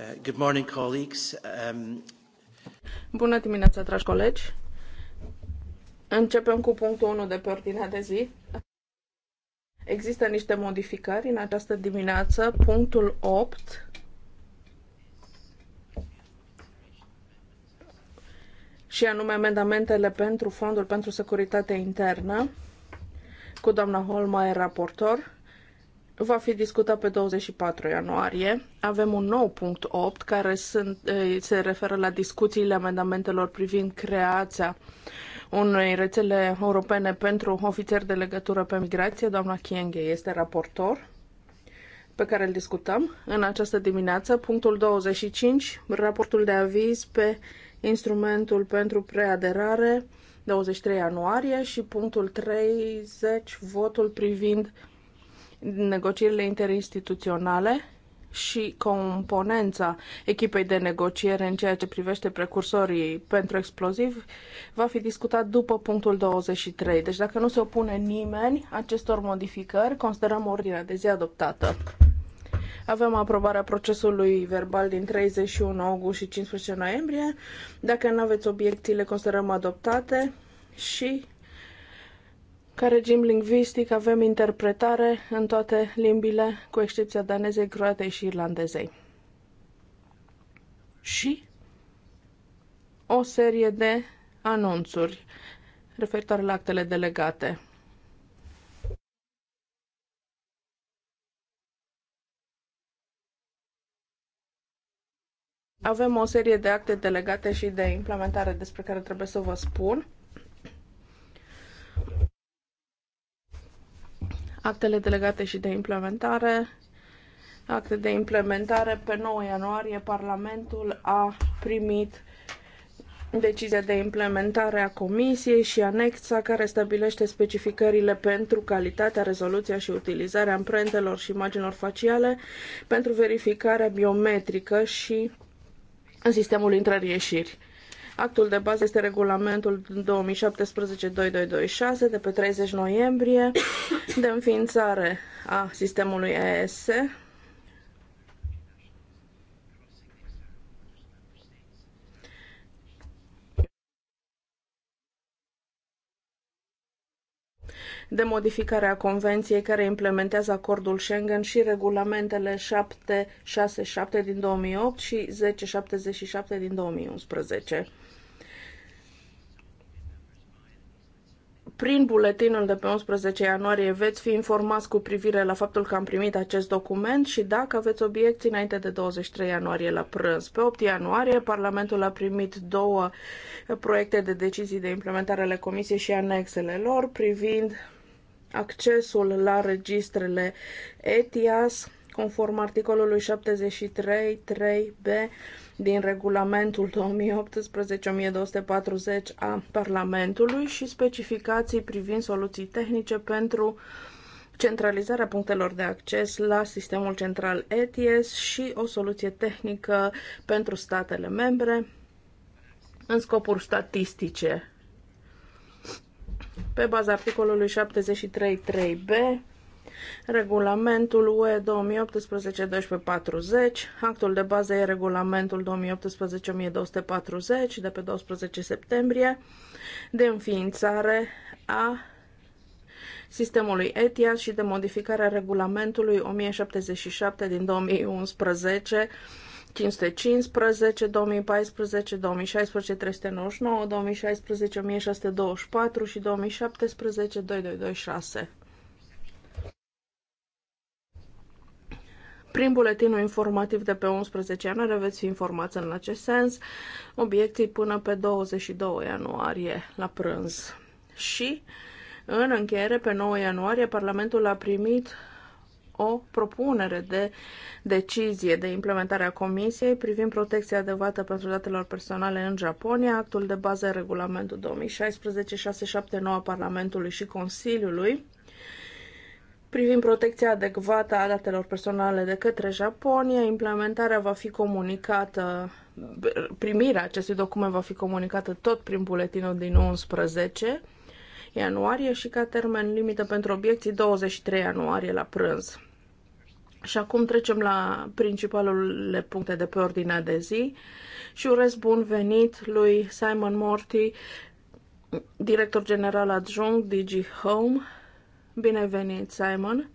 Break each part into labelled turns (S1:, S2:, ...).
S1: Uh, good morning, colleagues. Um...
S2: Bună dimineața, dragi colegi. Începem cu punctul 1 de pe ordinea de zi. Există niște modificări în această dimineață. Punctul 8 și anume amendamentele pentru Fondul pentru Securitate Internă cu doamna Holmaier, raportor va fi discutat pe 24 ianuarie. Avem un nou punct 8 care sunt, se referă la discuțiile amendamentelor privind creația unei rețele europene pentru ofițeri de legătură pe migrație. Doamna Chienghe este raportor pe care îl discutăm în această dimineață. Punctul 25, raportul de aviz pe instrumentul pentru preaderare 23 ianuarie și punctul 30, votul privind negocierile interinstituționale și componența echipei de negociere în ceea ce privește precursorii pentru exploziv va fi discutat după punctul 23. Deci dacă nu se opune nimeni acestor modificări, considerăm ordinea de zi adoptată. Avem aprobarea procesului verbal din 31 august și 15 noiembrie. Dacă nu aveți obiecții, le considerăm adoptate și ca regim lingvistic avem interpretare în toate limbile, cu excepția danezei, croatei și irlandezei. Și o serie de anunțuri referitoare la actele delegate. Avem o serie de acte delegate și de implementare despre care trebuie să vă spun. Actele delegate și de implementare. Acte de implementare. Pe 9 ianuarie, Parlamentul a primit decizia de implementare a Comisiei și anexa care stabilește specificările pentru calitatea, rezoluția și utilizarea amprentelor și imaginilor faciale pentru verificarea biometrică și în sistemul intrări-ieșiri. Actul de bază este regulamentul 2017-2226 de pe 30 noiembrie de înființare a sistemului ES de modificare a convenției care implementează acordul Schengen și regulamentele 767 din 2008 și 1077 din 2011. Prin buletinul de pe 11 ianuarie veți fi informați cu privire la faptul că am primit acest document și dacă aveți obiecții înainte de 23 ianuarie la prânz. Pe 8 ianuarie, Parlamentul a primit două proiecte de decizii de implementare ale Comisiei și anexele lor privind accesul la registrele ETIAS conform articolului 73.3b din regulamentul 2018-1240 a Parlamentului și specificații privind soluții tehnice pentru centralizarea punctelor de acces la sistemul central ETS și o soluție tehnică pentru statele membre în scopuri statistice. Pe baza articolului 73.3b Regulamentul UE 2018-1240, actul de bază e regulamentul 2018-1240 de pe 12 septembrie de înființare a sistemului ETIAS și de modificare a regulamentului 1077 din 2011 515, 2014, 2016, 399, 2016, 1624 și 2017, 2226. Prin buletinul informativ de pe 11 ianuarie veți fi informați în acest sens, obiecții până pe 22 ianuarie la prânz. Și, în încheiere, pe 9 ianuarie, Parlamentul a primit o propunere de decizie de implementare a Comisiei privind protecția adecvată pentru datelor personale în Japonia, actul de bază regulamentul 2016-679 Parlamentului și Consiliului privind protecția adecvată a datelor personale de către Japonia. Implementarea va fi comunicată, primirea acestui document va fi comunicată tot prin buletinul din 11 ianuarie și ca termen limită pentru obiecții 23 ianuarie la prânz. Și acum trecem la principalele puncte de pe ordinea de zi și urez bun venit lui Simon Morty, director general adjunct DG Home, Bine venit, Simon!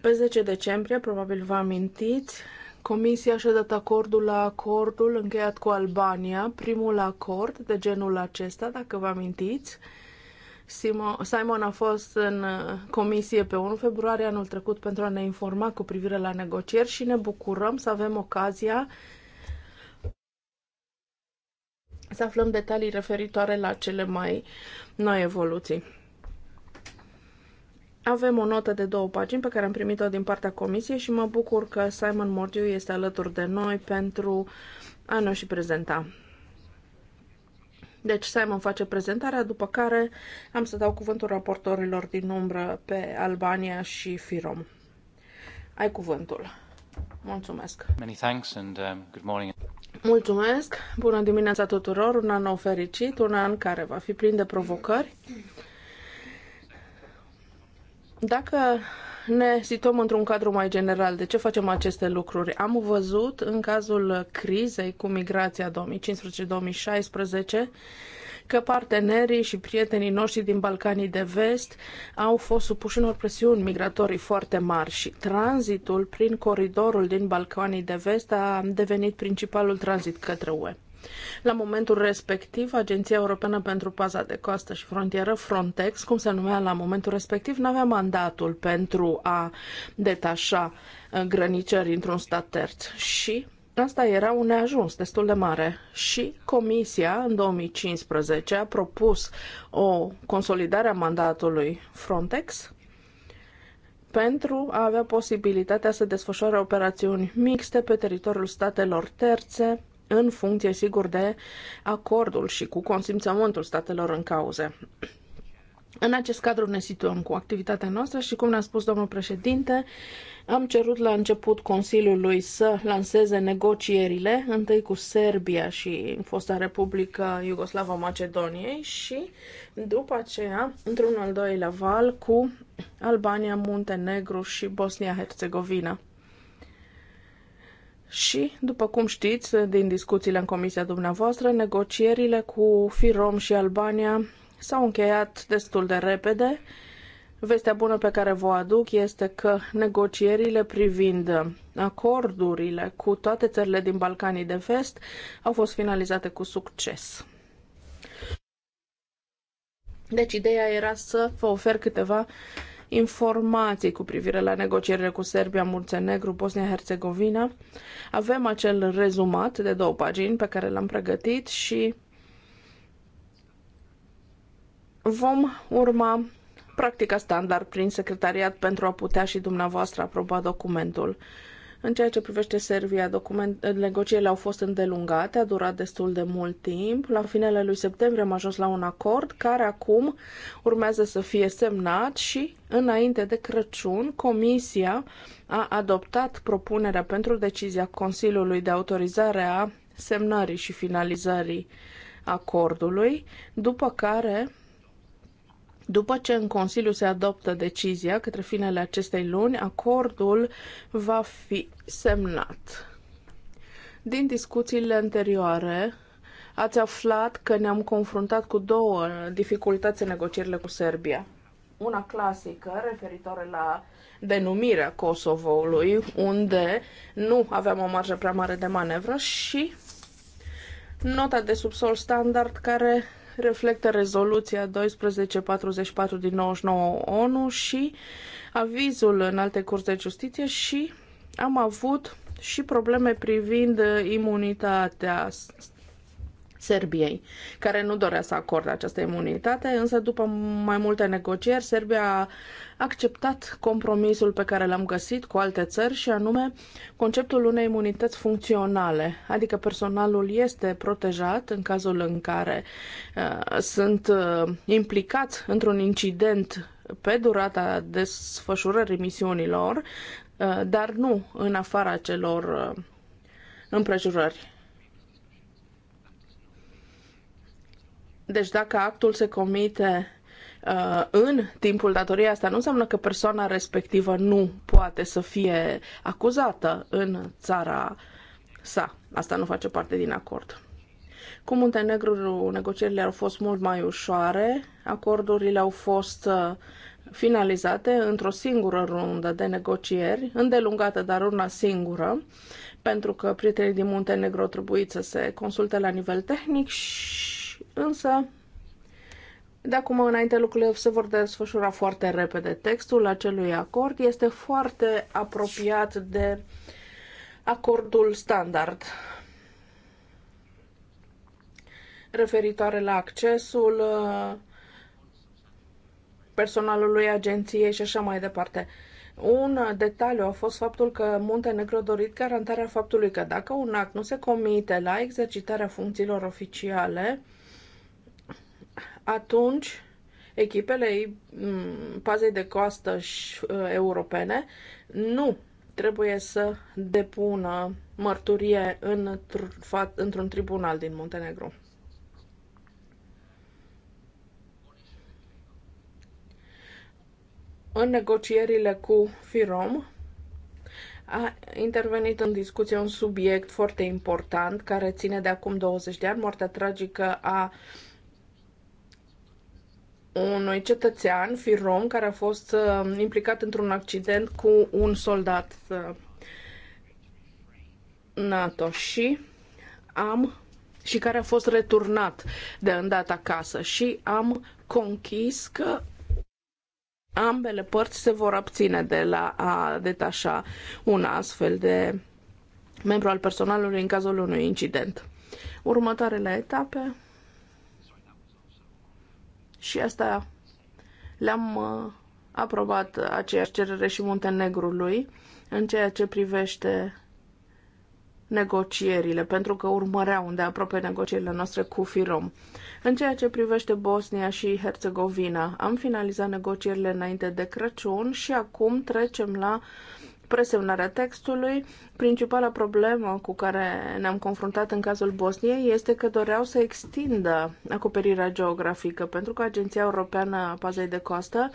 S2: Pe 10 decembrie, probabil vă amintiți, Comisia și-a dat acordul la acordul încheiat cu Albania, primul acord de genul acesta, dacă vă amintiți. Simon a fost în uh, comisie pe 1 februarie anul trecut pentru a ne informa cu privire la negocieri și ne bucurăm să avem ocazia să aflăm detalii referitoare la cele mai noi evoluții. Avem o notă de două pagini pe care am primit-o din partea comisiei și mă bucur că Simon Mordiu este alături de noi pentru a ne și prezenta. Deci Simon face prezentarea, după care am să dau cuvântul raportorilor din umbră pe Albania și Firom. Ai cuvântul. Mulțumesc.
S3: Many thanks and um, good morning.
S2: Mulțumesc. Bună dimineața tuturor. Un an nou fericit, un an care va fi plin de provocări. Dacă ne situăm într-un cadru mai general, de ce facem aceste lucruri? Am văzut în cazul crizei cu migrația 2015-2016 că partenerii și prietenii noștri din Balcanii de Vest au fost supuși unor presiuni migratorii foarte mari și tranzitul prin coridorul din Balcanii de Vest a devenit principalul tranzit către UE. La momentul respectiv, Agenția Europeană pentru Paza de Coastă și Frontieră, Frontex, cum se numea la momentul respectiv, nu avea mandatul pentru a detașa uh, grăniceri într-un stat terț și Asta era un neajuns destul de mare și Comisia în 2015 a propus o consolidare a mandatului Frontex pentru a avea posibilitatea să desfășoare operațiuni mixte pe teritoriul statelor terțe în funcție, sigur, de acordul și cu consimțământul statelor în cauze. În acest cadru ne situăm cu activitatea noastră și, cum ne-a spus domnul președinte, am cerut la început Consiliului să lanseze negocierile, întâi cu Serbia și fosta Republică Iugoslavă Macedoniei și, după aceea, într-un al doilea val, cu Albania, Muntenegru și Bosnia-Herzegovina. Și, după cum știți, din discuțiile în comisia dumneavoastră, negocierile cu Firom și Albania s-au încheiat destul de repede. Vestea bună pe care vă aduc este că negocierile privind acordurile cu toate țările din Balcanii de Vest au fost finalizate cu succes. Deci ideea era să vă ofer câteva informații cu privire la negocierile cu Serbia, Muntenegru, Bosnia-Herzegovina. Avem acel rezumat de două pagini pe care l-am pregătit și vom urma practica standard prin secretariat pentru a putea și dumneavoastră aproba documentul. În ceea ce privește Serbia, document, negocierile au fost îndelungate, a durat destul de mult timp. La finele lui septembrie am ajuns la un acord care acum urmează să fie semnat și înainte de Crăciun Comisia a adoptat propunerea pentru decizia Consiliului de autorizare a semnării și finalizării acordului, după care după ce în Consiliu se adoptă decizia către finele acestei luni, acordul va fi semnat. Din discuțiile anterioare, ați aflat că ne-am confruntat cu două dificultăți în negocierile cu Serbia. Una clasică, referitoare la denumirea Kosovo-ului, unde nu aveam o marjă prea mare de manevră și nota de subsol standard care reflectă rezoluția 1244 din 99 ONU și avizul în alte curți de justiție și am avut și probleme privind imunitatea Serbiei, care nu dorea să acorde această imunitate, însă după mai multe negocieri, Serbia a acceptat compromisul pe care l-am găsit cu alte țări și anume conceptul unei imunități funcționale, adică personalul este protejat în cazul în care uh, sunt uh, implicați într-un incident pe durata desfășurării misiunilor, uh, dar nu în afara celor uh, împrejurări Deci dacă actul se comite uh, în timpul datoriei, asta nu înseamnă că persoana respectivă nu poate să fie acuzată în țara sa. Asta nu face parte din acord. Cu Muntenegru negocierile au fost mult mai ușoare, acordurile au fost uh, finalizate într-o singură rundă de negocieri, îndelungată, dar una singură, pentru că prietenii din Muntenegru au trebuit să se consulte la nivel tehnic și însă de acum înainte lucrurile se vor desfășura foarte repede. Textul acelui acord este foarte apropiat de acordul standard referitoare la accesul uh, personalului agenției și așa mai departe. Un detaliu a fost faptul că Muntenegro a dorit garantarea faptului că dacă un act nu se comite la exercitarea funcțiilor oficiale, atunci echipele pazei de coastă uh, europene nu trebuie să depună mărturie într-un tribunal din Montenegro. În negocierile cu FIROM a intervenit în discuție un subiect foarte important care ține de acum 20 de ani, moartea tragică a uh, unui cetățean, fir rom, care a fost uh, implicat într-un accident cu un soldat uh, NATO și am și care a fost returnat de îndată acasă și am conchis că ambele părți se vor abține de la a detașa un astfel de membru al personalului în cazul unui incident. Următoarele etape și asta le-am uh, aprobat aceeași cerere și Muntenegrului în ceea ce privește negocierile, pentru că urmăreau unde aproape negocierile noastre cu Firom. În ceea ce privește Bosnia și Herțegovina, am finalizat negocierile înainte de Crăciun și acum trecem la uh, presemnarea textului. Principala problemă cu care ne-am confruntat în cazul Bosniei este că doreau să extindă acoperirea geografică, pentru că Agenția Europeană a Pazei de Costă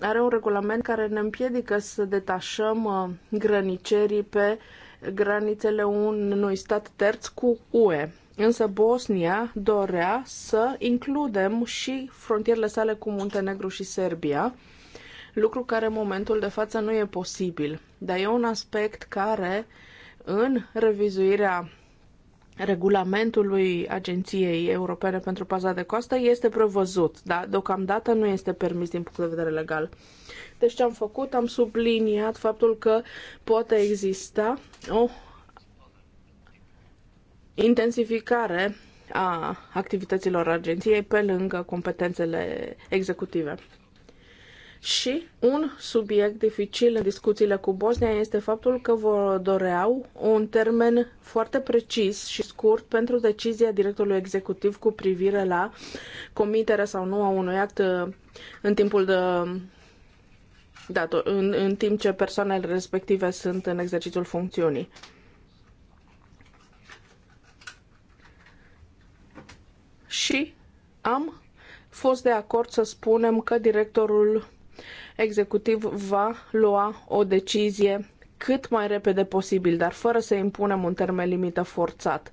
S2: are un regulament care ne împiedică să detașăm uh, grănicerii pe granițele unui stat terț cu UE. Însă Bosnia dorea să includem și frontierele sale cu Muntenegru și Serbia, lucru care în momentul de față nu e posibil. Dar e un aspect care, în revizuirea regulamentului Agenției Europene pentru Paza de Coastă este prevăzut, dar deocamdată nu este permis din punct de vedere legal. Deci ce am făcut? Am subliniat faptul că poate exista o intensificare a activităților agenției pe lângă competențele executive. Și un subiect dificil în discuțiile cu Bosnia este faptul că vor doreau un termen foarte precis și scurt pentru decizia directorului executiv cu privire la comiterea sau nu a unui act uh, în timpul de dator, în, în timp ce persoanele respective sunt în exercițiul funcțiunii. Și am fost de acord să spunem că directorul executiv va lua o decizie cât mai repede posibil, dar fără să impunem un termen limită forțat,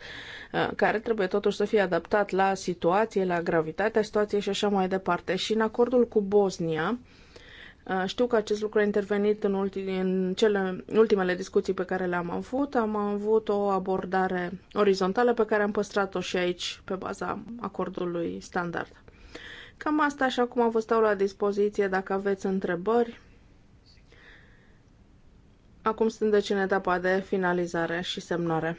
S2: uh, care trebuie totuși să fie adaptat la situație, la gravitatea situației și așa mai departe. Și în acordul cu Bosnia, uh, știu că acest lucru a intervenit în, ultime, în cele ultimele discuții pe care le-am avut. Am avut o abordare orizontală pe care am păstrat-o și aici pe baza acordului standard. Cam asta așa cum vă stau la dispoziție dacă aveți întrebări. Acum sunt deci în etapa de finalizare și semnare.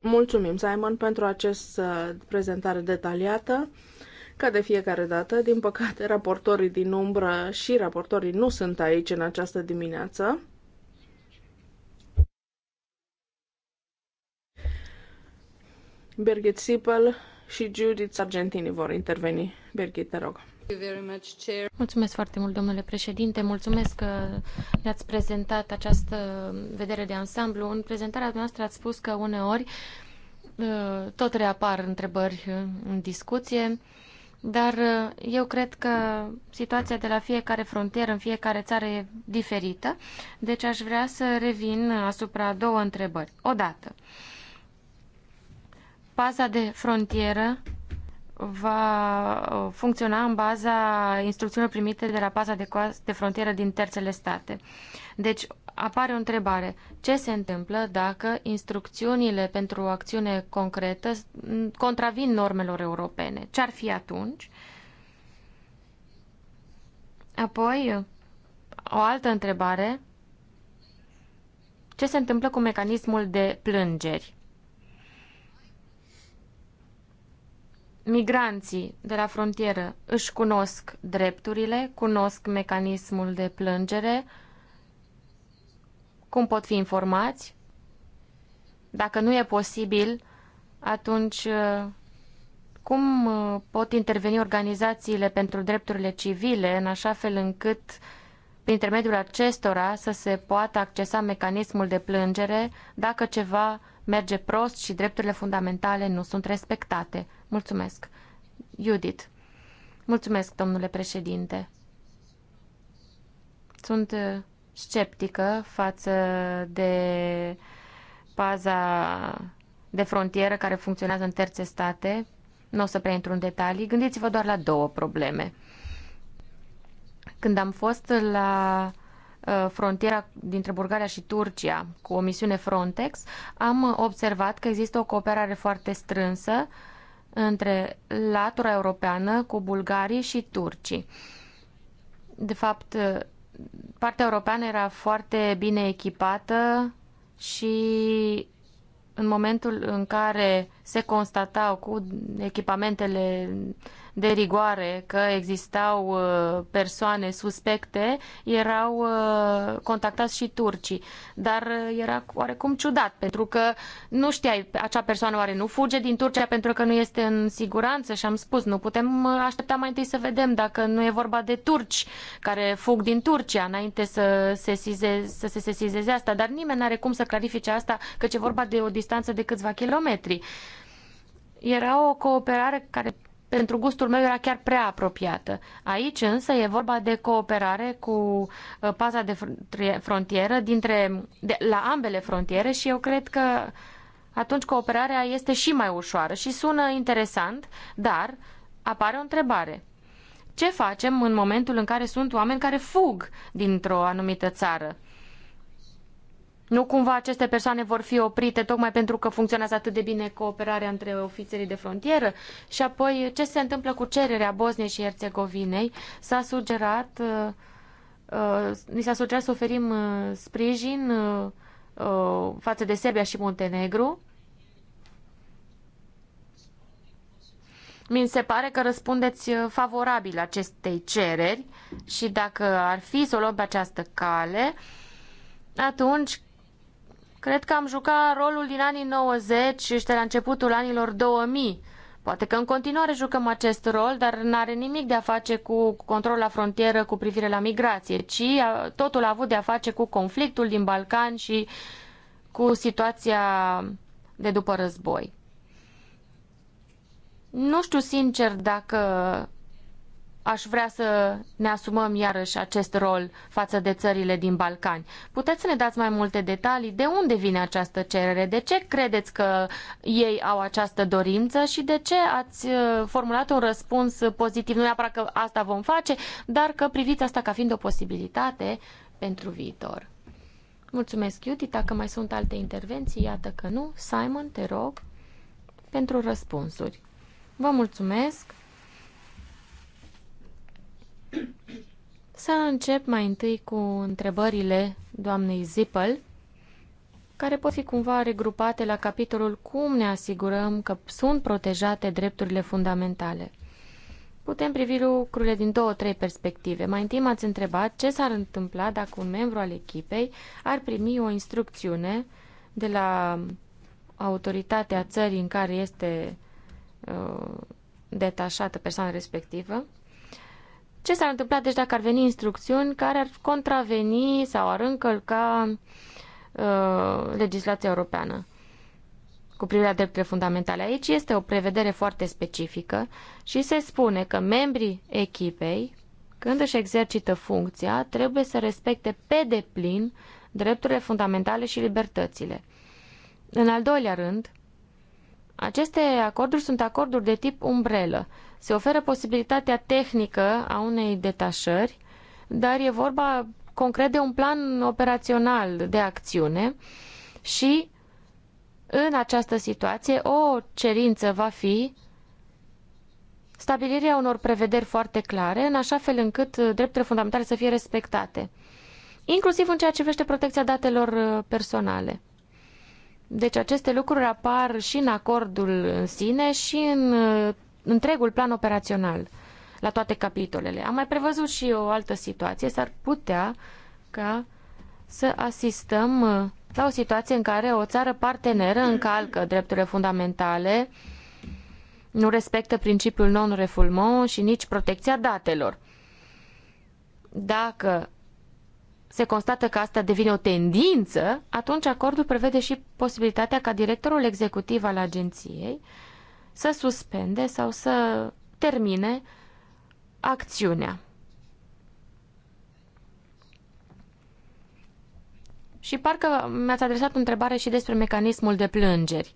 S2: Mulțumim, Simon, pentru această prezentare detaliată. Ca de fiecare dată, din păcate, raportorii din umbră și raportorii nu sunt aici în această dimineață. Birgit Sipel și Judith Sargentini vor interveni. Birgit, te rog.
S4: Mulțumesc foarte mult, domnule președinte. Mulțumesc că ne-ați prezentat această vedere de ansamblu. În prezentarea noastră ați spus că uneori ă, tot reapar întrebări în discuție, dar eu cred că situația de la fiecare frontieră în fiecare țară e diferită, deci aș vrea să revin asupra două întrebări. Odată, paza de frontieră va uh, funcționa în baza instrucțiunilor primite de la paza de, de frontieră din terțele state. Deci apare o întrebare. Ce se întâmplă dacă instrucțiunile pentru o acțiune concretă contravin normelor europene? Ce ar fi atunci? Apoi, o altă întrebare. Ce se întâmplă cu mecanismul de plângeri? migranții de la frontieră își cunosc drepturile, cunosc mecanismul de plângere, cum pot fi informați. Dacă nu e posibil, atunci uh, cum uh, pot interveni organizațiile pentru drepturile civile în așa fel încât, prin intermediul acestora, să se poată accesa mecanismul de plângere dacă ceva merge prost și drepturile fundamentale nu sunt respectate. Mulțumesc. Judith. Mulțumesc, domnule președinte. Sunt uh, sceptică față de paza de frontieră care funcționează în terțe state. Nu o să prea intru în detalii. Gândiți-vă doar la două probleme. Când am fost la Uh, frontiera dintre Bulgaria și Turcia cu o misiune Frontex, am observat că există o cooperare foarte strânsă între latura europeană cu bulgarii și turcii. De fapt, uh, partea europeană era foarte bine echipată și în momentul în care se constatau cu echipamentele de rigoare că existau uh, persoane suspecte, erau uh, contactați și turcii. Dar uh, era oarecum ciudat, pentru că nu știai, acea persoană oare nu fuge din Turcia pentru că nu este în siguranță și am spus, nu putem aștepta mai întâi să vedem dacă nu e vorba de turci care fug din Turcia înainte să se, size, să se sesizeze asta, dar nimeni nu are cum să clarifice asta, că e vorba de o distanță de câțiva kilometri. Era o cooperare care, pentru gustul meu, era chiar prea apropiată. Aici, însă, e vorba de cooperare cu uh, paza de frontieră dintre, de, la ambele frontiere și eu cred că atunci cooperarea este și mai ușoară și sună interesant, dar apare o întrebare. Ce facem în momentul în care sunt oameni care fug dintr-o anumită țară? Nu cumva aceste persoane vor fi oprite tocmai pentru că funcționează atât de bine cooperarea între ofițerii de frontieră? Și apoi, ce se întâmplă cu cererea Bosniei și Herțegovinei? S-a sugerat, uh, uh, ni s-a sugerat să oferim uh, sprijin uh, față de Serbia și Muntenegru. Mi se pare că răspundeți favorabil acestei cereri și dacă ar fi să o luăm pe această cale, atunci Cred că am jucat rolul din anii 90 și la începutul anilor 2000. Poate că în continuare jucăm acest rol, dar nu are nimic de a face cu controlul la frontieră cu privire la migrație, ci totul a avut de a face cu conflictul din Balcan și cu situația de după război. Nu știu sincer dacă aș vrea să ne asumăm iarăși acest rol față de țările din Balcani. Puteți să ne dați mai multe detalii? De unde vine această cerere? De ce credeți că ei au această dorință și de ce ați uh, formulat un răspuns pozitiv? Nu neapărat că asta vom face, dar că priviți asta ca fiind o posibilitate pentru viitor. Mulțumesc, Iuti. Dacă mai sunt alte intervenții, iată că nu. Simon, te rog, pentru răspunsuri. Vă mulțumesc. Să încep mai întâi cu întrebările doamnei Zipel, care pot fi cumva regrupate la capitolul cum ne asigurăm că sunt protejate drepturile fundamentale. Putem privi lucrurile din două, trei perspective. Mai întâi m-ați întrebat ce s-ar întâmpla dacă un membru al echipei ar primi o instrucțiune de la autoritatea țării în care este uh, detașată persoana respectivă ce s-ar întâmpla deci dacă ar veni instrucțiuni care ar contraveni sau ar încălca uh, legislația europeană cu privire la drepturile fundamentale? Aici este o prevedere foarte specifică și se spune că membrii echipei, când își exercită funcția, trebuie să respecte pe deplin drepturile fundamentale și libertățile. În al doilea rând, aceste acorduri sunt acorduri de tip umbrelă se oferă posibilitatea tehnică a unei detașări, dar e vorba concret de un plan operațional de acțiune și în această situație o cerință va fi stabilirea unor prevederi foarte clare, în așa fel încât drepturile fundamentale să fie respectate, inclusiv în ceea ce privește protecția datelor uh, personale. Deci aceste lucruri apar și în acordul în sine și în uh, întregul plan operațional la toate capitolele. Am mai prevăzut și o altă situație. S-ar putea ca să asistăm uh, la o situație în care o țară parteneră încalcă drepturile fundamentale, nu respectă principiul non-refoulement și nici protecția datelor. Dacă se constată că asta devine o tendință, atunci acordul prevede și posibilitatea ca directorul executiv al agenției să suspende sau să termine acțiunea. Și parcă mi-ați adresat o întrebare și despre mecanismul de plângeri.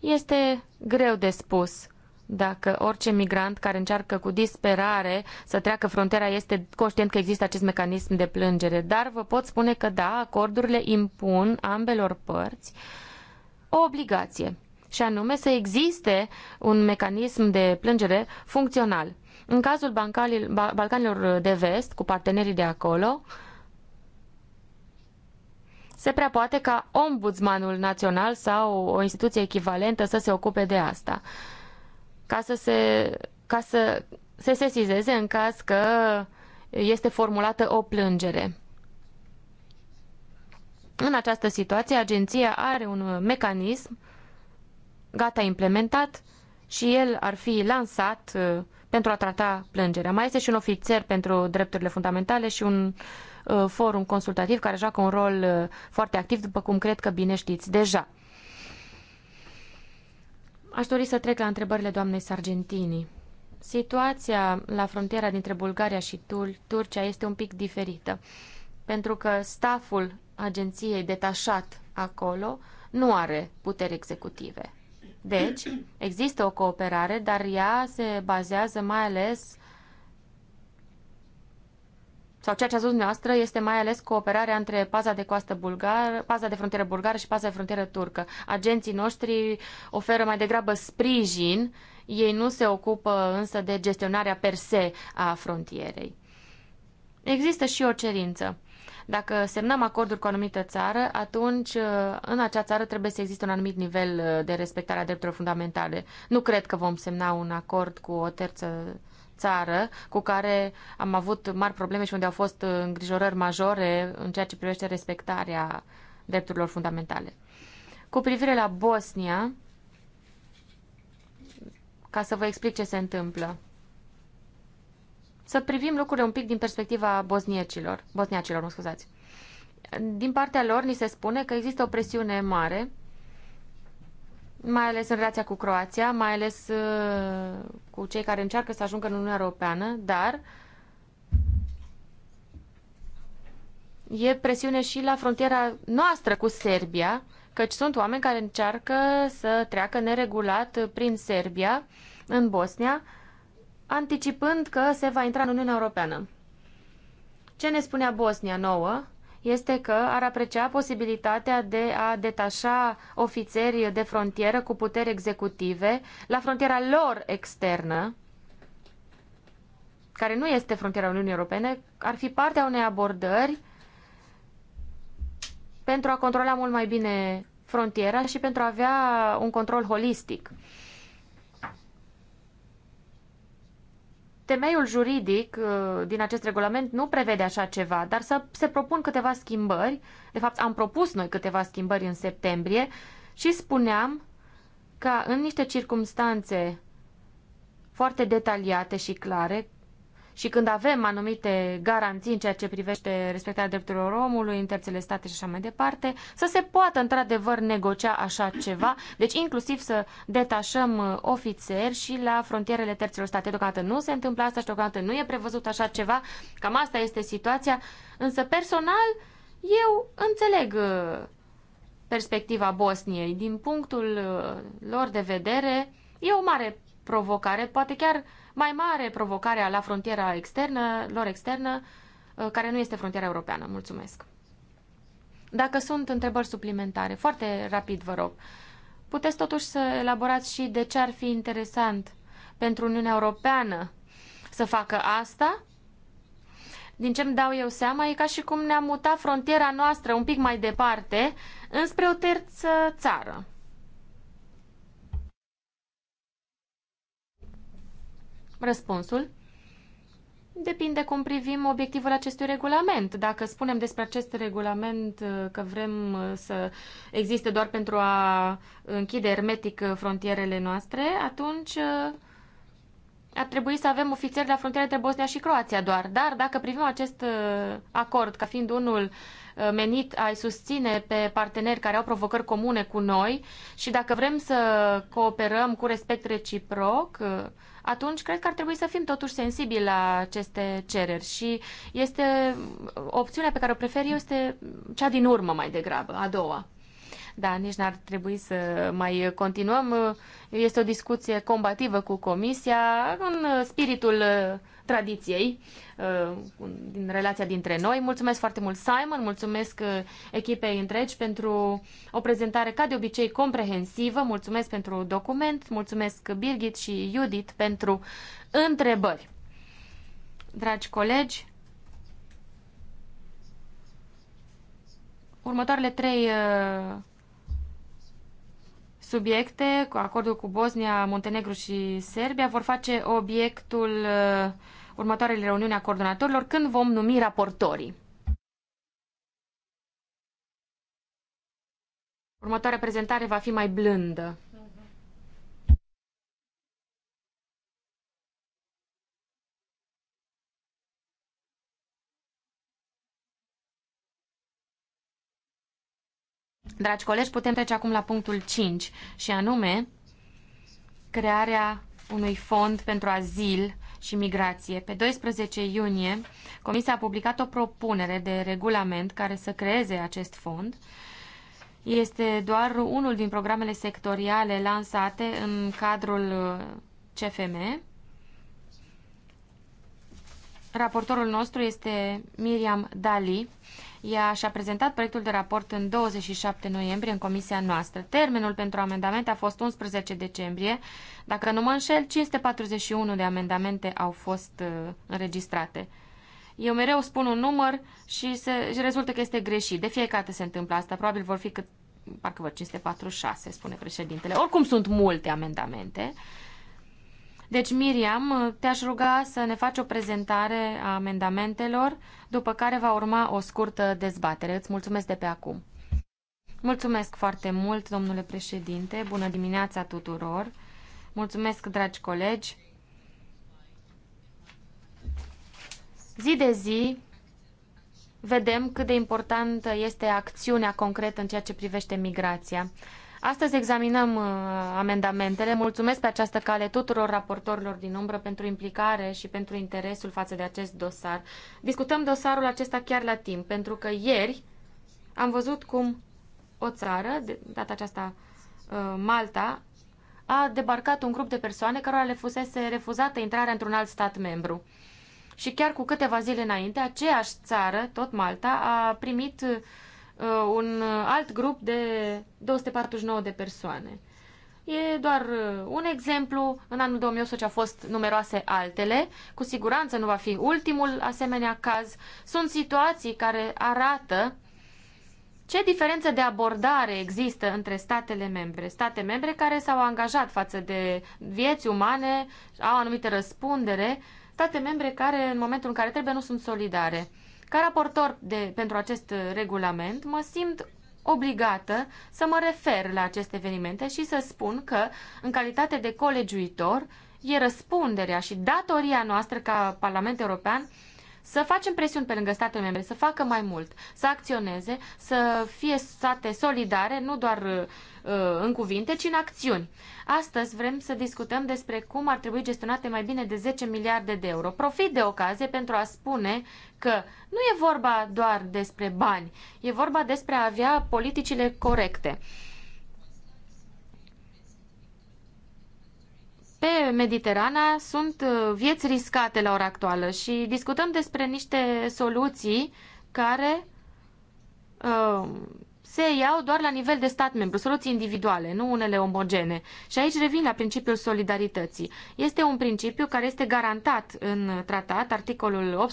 S4: Este greu de spus dacă orice migrant care încearcă cu disperare să treacă frontiera este conștient că există acest mecanism de plângere. Dar vă pot spune că da, acordurile impun ambelor părți o obligație și anume să existe un mecanism de plângere funcțional. În cazul Balcanilor de Vest, cu partenerii de acolo, se prea poate ca ombudsmanul național sau o instituție echivalentă să se ocupe de asta, ca să se, ca să se sesizeze în caz că este formulată o plângere. În această situație, agenția are un mecanism gata implementat și el ar fi lansat uh, pentru a trata plângerea. Mai este și un ofițer pentru drepturile fundamentale și un uh, forum consultativ care joacă un rol uh, foarte activ, după cum cred că bine știți deja. Aș dori să trec la întrebările doamnei Sargentini. Situația la frontiera dintre Bulgaria și Tur Turcia este un pic diferită, pentru că staful agenției detașat acolo nu are puteri executive. Deci, există o cooperare, dar ea se bazează mai ales sau ceea ce ați spus noastră este mai ales cooperarea între paza de coastă bulgar, paza de frontieră bulgară și paza de frontieră turcă. Agenții noștri oferă mai degrabă sprijin, ei nu se ocupă însă de gestionarea per se a frontierei. Există și o cerință. Dacă semnăm acorduri cu o anumită țară, atunci uh, în acea țară trebuie să existe un anumit nivel uh, de respectare a drepturilor fundamentale. Nu cred că vom semna un acord cu o terță țară cu care am avut mari probleme și unde au fost uh, îngrijorări majore în ceea ce privește respectarea drepturilor fundamentale. Cu privire la Bosnia, ca să vă explic ce se întâmplă să privim lucrurile un pic din perspectiva bosniecilor, bosniacilor, mă scuzați. Din partea lor ni se spune că există o presiune mare, mai ales în relația cu Croația, mai ales uh, cu cei care încearcă să ajungă în Uniunea Europeană, dar e presiune și la frontiera noastră cu Serbia, căci sunt oameni care încearcă să treacă neregulat prin Serbia, în Bosnia, anticipând că se va intra în Uniunea Europeană. Ce ne spunea Bosnia nouă este că ar aprecia posibilitatea de a detașa ofițeri de frontieră cu puteri executive la frontiera lor externă, care nu este frontiera Uniunii Europene, ar fi partea unei abordări pentru a controla mult mai bine frontiera și pentru a avea un control holistic. Temeiul juridic uh, din acest regulament nu prevede așa ceva, dar să se propun câteva schimbări. De fapt, am propus noi câteva schimbări în septembrie și spuneam că în niște circumstanțe foarte detaliate și clare, și când avem anumite garanții în ceea ce privește respectarea drepturilor omului în terțele state și așa mai departe, să se poată într-adevăr negocia așa ceva, deci inclusiv să detașăm uh, ofițeri și la frontierele terțelor state. Deocamdată nu se întâmplă asta și deocamdată nu e prevăzut așa ceva, cam asta este situația, însă personal eu înțeleg uh, perspectiva Bosniei. Din punctul uh, lor de vedere, e o mare provocare, poate chiar uh, mai mare provocarea la frontiera externă, lor externă, uh, care nu este frontiera europeană. Mulțumesc. Dacă sunt întrebări suplimentare, foarte rapid vă rog, puteți totuși să elaborați și de ce ar fi interesant pentru Uniunea Europeană să facă asta? Din ce îmi dau eu seama, e ca și cum ne-am mutat frontiera noastră un pic mai departe, înspre o terță țară. Răspunsul? Depinde cum privim obiectivul acestui regulament. Dacă spunem despre acest regulament uh, că vrem uh, să existe doar pentru a închide hermetic uh, frontierele noastre, atunci ar trebui să avem ofițeri la frontiera între Bosnia și Croația doar. Dar dacă privim acest acord ca fiind unul menit a-i susține pe parteneri care au provocări comune cu noi și dacă vrem să cooperăm cu respect reciproc, atunci cred că ar trebui să fim totuși sensibili la aceste cereri și este opțiunea pe care o prefer eu este cea din urmă mai degrabă, a doua. Da, nici n-ar trebui să mai continuăm. Este o discuție combativă cu Comisia în spiritul tradiției uh, din relația dintre noi. Mulțumesc foarte mult, Simon, mulțumesc uh, echipei întregi pentru o prezentare ca de obicei comprehensivă, mulțumesc pentru document, mulțumesc Birgit și Judith pentru întrebări. Dragi colegi, următoarele trei uh, subiecte, cu acordul cu Bosnia, Montenegru și Serbia, vor face obiectul uh, următoarele reuniuni a coordonatorilor când vom numi raportorii.
S5: Următoarea prezentare va fi mai blândă.
S4: Dragi colegi, putem trece acum la punctul 5 și anume crearea unui fond pentru azil și Migrație. Pe 12 iunie, Comisia a publicat o propunere de regulament care să creeze acest fond. Este doar unul din programele sectoriale lansate în cadrul uh, CFM. Raportorul nostru este Miriam Dali ea și-a prezentat proiectul de raport în 27 noiembrie în comisia noastră. Termenul pentru amendamente a fost 11 decembrie. Dacă nu mă înșel, 541 de amendamente au fost uh, înregistrate. Eu mereu spun un număr și, se, și rezultă că este greșit. De fiecare dată se întâmplă asta. Probabil vor fi cât, parcă văd 546, spune președintele. Oricum sunt multe amendamente deci, Miriam, te-aș ruga să ne faci o prezentare a amendamentelor, după care va urma o scurtă dezbatere. Îți mulțumesc de pe acum. Mulțumesc foarte mult, domnule președinte. Bună dimineața tuturor. Mulțumesc, dragi colegi. Zi de zi vedem cât de importantă este acțiunea concretă în ceea ce privește migrația. Astăzi examinăm uh, amendamentele. Mulțumesc pe această cale tuturor raportorilor din umbră pentru implicare și pentru interesul față de acest dosar. Discutăm dosarul acesta chiar la timp, pentru că ieri am văzut cum o țară, de data aceasta uh, Malta, a debarcat un grup de persoane cărora le fusese refuzată intrarea într-un alt stat membru. Și chiar cu câteva zile înainte, aceeași țară, tot Malta, a primit uh, Uh, un alt grup de 249 de persoane. E doar uh, un exemplu. În anul 2018 a fost numeroase altele. Cu siguranță nu va fi ultimul asemenea caz. Sunt situații care arată ce diferență de abordare există între statele membre? State membre care s-au angajat față de vieți umane, au anumite răspundere, state membre care în momentul în care trebuie nu sunt solidare. Ca raportor de, pentru acest uh, regulament, mă simt obligată să mă refer la aceste evenimente și să spun că, în calitate de colegiuitor, e răspunderea și datoria noastră ca Parlament European să facem presiuni pe lângă statele membre, să facă mai mult, să acționeze, să fie state solidare, nu doar uh, Uh, în cuvinte, ci în acțiuni. Astăzi vrem să discutăm despre cum ar trebui gestionate mai bine de 10 miliarde de euro. Profit de ocazie pentru a spune că nu e vorba doar despre bani, e vorba despre a avea politicile corecte. pe Mediterana sunt uh, vieți riscate la ora actuală și discutăm despre niște soluții care uh, se iau doar la nivel de stat membru, soluții individuale, nu unele omogene. Și aici revin la principiul solidarității. Este un principiu care este garantat în tratat, articolul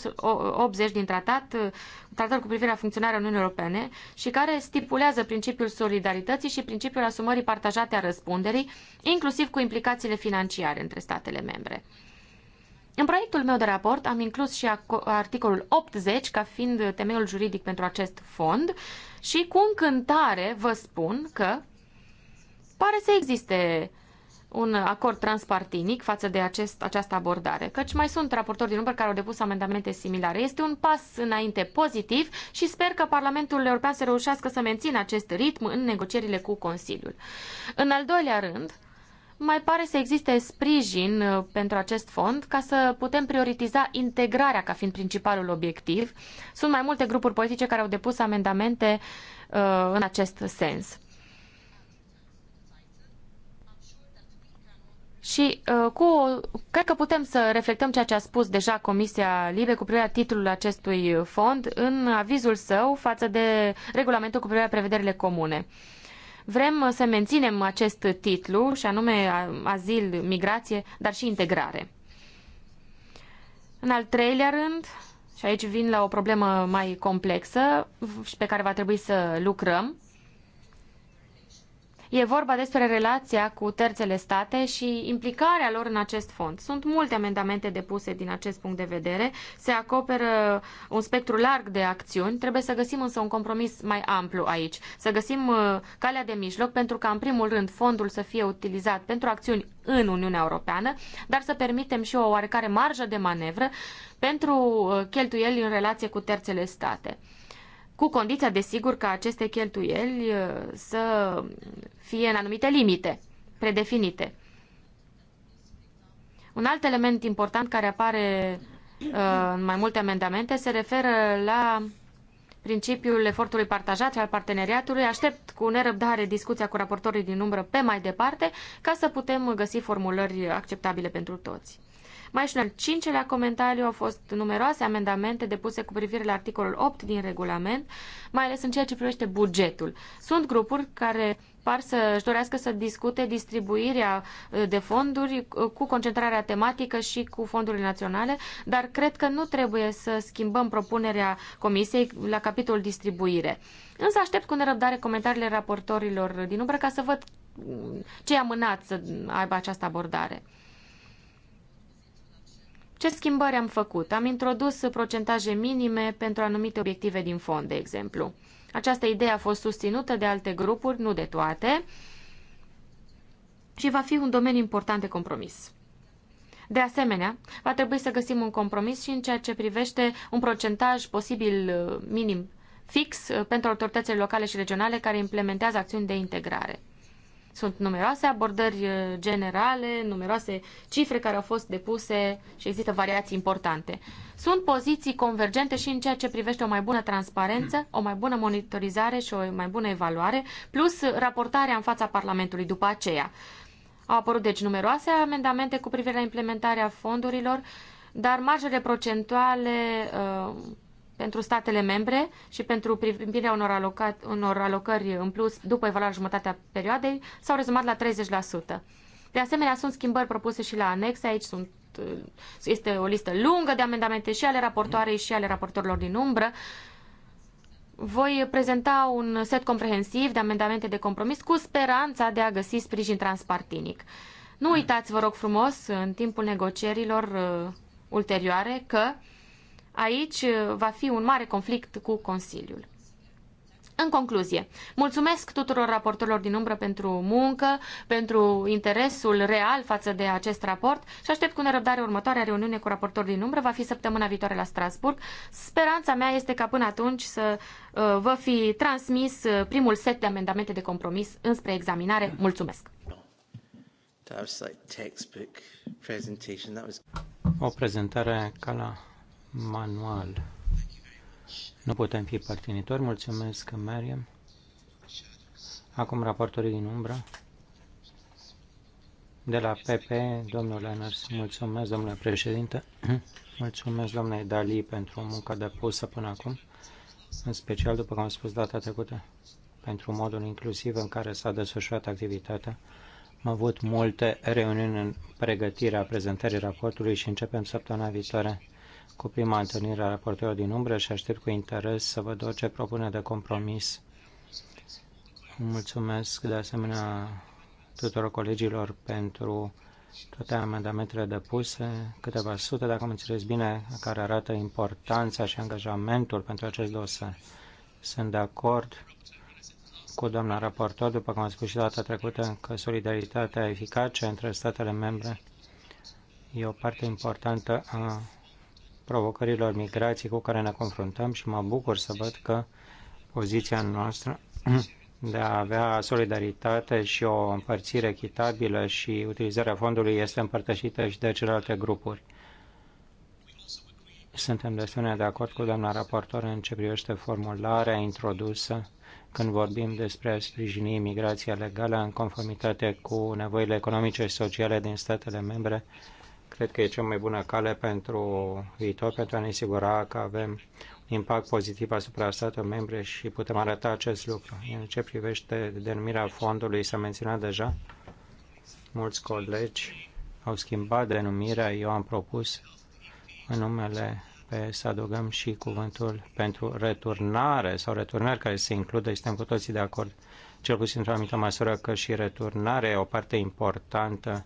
S4: 80 din tratat, tratatul cu privire la funcționarea Uniunii Europene, și care stipulează principiul solidarității și principiul asumării partajate a răspunderii, inclusiv cu implicațiile financiare între statele membre. În proiectul meu de raport am inclus și articolul 80 ca fiind temeiul juridic pentru acest fond și cu încântare vă spun că pare să existe un acord transpartinic față de acest, această abordare, căci mai sunt raportori din număr care au depus amendamente similare. Este un pas înainte pozitiv și sper că Parlamentul European să reușească să mențină acest ritm în negocierile cu Consiliul. În al doilea rând, mai pare să existe sprijin uh, pentru acest fond ca să putem prioritiza integrarea ca fiind principalul obiectiv. Sunt mai multe grupuri politice care au depus amendamente uh, în acest sens. Și uh, cu, cred că putem să reflectăm ceea ce a spus deja Comisia Libe cu privire la titlul acestui fond în avizul său față de regulamentul cu privire la prevederile comune. Uh, Vrem să menținem acest titlu, și anume azil, migrație, dar și integrare. În al treilea rând, și aici vin la o problemă mai complexă și pe care va trebui să lucrăm, E vorba despre relația cu terțele state și implicarea lor în acest fond. Sunt multe amendamente depuse din acest punct de vedere. Se acoperă un spectru larg de acțiuni. Trebuie să găsim însă un compromis mai amplu aici. Să găsim uh, calea de mijloc pentru ca, în primul rând, fondul să fie utilizat pentru acțiuni în Uniunea Europeană, dar să permitem și o oarecare marjă de manevră pentru uh, cheltuieli în relație cu terțele state cu condiția, desigur, ca aceste cheltuieli uh, să fie în anumite limite predefinite. Un alt element important care apare uh, în mai multe amendamente se referă la principiul efortului partajat și al parteneriatului. Aștept cu nerăbdare discuția cu raportorii din umbră pe mai departe ca să putem găsi formulări acceptabile pentru toți. Mai și în al cincelea comentariu au fost numeroase amendamente depuse cu privire la articolul 8 din regulament, mai ales în ceea ce privește bugetul. Sunt grupuri care par să își dorească să discute distribuirea uh, de fonduri uh, cu concentrarea tematică și cu fondurile naționale, dar cred că nu trebuie să schimbăm propunerea Comisiei la capitolul distribuire. Însă aștept cu nerăbdare comentariile raportorilor din umbră ca să văd uh, ce i-a mânat să aibă această abordare. Ce schimbări am făcut? Am introdus procentaje minime pentru anumite obiective din fond, de exemplu. Această idee a fost susținută de alte grupuri, nu de toate, și va fi un domeniu important de compromis. De asemenea, va trebui să găsim un compromis și în ceea ce privește un procentaj posibil uh, minim fix uh, pentru autoritățile locale și regionale care implementează acțiuni de integrare. Sunt numeroase abordări eh, generale, numeroase cifre care au fost depuse și există variații importante. Sunt poziții convergente și în ceea ce privește o mai bună transparență, o mai bună monitorizare și o mai bună evaluare, plus raportarea în fața Parlamentului după aceea. Au apărut deci numeroase amendamente cu privire la implementarea fondurilor, dar marjele procentuale uh, pentru statele membre și pentru primirea unor, alocat, unor alocări în plus după evaluarea jumătatea perioadei s-au rezumat la 30%. De asemenea, sunt schimbări propuse și la anexe. Aici sunt, uh, este o listă lungă de amendamente și ale raportoarei și ale raportorilor din umbră. Voi prezenta un set comprehensiv de amendamente de compromis cu speranța de a găsi sprijin transpartinic. Nu uitați, vă rog frumos, în timpul negocierilor uh, ulterioare că uh, Aici uh, va fi un mare conflict cu Consiliul. În concluzie, mulțumesc tuturor raportorilor din umbră pentru muncă, pentru interesul real față de acest raport și aștept cu nerăbdare următoarea reuniune cu raportorii din umbră. Va fi săptămâna viitoare la Strasburg. Speranța mea este ca până atunci să uh, vă fi transmis uh, primul set de amendamente de compromis înspre examinare.
S2: Mulțumesc!
S3: O prezentare ca la manual. Nu putem fi părtinitori. Mulțumesc, Mariam. Acum raportorii din umbră. De la PP, domnul Lenners, mulțumesc, domnule președinte. Mulțumesc, domnule Dali, pentru munca depusă până acum, în special, după cum am spus data trecută, pentru modul inclusiv în care s-a desfășurat activitatea. Am avut multe reuniuni în pregătirea prezentării raportului și începem săptămâna viitoare cu prima întâlnire a raportorilor din umbră și aștept cu interes să văd orice propune de compromis. Mulțumesc de asemenea tuturor colegilor pentru toate amendamentele depuse, câteva sute, dacă am înțeles bine, care arată importanța și angajamentul pentru acest dosar. Sunt de acord cu doamna raportor, după cum am spus și data trecută, că solidaritatea eficace între statele membre e o parte importantă a provocărilor migrației cu care ne confruntăm și mă bucur să văd că poziția noastră de a avea solidaritate și o împărțire echitabilă și utilizarea fondului este împărtășită și de celelalte grupuri. Suntem destul de acord cu doamna raportor în ce privește formularea introdusă când vorbim despre a sprijini imigrația legală în conformitate cu nevoile economice și sociale din statele membre Cred că e cea mai bună cale pentru viitor, pentru a ne asigura că avem un impact pozitiv asupra statelor membre și putem arăta acest lucru. În ce privește denumirea fondului, s-a menționat deja, mulți colegi au schimbat denumirea, eu am propus în numele pe să adăugăm și cuvântul pentru returnare sau returnări care se include, suntem cu toții de acord, cel puțin într-o anumită măsură că și returnare e o parte importantă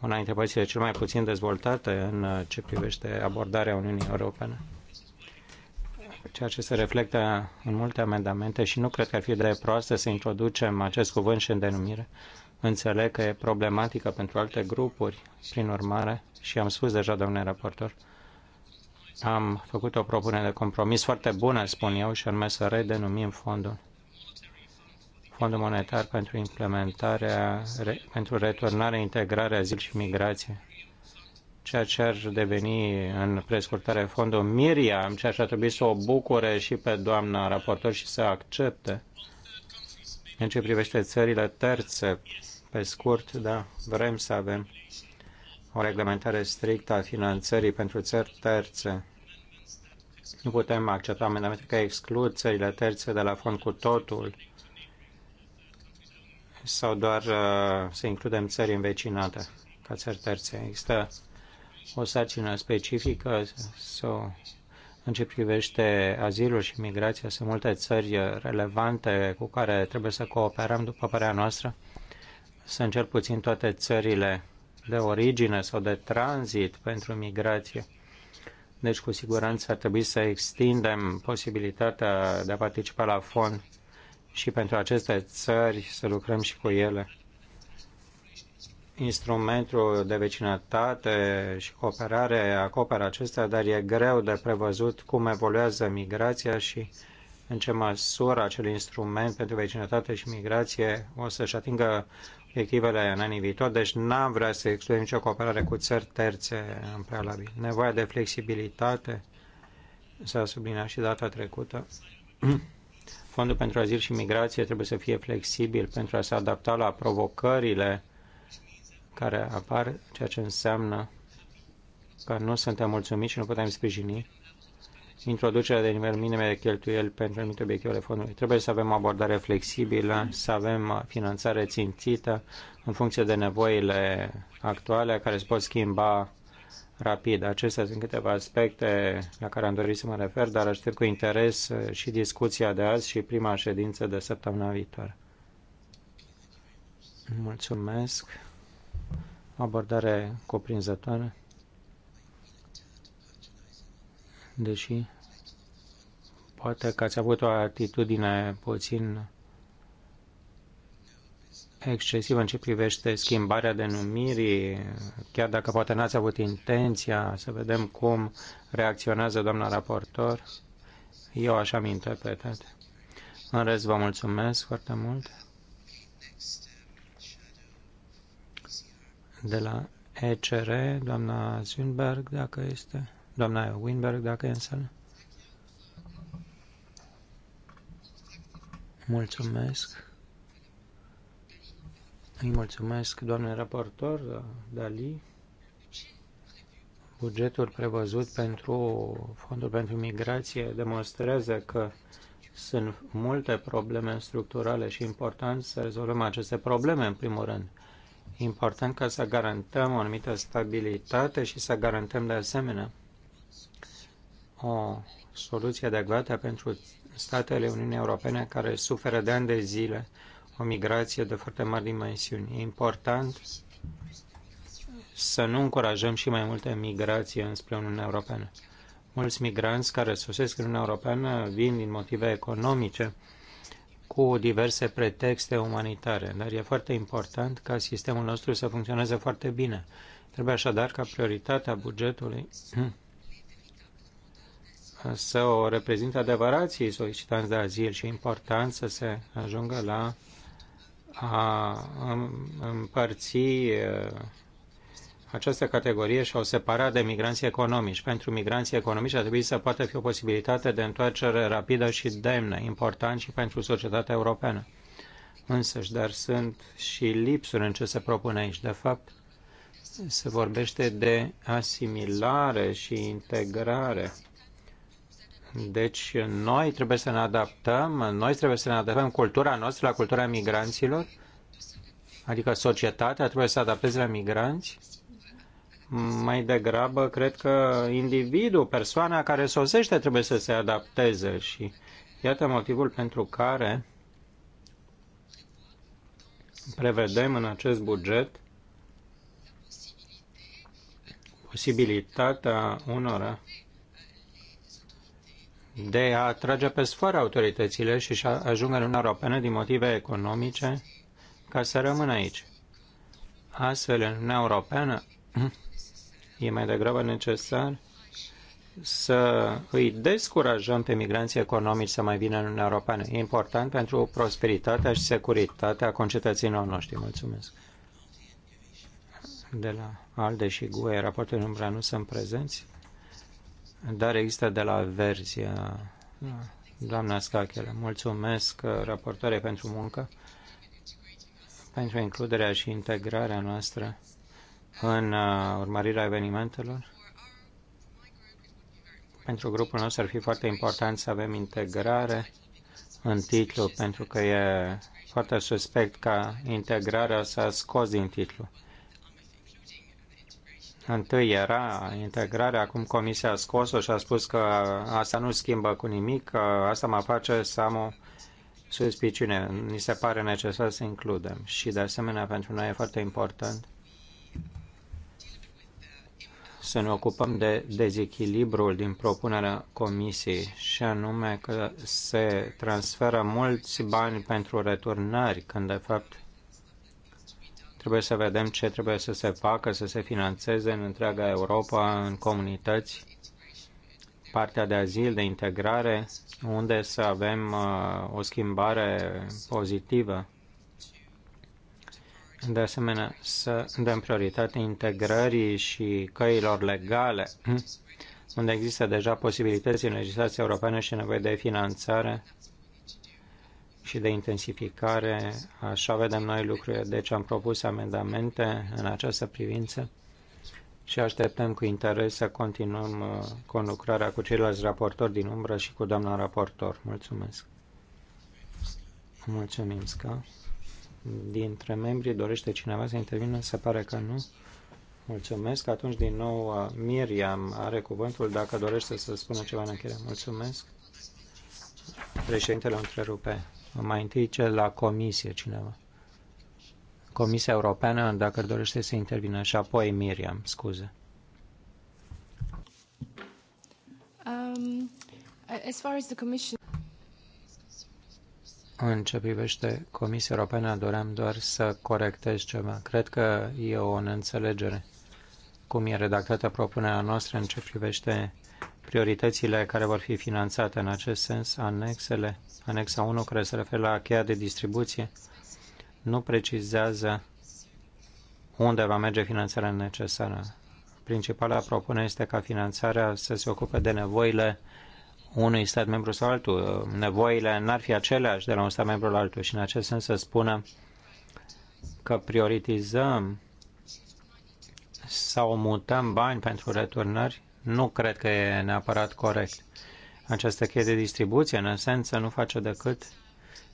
S3: una dintre părțile cel mai puțin dezvoltate în uh, ce privește abordarea Uniunii Europene, ceea ce se reflectă în multe amendamente și nu cred că ar fi de proastă să introducem acest cuvânt și în denumire. Înțeleg că e problematică pentru alte grupuri, prin urmare, și am spus deja, domnule raportor, am făcut o propunere de compromis foarte bună, spun eu, și anume să redenumim fondul Fondul Monetar pentru implementarea, re, pentru returnare, integrare, azil și migrație, ceea ce ar deveni în prescurtare fondul Miriam, ceea ce ar trebui să o bucure și pe doamna raportor și să accepte. În ce privește țările terțe, pe scurt, da, vrem să avem o reglementare strictă a finanțării pentru țări terțe. Nu putem accepta amendamente că exclud țările terțe de la fond cu totul sau doar uh, să includem țări învecinate ca țări terțe? Există o sarcină specifică sau în ce privește azilul și migrația, sunt multe țări uh, relevante cu care trebuie să cooperăm, după părerea noastră, să încerc puțin toate țările de origine sau de tranzit pentru migrație. Deci, cu siguranță, ar trebui să extindem posibilitatea de a participa la fond și pentru aceste țări să lucrăm și cu ele. Instrumentul de vecinătate și cooperare acoperă acestea, dar e greu de prevăzut cum evoluează migrația și în ce măsură acel instrument pentru vecinătate și migrație o să-și atingă obiectivele în anii viitori, deci n-am vrea să excludem nicio cooperare cu țări terțe în prealabil. Nevoia de flexibilitate s-a subliniat și data trecută. Fondul pentru azil și migrație trebuie să fie flexibil pentru a se adapta la provocările care apar, ceea ce înseamnă că nu suntem mulțumiți și nu putem sprijini introducerea de nivel minime de cheltuieli pentru anumite obiectivele fondului. Trebuie să avem abordare flexibilă, să avem finanțare țintită în funcție de nevoile actuale care se pot schimba rapid. Acestea sunt câteva aspecte la care am dorit să mă refer, dar aștept cu interes uh, și discuția de azi și prima ședință de săptămâna viitoare. Mulțumesc. Abordare cuprinzătoare. Deși poate că ați avut o atitudine puțin excesivă în ce privește schimbarea denumirii, chiar dacă poate n-ați avut intenția să vedem cum reacționează doamna raportor. Eu așa am interpretat. În rest, vă mulțumesc foarte mult. De la ECR, doamna Zunberg, dacă este, doamna Winberg, dacă e în sală. Mulțumesc. Îi mulțumesc, doamne raportor, Dali. Bugetul prevăzut pentru Fondul pentru Migrație demonstrează că sunt multe probleme structurale și important să rezolvăm aceste probleme, în primul rând. important ca să garantăm o anumită stabilitate și să garantăm de asemenea o soluție adecvată pentru statele Uniunii Europene care suferă de ani de zile o migrație de foarte mari dimensiuni. E important să nu încurajăm și mai multe migrație înspre Uniunea Europeană. Mulți migranți care sosesc în Uniunea Europeană vin din motive economice cu diverse pretexte umanitare, dar e foarte important ca sistemul nostru să funcționeze foarte bine. Trebuie așadar ca prioritatea bugetului să o reprezintă adevărații solicitanți de azil și important să se ajungă la a împărți această categorie și au separat de migranții economici. Pentru migranții economici ar trebui să poată fi o posibilitate de întoarcere rapidă și demnă, important și pentru societatea europeană. Însăși, dar sunt și lipsuri în ce se propune aici. De fapt, se vorbește de asimilare și integrare deci noi trebuie să ne adaptăm, noi trebuie să ne adaptăm cultura noastră la cultura migranților, adică societatea trebuie să adapteze la migranți. Mai degrabă, cred că individul, persoana care sosește, trebuie să se adapteze și iată motivul pentru care prevedem în acest buget posibilitatea unora de a trage pe sfoară autoritățile și să ajungă în Uniunea Europeană din motive economice ca să rămână aici. Astfel, în Uniunea Europeană e mai degrabă necesar să îi descurajăm pe migranții economici să mai vină în Uniunea Europeană. E important pentru prosperitatea și securitatea concetățenilor noștri. Mulțumesc. De la ALDE și GUE, raportul în nu sunt prezenți dar există de la Verzia. Da, doamna Scachele, mulțumesc uh, raportoare pentru muncă, pentru includerea și integrarea noastră în uh, urmărirea evenimentelor. Pentru grupul nostru ar fi foarte important să avem integrare în titlu, pentru că e foarte suspect ca integrarea s-a scos din titlu. Întâi era integrarea, acum Comisia a scos-o și a spus că asta nu schimbă cu nimic, că asta mă face să am o suspiciune. Ni se pare necesar să includem. Și de asemenea, pentru noi e foarte important să ne ocupăm de dezechilibrul din propunerea Comisiei și anume că se transferă mulți bani pentru returnări, când de fapt Trebuie să vedem ce trebuie să se facă, să se financeze în întreaga Europa, în comunități, partea de azil, de integrare, unde să avem uh, o schimbare pozitivă. De asemenea, să dăm prioritate integrării și căilor legale, unde există deja posibilități în legislația europeană și nevoie de finanțare și de intensificare, așa vedem noi lucrurile. Deci am propus amendamente în această privință și așteptăm cu interes să continuăm uh, conlucrarea cu ceilalți raportori din umbră și cu doamna raportor. Mulțumesc! Mulțumim, Sca. Dintre membrii dorește cineva să intervină? Se pare că nu. Mulțumesc. Atunci, din nou, uh, Miriam are cuvântul dacă dorește să spună ceva în încheiere. Mulțumesc. Președintele o întrerupe. Mai întâi cel la comisie cineva. Comisia Europeană, dacă dorește să intervină, și apoi Miriam, scuze.
S5: Um,
S4: as far as the commission...
S3: În ce privește Comisia Europeană, doream doar să corectez ceva. Cred că e o înțelegere cum e redactată propunerea noastră în ce privește prioritățile care vor fi finanțate. În acest sens, anexele, anexa 1, care se referă la cheia de distribuție, nu precizează unde va merge finanțarea necesară. Principala propunere este ca finanțarea să se ocupe de nevoile unui stat membru sau altul. Nevoile n-ar fi aceleași de la un stat membru la altul și în acest sens să spună că prioritizăm sau mutăm bani pentru returnări nu cred că e neapărat corect. Această cheie de distribuție, în esență, nu face decât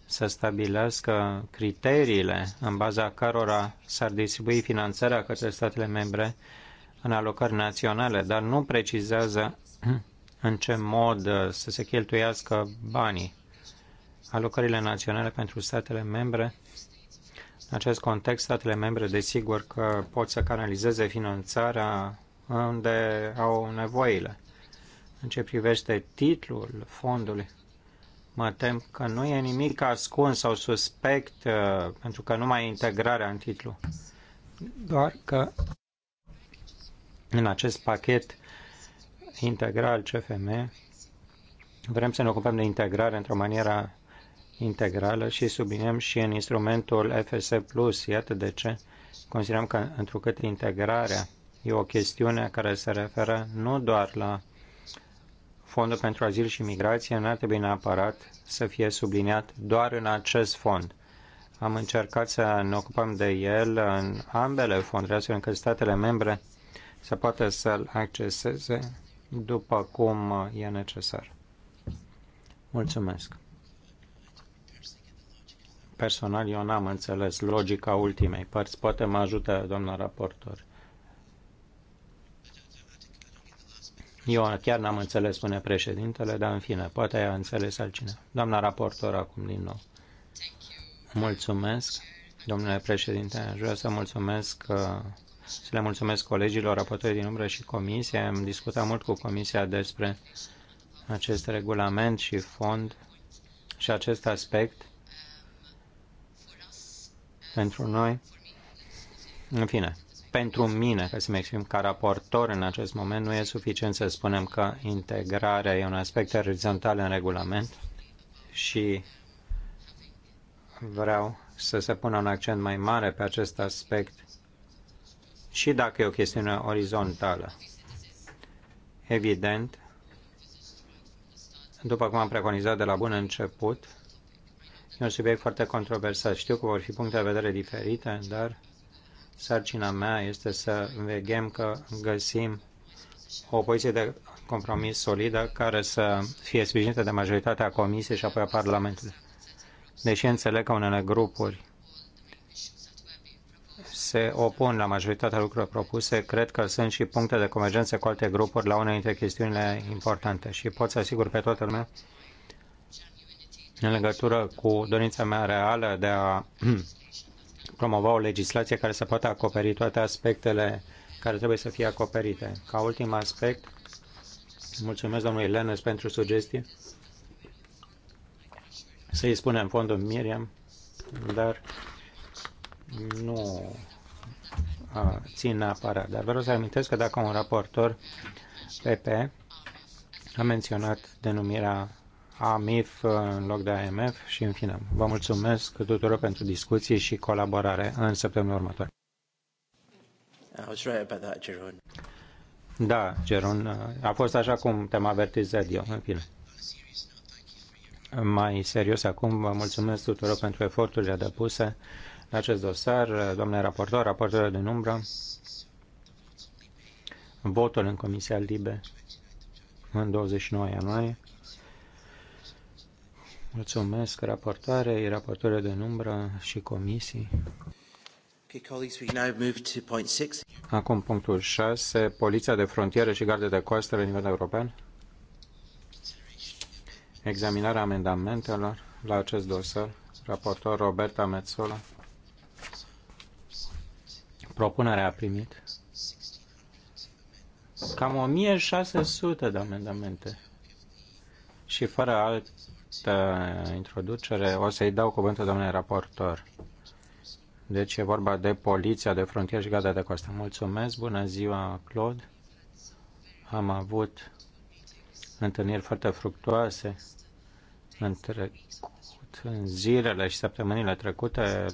S3: să stabilească criteriile în baza cărora s-ar distribui finanțarea către statele membre în alocări naționale, dar nu precizează în ce mod să se cheltuiască banii. Alocările naționale pentru statele membre în acest context, statele membre, desigur că pot să canalizeze finanțarea unde au nevoile. În ce privește titlul fondului, mă tem că nu e nimic ascuns sau suspect, uh, pentru că nu mai e integrarea în titlu. Doar că în acest pachet integral CFM vrem să ne ocupăm de integrare într-o manieră integrală și subliniem și în instrumentul FS+. Iată de ce considerăm că întrucât integrarea E o chestiune care se referă nu doar la Fondul pentru Azil și Migrație, nu ar trebui neapărat să fie subliniat doar în acest fond. Am încercat să ne ocupăm de el în ambele fonduri, astfel încât statele membre să poată să-l acceseze după cum e necesar. Mulțumesc. Personal, eu n-am înțeles logica ultimei părți. Poate mă ajută, doamna raportor. Eu chiar n-am înțeles, spune președintele, dar în fine, poate a înțeles altcineva. Doamna raportor, acum din nou. Mulțumesc, domnule președinte. Aș vrea să mulțumesc uh, să le mulțumesc colegilor, raportorii din umbră și comisie Am discutat mult cu comisia despre acest regulament și fond și acest aspect pentru noi. În fine, pentru mine, ca să mă exprim ca raportor în acest moment, nu e suficient să spunem că integrarea e un aspect orizontal în regulament și vreau să se pună un accent mai mare pe acest aspect și dacă e o chestiune orizontală. Evident, după cum am preconizat de la bun început, e un subiect foarte controversat. Știu că vor fi puncte de vedere diferite, dar Sarcina mea este să veghem că găsim o poziție de compromis solidă care să fie sprijinită de majoritatea Comisiei și apoi a Parlamentului. Deși înțeleg că unele grupuri se opun la majoritatea lucrurilor propuse, cred că sunt și puncte de convergență cu alte grupuri la una dintre chestiunile importante și pot să asigur pe toată lumea în legătură cu dorința mea reală de a promova o legislație care să poată acoperi toate aspectele care trebuie să fie acoperite. Ca ultim aspect, mulțumesc domnului Lenes pentru sugestie. Să-i spunem fondul Miriam, dar nu țin neapărat. Dar vreau să amintesc că dacă un raportor PP a menționat denumirea AMIF în loc de AMF și în fine. Vă mulțumesc tuturor pentru discuții și colaborare în săptămâna următoare. Da, Geron, a fost așa cum te-am avertizat eu, în fine. Mai serios acum, vă mulțumesc tuturor pentru eforturile depuse în acest dosar, domnule raportor, raportor din umbră, votul în Comisia Libe în 29 ianuarie Mulțumesc raportoarei, raportoare de numbră și comisii. Acum punctul 6, Poliția de frontieră și Garde de coastă la nivel european. Examinarea amendamentelor la acest dosar. Raportor Roberta Metzola. Propunerea a primit cam 1600 de amendamente și fără alt această introducere, o să-i dau cuvântul domnului raportor. Deci e vorba de poliția de frontier și gada de costă. Mulțumesc, bună ziua, Claude. Am avut întâlniri foarte fructuoase în trecut, în zilele și săptămânile trecute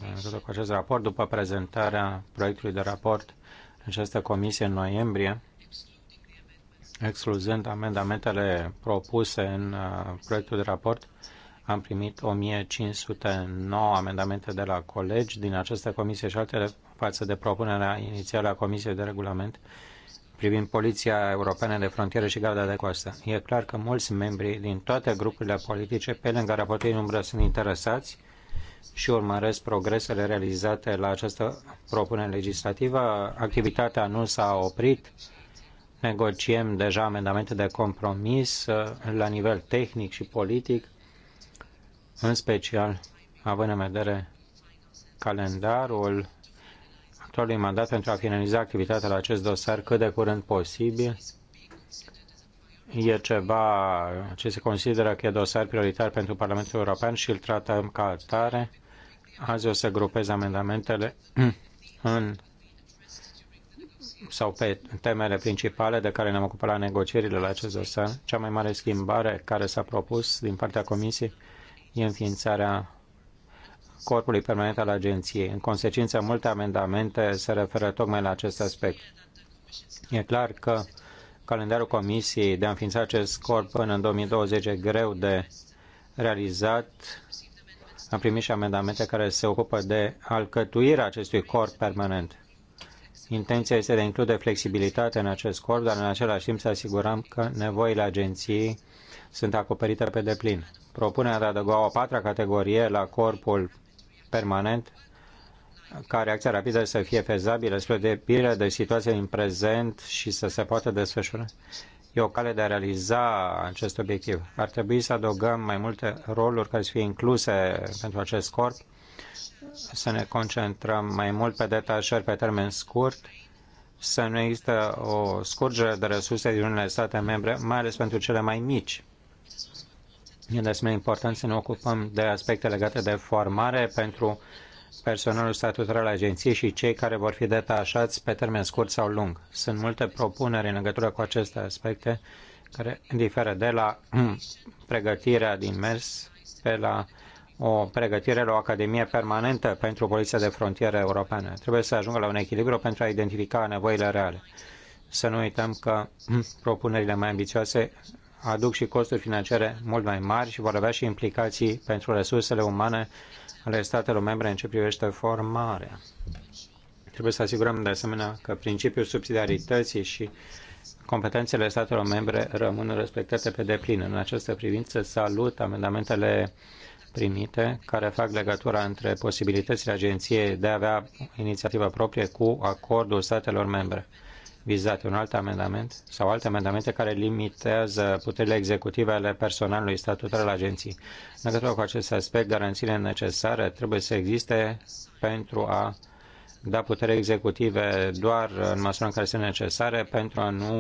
S3: cu acest raport, după prezentarea proiectului de raport în această comisie în noiembrie excluzând amendamentele propuse în uh, proiectul de raport, am primit 1509 amendamente de la colegi din această comisie și altele față de propunerea inițială a Comisiei de Regulament privind Poliția Europeană de Frontieră și Garda de Coastă. E clar că mulți membri din toate grupurile politice, pe lângă raportul numără, sunt interesați și urmăresc progresele realizate la această propunere legislativă. Activitatea nu s-a oprit negociem deja amendamente de compromis uh, la nivel tehnic și politic, în special având în vedere calendarul actualului mandat pentru a finaliza activitatea la acest dosar cât de curând posibil. E ceva ce se consideră că e dosar prioritar pentru Parlamentul European și îl tratăm ca atare. Azi o să grupez amendamentele în sau pe temele principale de care ne-am ocupat la negocierile la acest dosar. Cea mai mare schimbare care s-a propus din partea Comisiei e înființarea corpului permanent al agenției. În consecință, multe amendamente se referă tocmai la acest aspect. E clar că calendarul Comisiei de a înființa acest corp până în 2020 e greu de realizat. Am primit și amendamente care se ocupă de alcătuirea acestui corp permanent. Intenția este de a include flexibilitate în acest corp, dar în același timp să asigurăm că nevoile agenției sunt acoperite pe deplin. Propunerea de a adăuga o patra categorie la corpul permanent ca reacția rapidă să fie fezabilă spre depire de situația din prezent și să se poată desfășura. E o cale de a realiza acest obiectiv. Ar trebui să adăugăm mai multe roluri care să fie incluse pentru acest corp să ne concentrăm mai mult pe detașări pe termen scurt, să nu există o scurgere de resurse din unele state membre, mai ales pentru cele mai mici. E de asemenea important să ne ocupăm de aspecte legate de formare pentru personalul statutar al agenției și cei care vor fi detașați pe termen scurt sau lung. Sunt multe propuneri în legătură cu aceste aspecte care diferă de la pregătirea din mers pe la uh, o pregătire la o academie permanentă pentru Poliția de Frontieră Europeană. Trebuie să ajungă la un echilibru pentru a identifica nevoile reale. Să nu uităm că propunerile mai ambițioase aduc și costuri financiare mult mai mari și vor avea și implicații pentru resursele umane ale statelor membre în ce privește formarea. Trebuie să asigurăm de asemenea că principiul subsidiarității și competențele statelor membre rămân respectate pe deplin. În această privință salut amendamentele uh, primite care fac legătura între posibilitățile agenției de a avea inițiativă proprie cu acordul statelor membre vizate un alt amendament sau alte amendamente care limitează puterile executive ale personalului statutar al agenției. În legătură cu acest aspect, garanțiile necesare trebuie să existe pentru a da putere executive doar în măsura în care sunt necesare pentru a nu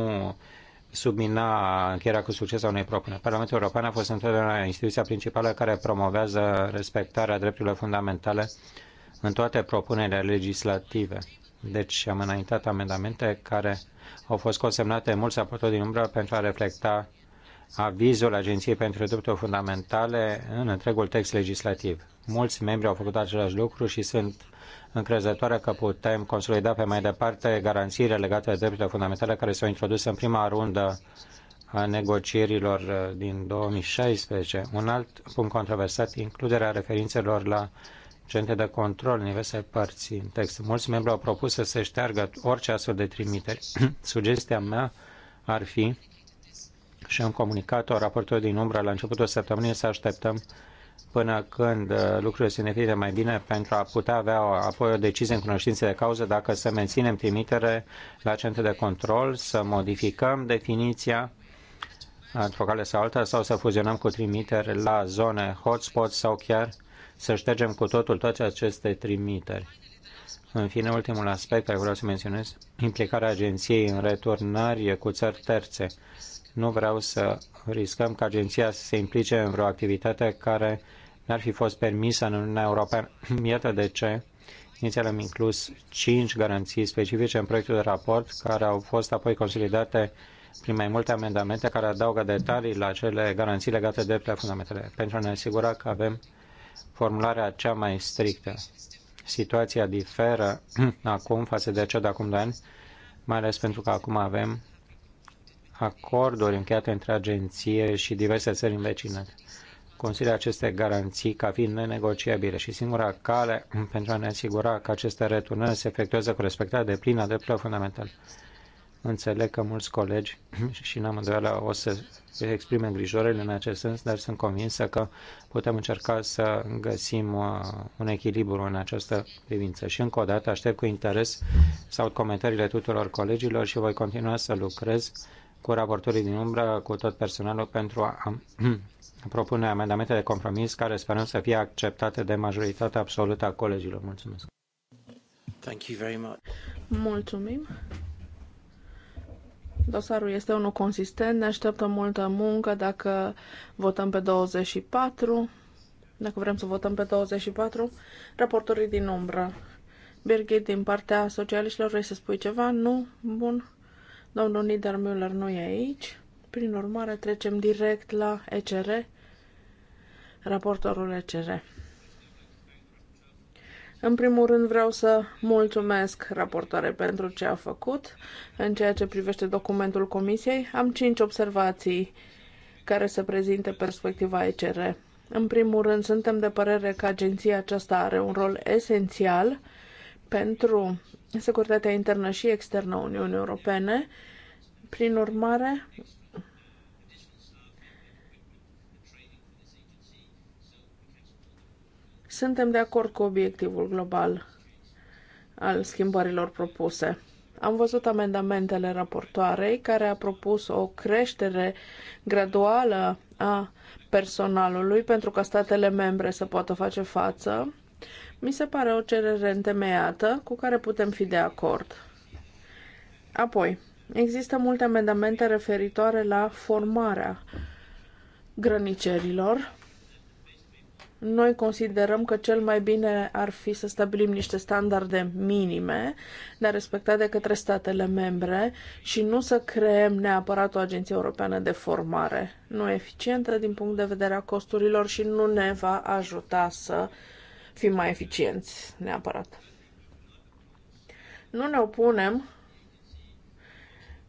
S3: submina încheierea cu succes a unei propuneri. Parlamentul European a fost întotdeauna instituția principală care promovează respectarea drepturilor fundamentale în toate propunerile legislative. Deci am înaintat amendamente care au fost consemnate mulți raportori din umbră pentru a reflecta avizul Agenției pentru Drepturi Fundamentale în întregul text legislativ. Mulți membri au făcut același lucru și sunt încrezătoare că putem consolida pe mai departe garanțiile legate de drepturile fundamentale care s-au introdus în prima rundă a negocierilor uh, din 2016. Un alt punct controversat, includerea referințelor la centre de control în diverse părți în text. Mulți membri au propus să se șteargă orice astfel de trimiteri. Sugestia mea ar fi, și am comunicat-o raportor din umbră la începutul săptămânii, să așteptăm până când uh, lucrurile se ne mai bine pentru a putea avea apoi o decizie în cunoștință de cauză dacă să menținem trimitere la centre de control, să modificăm definiția într-o cale sau alta sau să fuzionăm cu trimiteri la zone hotspot sau chiar să ștergem cu totul toate aceste trimiteri. În fine, ultimul aspect care vreau să menționez, implicarea agenției în returnări cu țări terțe. Nu vreau să riscăm ca agenția să se implice în vreo activitate care n-ar fi fost permisă în Uniunea Europeană. Iată de ce inițial am inclus cinci garanții specifice în proiectul de raport, care au fost apoi consolidate prin mai multe amendamente care adaugă detalii la cele garanții legate de drepturile fundamentale, pentru a ne asigura că avem formularea cea mai strictă. Situația diferă acum față de cea de acum de ani, mai ales pentru că acum avem acorduri încheiate între agenție și diverse țări învecinate. Consider aceste garanții ca fiind nenegociabile și singura cale pentru a ne asigura că aceste returnări se efectuează cu respectarea de plină a drepturilor fundamentale. Înțeleg că mulți colegi și n-am îndoială o să exprime îngrijorările în acest sens, dar sunt convinsă că putem încerca să găsim uh, un echilibru în această privință. Și încă o dată aștept cu interes sau comentariile tuturor colegilor și voi continua să lucrez cu raportorii din umbră, cu tot personalul pentru a propune amendamente de compromis care sperăm să fie acceptate de majoritatea absolută a colegilor. Mulțumesc! Thank you very much.
S2: Mulțumim! Dosarul este unul consistent, ne așteaptă multă muncă dacă votăm pe 24. Dacă vrem să votăm pe 24, raportorii din umbră. Birgit, din partea socialiștilor, vrei să spui ceva? Nu? Bun. Domnul Niedermüller nu e aici. Prin urmare, trecem direct la ECR, raportorul ECR. În primul rând vreau să mulțumesc raportoare pentru ce a făcut în ceea ce privește documentul comisiei. Am cinci observații care să prezinte perspectiva ECR. În primul rând, suntem de părere că agenția aceasta are un rol esențial pentru securitatea internă și externă a Uniunii Europene. Prin urmare, suntem de acord cu obiectivul global al schimbărilor propuse. Am văzut amendamentele raportoarei care a propus o creștere graduală a personalului pentru ca statele membre să poată face față mi se pare o cerere întemeiată cu care putem fi de acord. Apoi, există multe amendamente referitoare la formarea grănicerilor. Noi considerăm că cel mai bine ar fi să stabilim niște standarde minime de respectate de către statele membre și nu să creăm neapărat o agenție europeană de formare. Nu eficientă din punct de vedere a costurilor și nu ne va ajuta să uh, fim mai eficienți neapărat. Nu ne opunem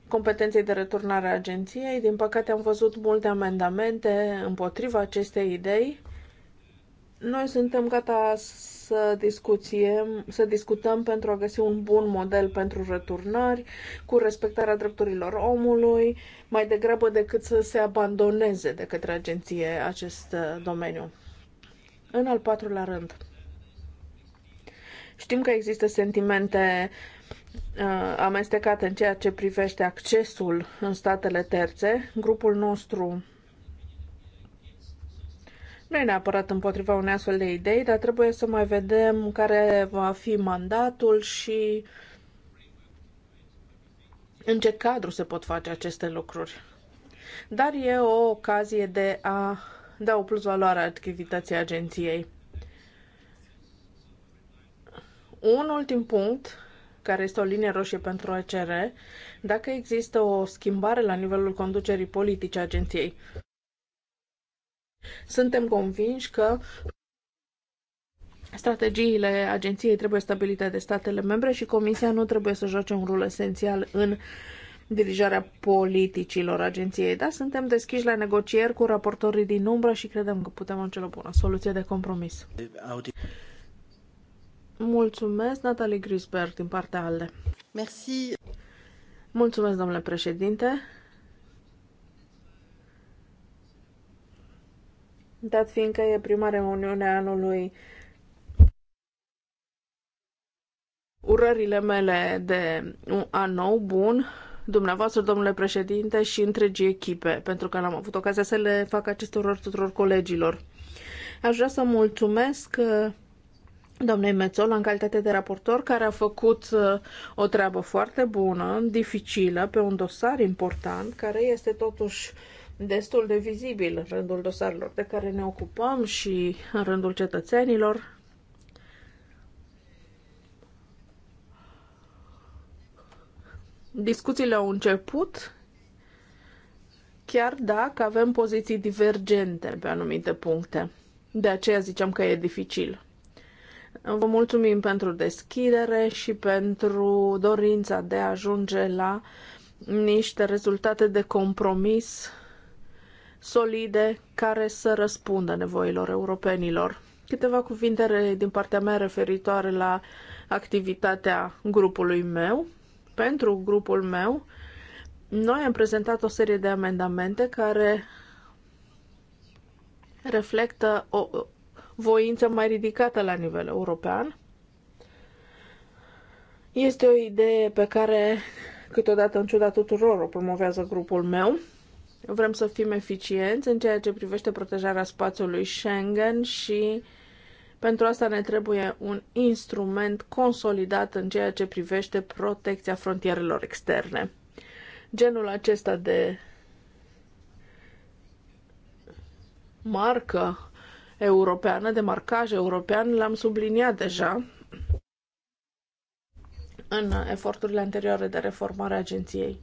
S2: competenței de returnare a agenției. Din păcate am văzut multe amendamente împotriva acestei idei. Noi suntem gata să, discuțiem, să discutăm pentru a găsi un bun model pentru returnări, cu respectarea drepturilor omului, mai degrabă decât să se abandoneze de către agenție acest domeniu. În al patrulea rând, Știm că există sentimente uh, amestecate în ceea ce privește accesul în statele terțe. Grupul nostru nu e neapărat împotriva unei astfel de idei, dar trebuie să mai vedem care va fi mandatul și în ce cadru se pot face aceste lucruri. Dar e o ocazie de a da o plus valoare activității agenției. Un ultim punct, care este o linie roșie pentru ACR, dacă există o schimbare la nivelul conducerii politice a agenției. Suntem convinși că Strategiile agenției trebuie stabilite de statele membre și Comisia nu trebuie să joace un rol esențial în dirijarea politicilor agenției, dar suntem deschiși la negocieri cu raportorii din umbră și credem că putem în cele bună soluție de compromis. Mulțumesc, Natalie Grisberg, din partea ALDE. Merci. Mulțumesc, domnule președinte. Dat fiindcă e prima reuniune a anului, urările mele de un an nou bun, dumneavoastră, domnule președinte, și întregii echipe, pentru că n-am avut ocazia să le fac acestor tuturor colegilor. Aș vrea să mulțumesc doamnei Mețola în calitate de raportor, care a făcut uh, o treabă foarte bună, dificilă, pe un dosar important, care este totuși destul de vizibil în rândul dosarelor de care ne ocupăm și în rândul cetățenilor. Discuțiile au început, chiar dacă avem poziții divergente pe anumite puncte. De aceea ziceam că e dificil. Vă mulțumim pentru deschidere și pentru dorința de a ajunge la niște rezultate de compromis solide care să răspundă nevoilor europenilor. Câteva cuvinte din partea mea referitoare la activitatea grupului meu. Pentru grupul meu, noi am prezentat o serie de amendamente care reflectă o voință mai ridicată la nivel european. Este o idee pe care, câteodată, în ciuda tuturor, o promovează grupul meu. Vrem să fim eficienți în ceea ce privește protejarea spațiului Schengen și pentru asta ne trebuie un instrument consolidat în ceea ce privește protecția frontierelor externe. Genul acesta de marcă europeană, de marcaj european, l-am subliniat deja în eforturile anterioare de reformare a agenției.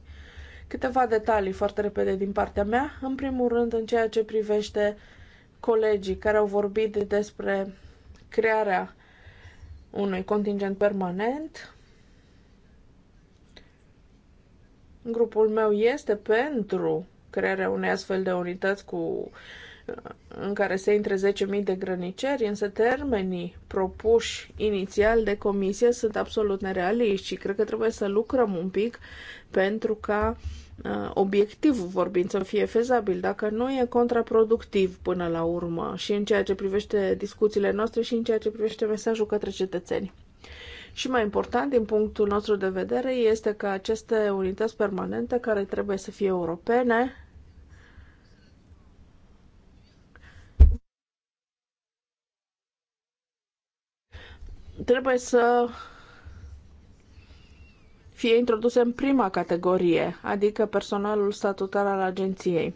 S2: Câteva detalii foarte repede din partea mea. În primul rând, în ceea ce privește colegii care au vorbit despre crearea unui contingent permanent, grupul meu este pentru crearea unei astfel de unități cu în care se intre 10.000 de grăniceri, însă termenii propuși inițial de comisie sunt absolut nerealiști și cred că trebuie să lucrăm un pic pentru ca uh, obiectivul vorbind să fie fezabil, dacă nu e contraproductiv până la urmă și în ceea ce privește discuțiile noastre și în ceea ce privește mesajul către cetățeni. Și mai important, din punctul nostru de vedere, este că aceste unități permanente care trebuie să fie europene, trebuie să fie introduse în prima categorie, adică personalul statutar al agenției.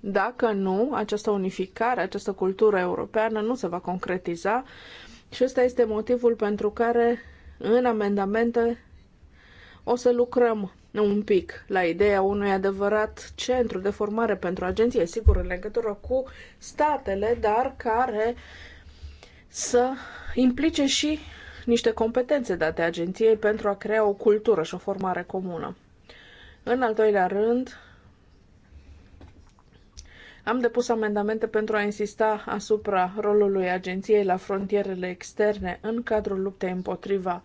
S2: Dacă nu, această unificare, această cultură europeană nu se va concretiza și ăsta este motivul pentru care în amendamente o să lucrăm un pic la ideea unui adevărat centru de formare pentru agenție, sigur, în legătură cu statele, dar care să implice și niște competențe date agenției pentru a crea o cultură și o formare comună. În al doilea rând, am depus amendamente pentru a insista asupra rolului agenției la frontierele externe în cadrul luptei împotriva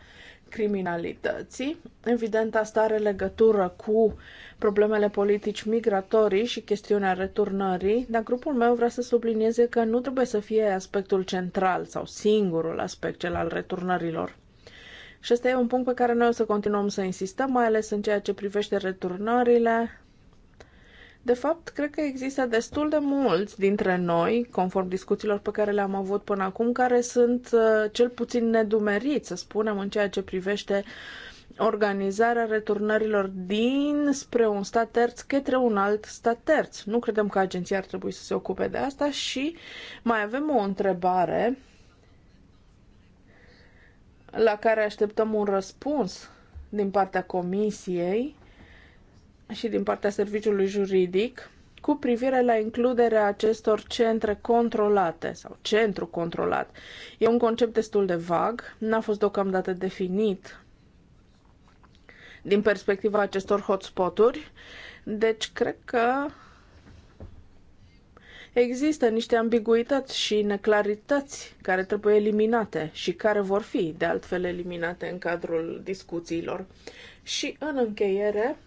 S2: criminalității. Evident, asta are legătură cu problemele politici migratorii și chestiunea returnării, dar grupul meu vrea să sublinieze că nu trebuie să fie aspectul central sau singurul aspect cel al returnărilor. Și ăsta e un punct pe care noi o să continuăm să insistăm, mai ales în ceea ce privește returnările, de fapt, cred că există destul de mulți dintre noi, conform discuțiilor pe care le-am avut până acum, care sunt uh, cel puțin nedumeriți, să spunem, în ceea ce privește organizarea returnărilor din spre un stat terț către un alt stat terț. Nu credem că agenția ar trebui să se ocupe de asta și mai avem o întrebare la care așteptăm un răspuns din partea comisiei și din partea serviciului juridic cu privire la includerea acestor centre controlate sau centru controlat. E un concept destul de vag, n-a fost deocamdată definit din perspectiva acestor hotspoturi, deci cred că există niște ambiguități și neclarități care trebuie eliminate și care vor fi de altfel eliminate în cadrul discuțiilor. Și în încheiere,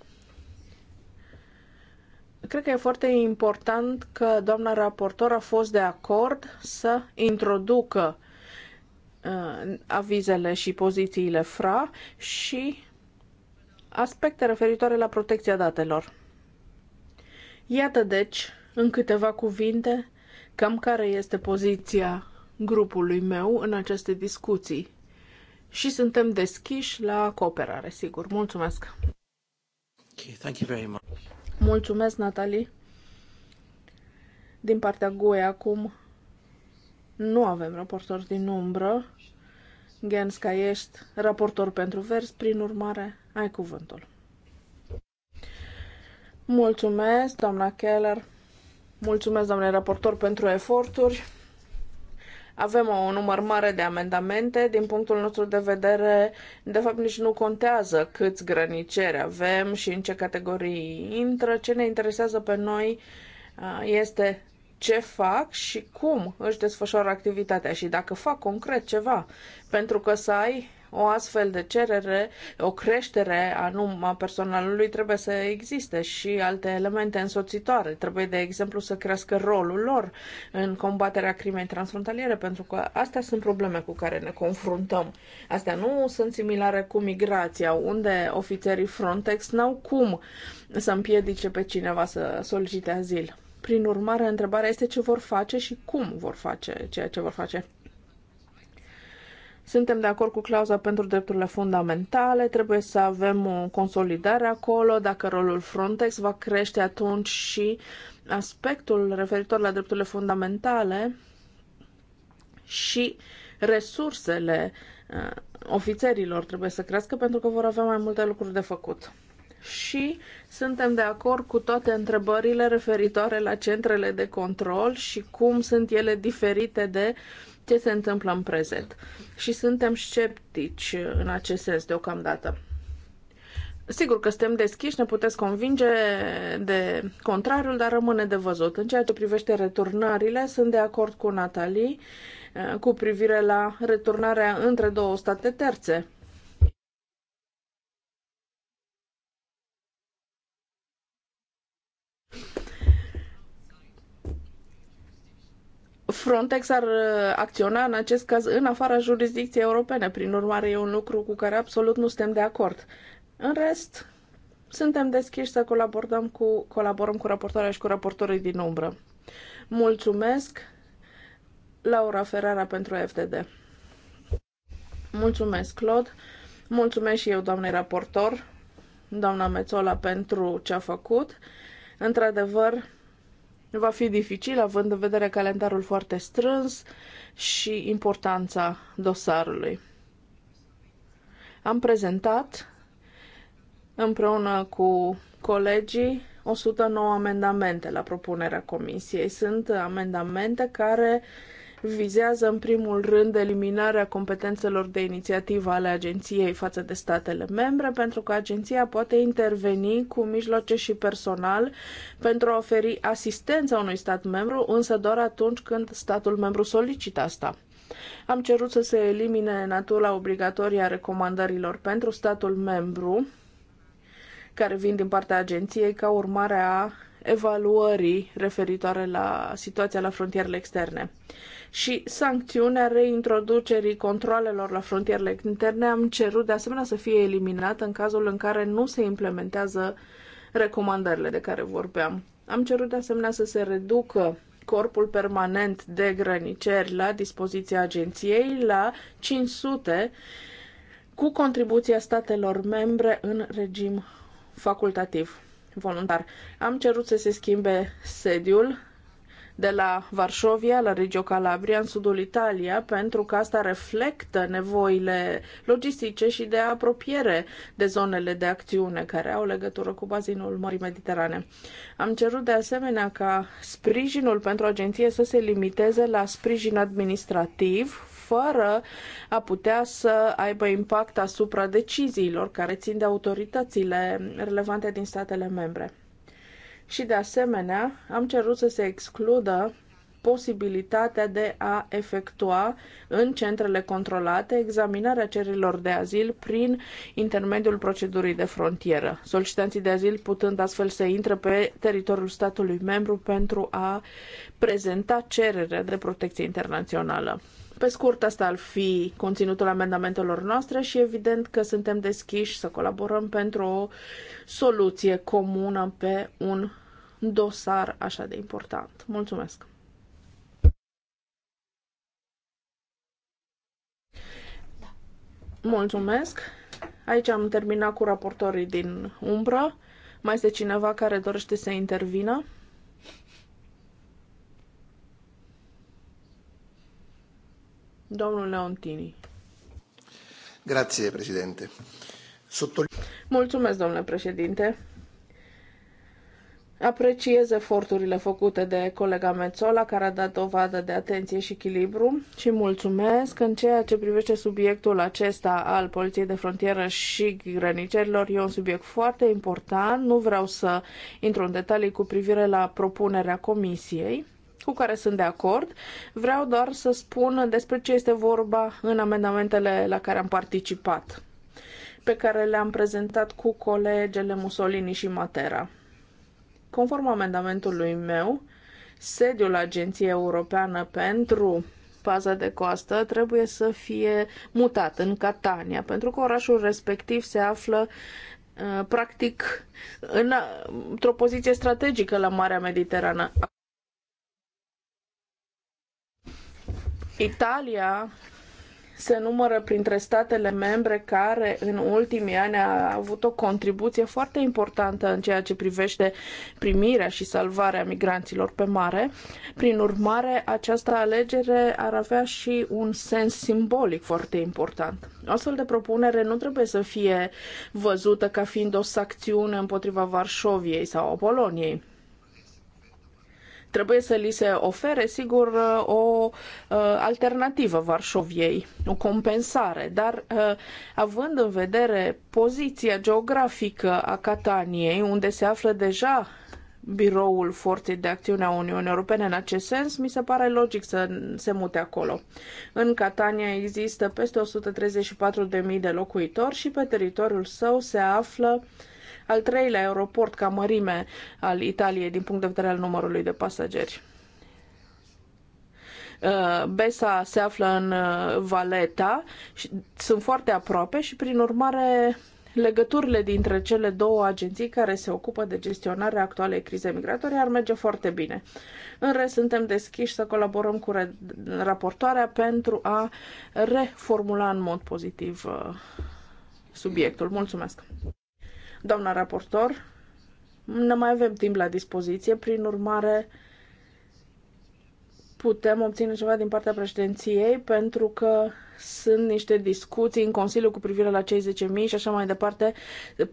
S2: Cred că e foarte important că doamna raportor a fost de acord să introducă uh, avizele și pozițiile FRA și aspecte referitoare la protecția datelor. Iată deci, în câteva cuvinte, cam care este poziția grupului meu în aceste discuții. Și suntem deschiși la cooperare, sigur. Mulțumesc! Okay, thank you very much. Mulțumesc, Natalie. Din partea goi acum nu avem raportor din umbră. Genska ești raportor pentru vers, prin urmare, ai cuvântul. Mulțumesc, doamna Keller. Mulțumesc, doamne raportor, pentru eforturi. Avem o număr mare de amendamente. Din punctul nostru de vedere, de fapt, nici nu contează câți grăniceri avem și în ce categorii intră. Ce ne interesează pe noi este ce fac și cum își desfășoară activitatea și dacă fac concret ceva. Pentru că să ai o astfel de cerere, o creștere a num personalului trebuie să existe și alte elemente însoțitoare. Trebuie, de exemplu, să crească rolul lor în combaterea crimei transfrontaliere, pentru că astea sunt probleme cu care ne confruntăm. Astea nu sunt similare cu migrația, unde ofițerii Frontex n-au cum să împiedice pe cineva să solicite azil. Prin urmare, întrebarea este ce vor face și cum vor face ceea ce vor face. Suntem de acord cu clauza pentru drepturile fundamentale, trebuie să avem o consolidare acolo, dacă rolul Frontex va crește atunci și aspectul referitor la drepturile fundamentale și resursele uh, ofițerilor trebuie să crească pentru că vor avea mai multe lucruri de făcut. Și suntem de acord cu toate întrebările referitoare la centrele de control și cum sunt ele diferite de uh, ce se întâmplă în prezent. Și suntem sceptici în acest sens deocamdată. Sigur că suntem deschiși, ne puteți convinge de contrariul, dar rămâne de văzut. În ceea ce privește returnările, sunt de acord cu Natalie eh, cu privire la returnarea între două state terțe. Frontex ar uh, acționa în acest caz în afara jurisdicției europene. Prin urmare, e un lucru cu care absolut nu suntem de acord. În rest, suntem deschiși să colaborăm cu, colaborăm cu raportoarea și cu raportorii din umbră. Mulțumesc, Laura Ferrara, pentru FDD. Mulțumesc, Claude. Mulțumesc și eu, doamnei raportor, doamna Mețola, pentru ce a făcut. Într-adevăr, Va fi dificil, având în vedere calendarul foarte strâns și importanța dosarului. Am prezentat împreună cu colegii 109 amendamente la propunerea comisiei. Sunt amendamente care uh, vizează în primul rând eliminarea competențelor de inițiativă ale agenției față de statele membre, pentru că agenția poate interveni cu mijloace și personal pentru a oferi asistența unui stat membru, însă doar atunci când statul membru solicită asta. Am cerut să se elimine natura obligatorie a recomandărilor pentru statul membru care vin din partea agenției ca urmare a evaluării referitoare la situația la frontierele externe și sancțiunea reintroducerii controalelor la frontierele interne am cerut de asemenea să fie eliminată în cazul în care nu se implementează recomandările de care vorbeam. Am cerut de asemenea să se reducă corpul permanent de grăniceri la dispoziția agenției la 500 cu contribuția statelor membre în regim facultativ voluntar. Am cerut să se schimbe sediul de la Varșovia la Reggio Calabria, în sudul Italia, pentru că asta reflectă nevoile logistice și de apropiere de zonele de acțiune care au legătură cu bazinul Mării Mediterane. Am cerut de asemenea ca sprijinul pentru agenție să se limiteze la sprijin administrativ, fără a putea să aibă impact asupra deciziilor care țin de autoritățile relevante din statele membre și, de asemenea, am cerut să se excludă posibilitatea de a efectua în centrele controlate examinarea cererilor de azil prin intermediul procedurii de frontieră, solicitanții de azil putând astfel să intre pe teritoriul statului membru pentru a prezenta cerere de protecție internațională. Pe scurt, asta ar fi conținutul amendamentelor noastre și evident că suntem deschiși să colaborăm pentru o soluție comună pe un dosar așa de important. Mulțumesc! Da. Mulțumesc! Aici am terminat cu raportorii din umbră. Mai este cineva care dorește să intervină? Domnul Leontini.
S3: Grazie, președinte. Sotto...
S2: Mulțumesc, domnule președinte. Apreciez eforturile făcute de colega Mețola, care a dat dovadă de atenție și echilibru și mulțumesc. În ceea ce privește subiectul acesta al Poliției de Frontieră și Grănicerilor, e un subiect foarte important. Nu vreau să intru în detalii cu privire la propunerea Comisiei cu care sunt de acord. Vreau doar să spun despre ce este vorba în amendamentele la care am participat, pe care le-am prezentat cu colegele Mussolini și Matera. Conform amendamentului meu, sediul Agenției Europeană pentru paza de coastă trebuie să fie mutat în Catania, pentru că orașul respectiv se află uh, practic în, într-o poziție strategică la Marea Mediterană. Italia se numără printre statele membre care în ultimii ani a avut o contribuție foarte importantă în ceea ce privește primirea și salvarea migranților pe mare. Prin urmare, această alegere ar avea și un sens simbolic foarte important. O astfel de propunere nu trebuie să fie văzută ca fiind o sancțiune împotriva Varșoviei sau a Poloniei Trebuie să li se ofere, sigur, o uh, alternativă Varșoviei, o compensare, dar uh, având în vedere poziția geografică a Cataniei, unde se află deja biroul Forței de Acțiune a Uniunii Europene în acest sens, mi se pare logic să se mute acolo. În Catania există peste 134.000 de locuitori și pe teritoriul său se află uh, al treilea aeroport ca mărime al Italiei din punct de vedere al numărului de pasageri. Uh, Besa se află în uh, Valeta, sunt foarte aproape și, prin urmare, legăturile dintre cele două agenții care se ocupă de gestionarea actualei crize migratorii ar merge foarte bine. În rest, suntem deschiși să colaborăm cu raportoarea pentru a reformula în mod pozitiv uh, subiectul. Mulțumesc! Doamna raportor, nu mai avem timp la dispoziție, prin urmare putem obține ceva din partea președinției pentru că sunt niște discuții în Consiliu cu privire la cei 10.000 și așa mai departe.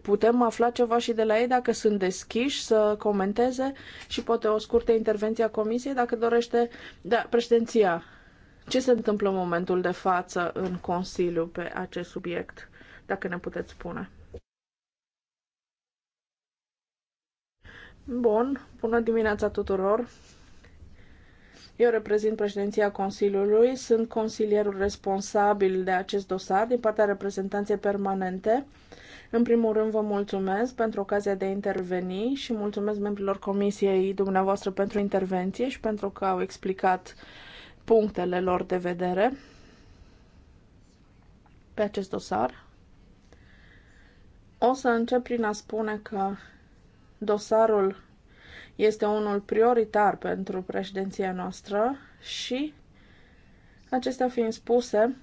S2: Putem afla ceva și de la ei dacă sunt deschiși să comenteze și poate o scurtă intervenție a Comisiei dacă dorește. Da, președinția, ce se întâmplă în momentul de față în Consiliu pe acest subiect, dacă ne puteți spune? Bun, bună dimineața tuturor! Eu reprezint președinția Consiliului, sunt consilierul responsabil de acest dosar din partea reprezentanței permanente. În primul rând vă mulțumesc pentru ocazia de a interveni și mulțumesc membrilor comisiei dumneavoastră pentru intervenție și pentru că au explicat punctele lor de vedere pe acest dosar. O să încep prin a spune că Dosarul este unul prioritar pentru președinția noastră și, acestea fiind spuse,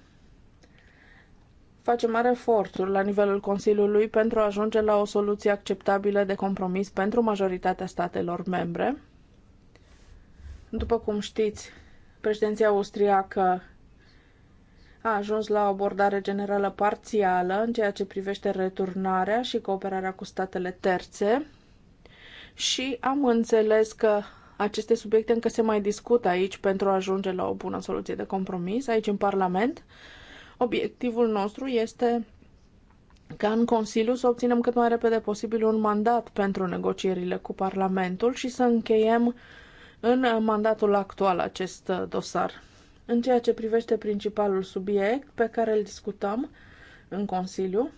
S2: facem mare eforturi la nivelul Consiliului pentru a ajunge la o soluție acceptabilă de compromis pentru majoritatea statelor membre. După cum știți, președinția austriacă a ajuns la o abordare generală parțială în ceea ce privește returnarea și cooperarea cu statele terțe, și am înțeles că aceste subiecte încă se mai discută aici pentru a ajunge la o bună soluție de compromis aici în Parlament. Obiectivul nostru este ca în Consiliu să obținem cât mai repede posibil un mandat pentru negocierile cu Parlamentul și să încheiem în mandatul actual acest uh, dosar. În ceea ce privește principalul subiect pe care îl discutăm în Consiliu,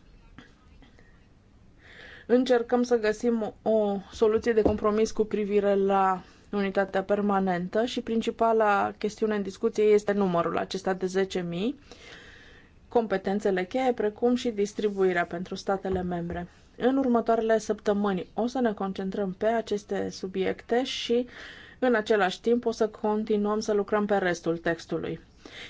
S2: Încercăm să găsim o soluție de compromis cu privire la unitatea permanentă și principala chestiune în discuție este numărul acesta de 10.000, competențele cheie, precum și distribuirea pentru statele membre. În următoarele săptămâni o să ne concentrăm pe aceste subiecte și în același timp o să continuăm să lucrăm pe restul textului.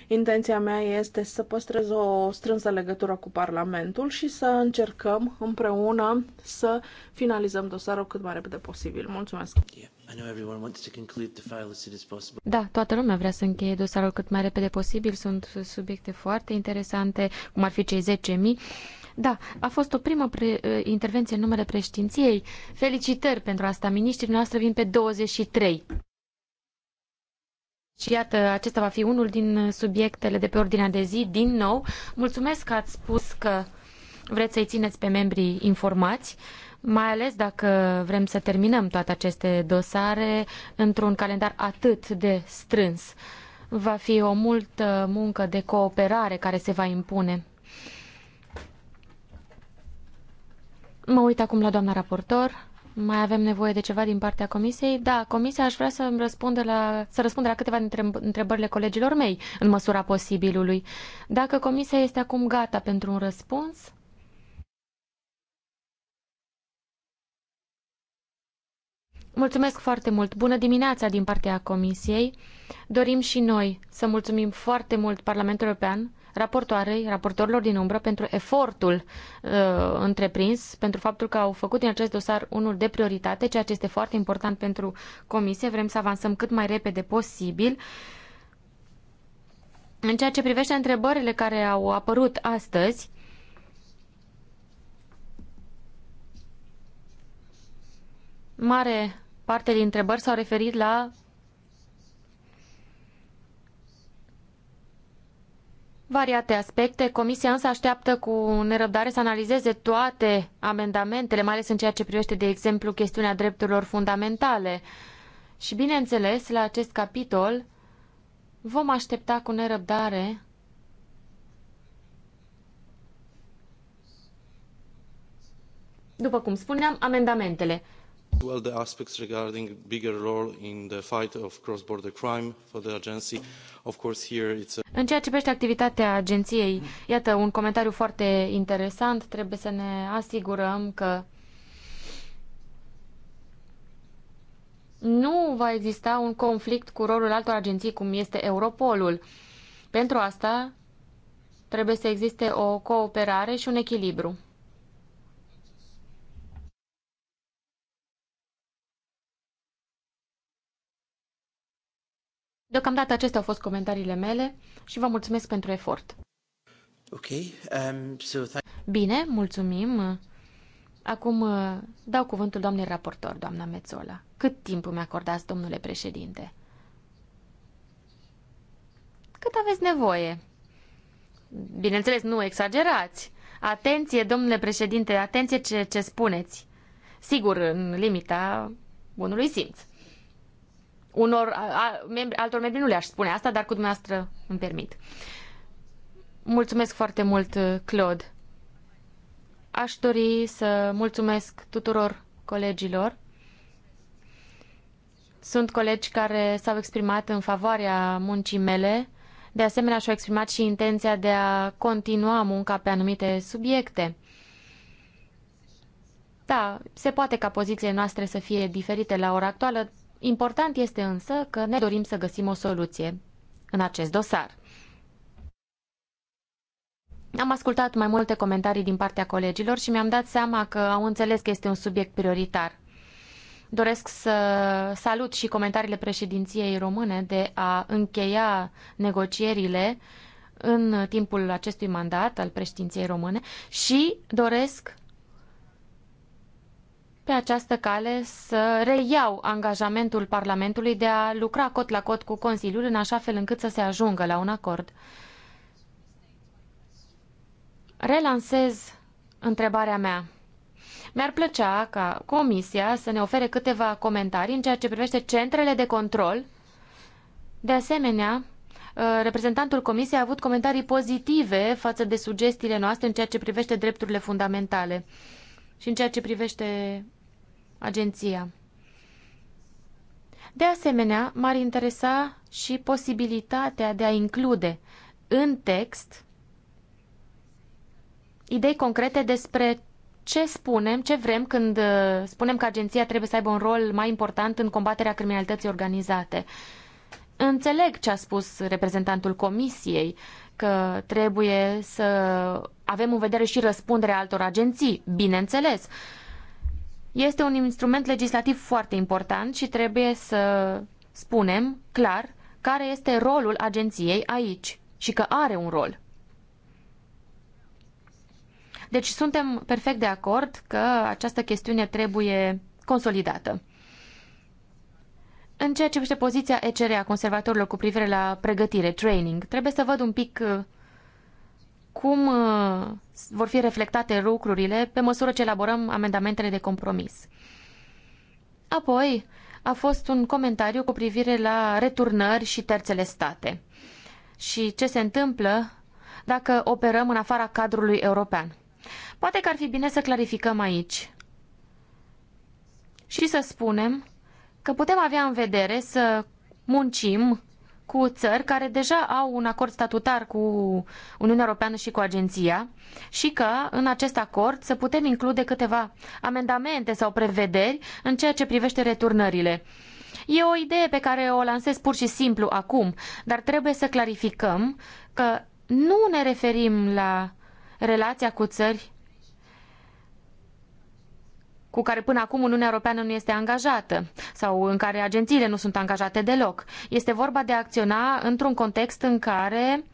S2: Intenția mea este să păstrez o strânsă legătură cu Parlamentul și să încercăm împreună să finalizăm dosarul cât mai repede posibil. Mulțumesc!
S5: Da,
S4: toată lumea vrea să încheie dosarul cât mai repede posibil. Sunt subiecte foarte interesante, cum ar fi cei 10.000. Da, a fost o primă pre- uh, intervenție în numele președinției. Felicitări pentru asta. Miniștrii noastre vin pe 23. Și iată, acesta va fi unul din subiectele de pe ordinea de zi, din nou. Mulțumesc că ați spus că vreți să-i țineți pe membrii informați, mai ales dacă vrem să terminăm toate aceste dosare într-un calendar atât de strâns. Va fi o multă muncă de cooperare care se va impune. Mă uit acum la doamna raportor. Mai avem nevoie de ceva din partea comisiei? Da, comisia aș vrea să răspundă la, să răspundă la câteva dintre întrebările colegilor mei, în măsura posibilului. Dacă comisia este acum gata pentru un răspuns... Mulțumesc foarte mult! Bună dimineața din partea comisiei! Dorim și noi să mulțumim foarte mult Parlamentul European raportoarei, raportorilor din umbră pentru efortul uh, întreprins, pentru faptul că au făcut din acest dosar unul de prioritate, ceea ce este foarte important pentru comisie. Vrem să avansăm cât mai repede posibil. În ceea ce privește întrebările care au apărut astăzi, mare parte din întrebări s-au referit la variate aspecte. Comisia însă așteaptă cu nerăbdare să analizeze toate amendamentele, mai ales în ceea ce privește, de exemplu, chestiunea drepturilor fundamentale. Și, bineînțeles, la acest capitol vom aștepta cu nerăbdare după cum spuneam, amendamentele
S3: well the aspects regarding bigger role in the fight of cross-border crime for the agency. Of course here it's a... În
S4: ceea ce privește activitatea agenției, iată un comentariu foarte interesant, trebuie să ne asigurăm că nu va exista un conflict cu rolul altor agenții cum este Europolul. Pentru asta trebuie să existe o cooperare și un echilibru. Deocamdată acestea au fost comentariile mele și vă mulțumesc pentru
S2: efort. Okay, um, so
S4: Bine, mulțumim. Acum uh, dau cuvântul doamnei raportor, doamna Mețola. Cât timp îmi acordați, domnule președinte? Cât aveți nevoie? Bineînțeles, nu exagerați. Atenție, domnule președinte, atenție ce, ce spuneți. Sigur, în limita bunului simț unor a, membri, altor membri nu le-aș spune asta, dar cu dumneavoastră îmi permit. Mulțumesc foarte mult, uh, Claude. Aș dori să mulțumesc tuturor colegilor. Sunt colegi care s-au exprimat în favoarea muncii mele. De asemenea, și-au exprimat și intenția de a continua munca pe anumite subiecte. Da, se poate ca pozițiile noastre să fie diferite la ora actuală, Important este însă că ne dorim să găsim o soluție în acest dosar. Am ascultat mai multe comentarii din partea colegilor și mi-am dat seama că au înțeles că este un subiect prioritar. Doresc să salut și comentariile președinției române de a încheia negocierile în timpul acestui mandat al președinției române și doresc pe această cale să reiau angajamentul Parlamentului de a lucra cot la cot cu Consiliul în așa fel încât să se ajungă la un acord. Relansez întrebarea mea. Mi-ar plăcea ca Comisia să ne ofere câteva comentarii în ceea ce privește centrele de control. De asemenea, uh, reprezentantul Comisiei a avut comentarii pozitive față de sugestiile noastre în ceea ce privește drepturile fundamentale și în ceea ce privește agenția. De asemenea, m-ar interesa și posibilitatea de a include în text idei concrete despre ce spunem, ce vrem când uh, spunem că agenția trebuie să aibă un rol mai important în combaterea criminalității organizate. Înțeleg ce a spus reprezentantul comisiei, că trebuie să avem în vedere și răspunderea altor agenții, bineînțeles. Este un instrument legislativ foarte important și trebuie să spunem clar care este rolul agenției aici și că are un rol. Deci suntem perfect de acord că această chestiune trebuie consolidată. În ceea ce privește poziția ECR a conservatorilor cu privire la pregătire, training, trebuie să văd un pic cum uh, vor fi reflectate lucrurile pe măsură ce elaborăm amendamentele de compromis. Apoi, a fost un comentariu cu privire la returnări și terțele state și ce se întâmplă dacă operăm în afara cadrului european. Poate că ar fi bine să clarificăm aici și să spunem că putem avea în vedere să muncim cu țări care deja au un acord statutar cu Uniunea Europeană și cu agenția și că în acest acord să putem include câteva amendamente sau prevederi în ceea ce privește returnările. E o idee pe care o lansez pur și simplu acum, dar trebuie să clarificăm că nu ne referim la relația cu țări cu care până acum Uniunea Europeană nu este angajată sau în care agențiile nu sunt angajate deloc. Este vorba de a acționa într-un context în care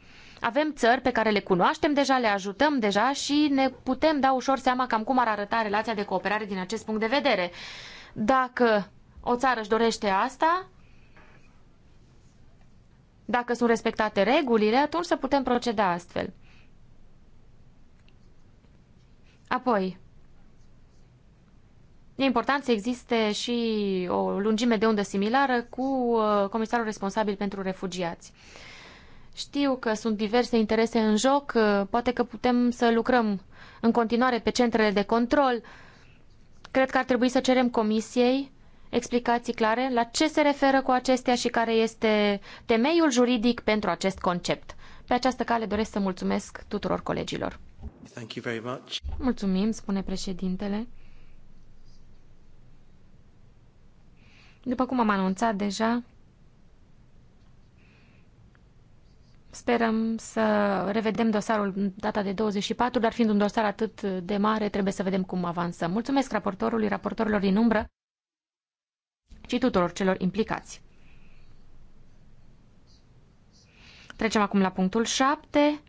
S4: avem țări pe care le cunoaștem deja, le ajutăm deja și ne putem da ușor seama cam cum ar arăta relația de cooperare din acest punct de vedere. Dacă o țară își dorește asta, dacă sunt respectate regulile, atunci să putem proceda astfel. Apoi, E important să existe și o lungime de undă similară cu uh, comisarul responsabil pentru refugiați. Știu că sunt diverse interese în joc, uh, poate că putem să lucrăm în continuare pe centrele de control. Cred că ar trebui să cerem comisiei explicații clare la ce se referă cu acestea și care este temeiul juridic pentru acest concept. Pe această cale doresc să mulțumesc tuturor colegilor. Mulțumim, spune președintele. După cum am anunțat deja, sperăm să revedem dosarul data de 24, dar fiind un dosar atât de mare, trebuie să vedem cum avansăm. Mulțumesc raportorului, raportorilor din umbră și tuturor celor implicați. Trecem acum la punctul 7,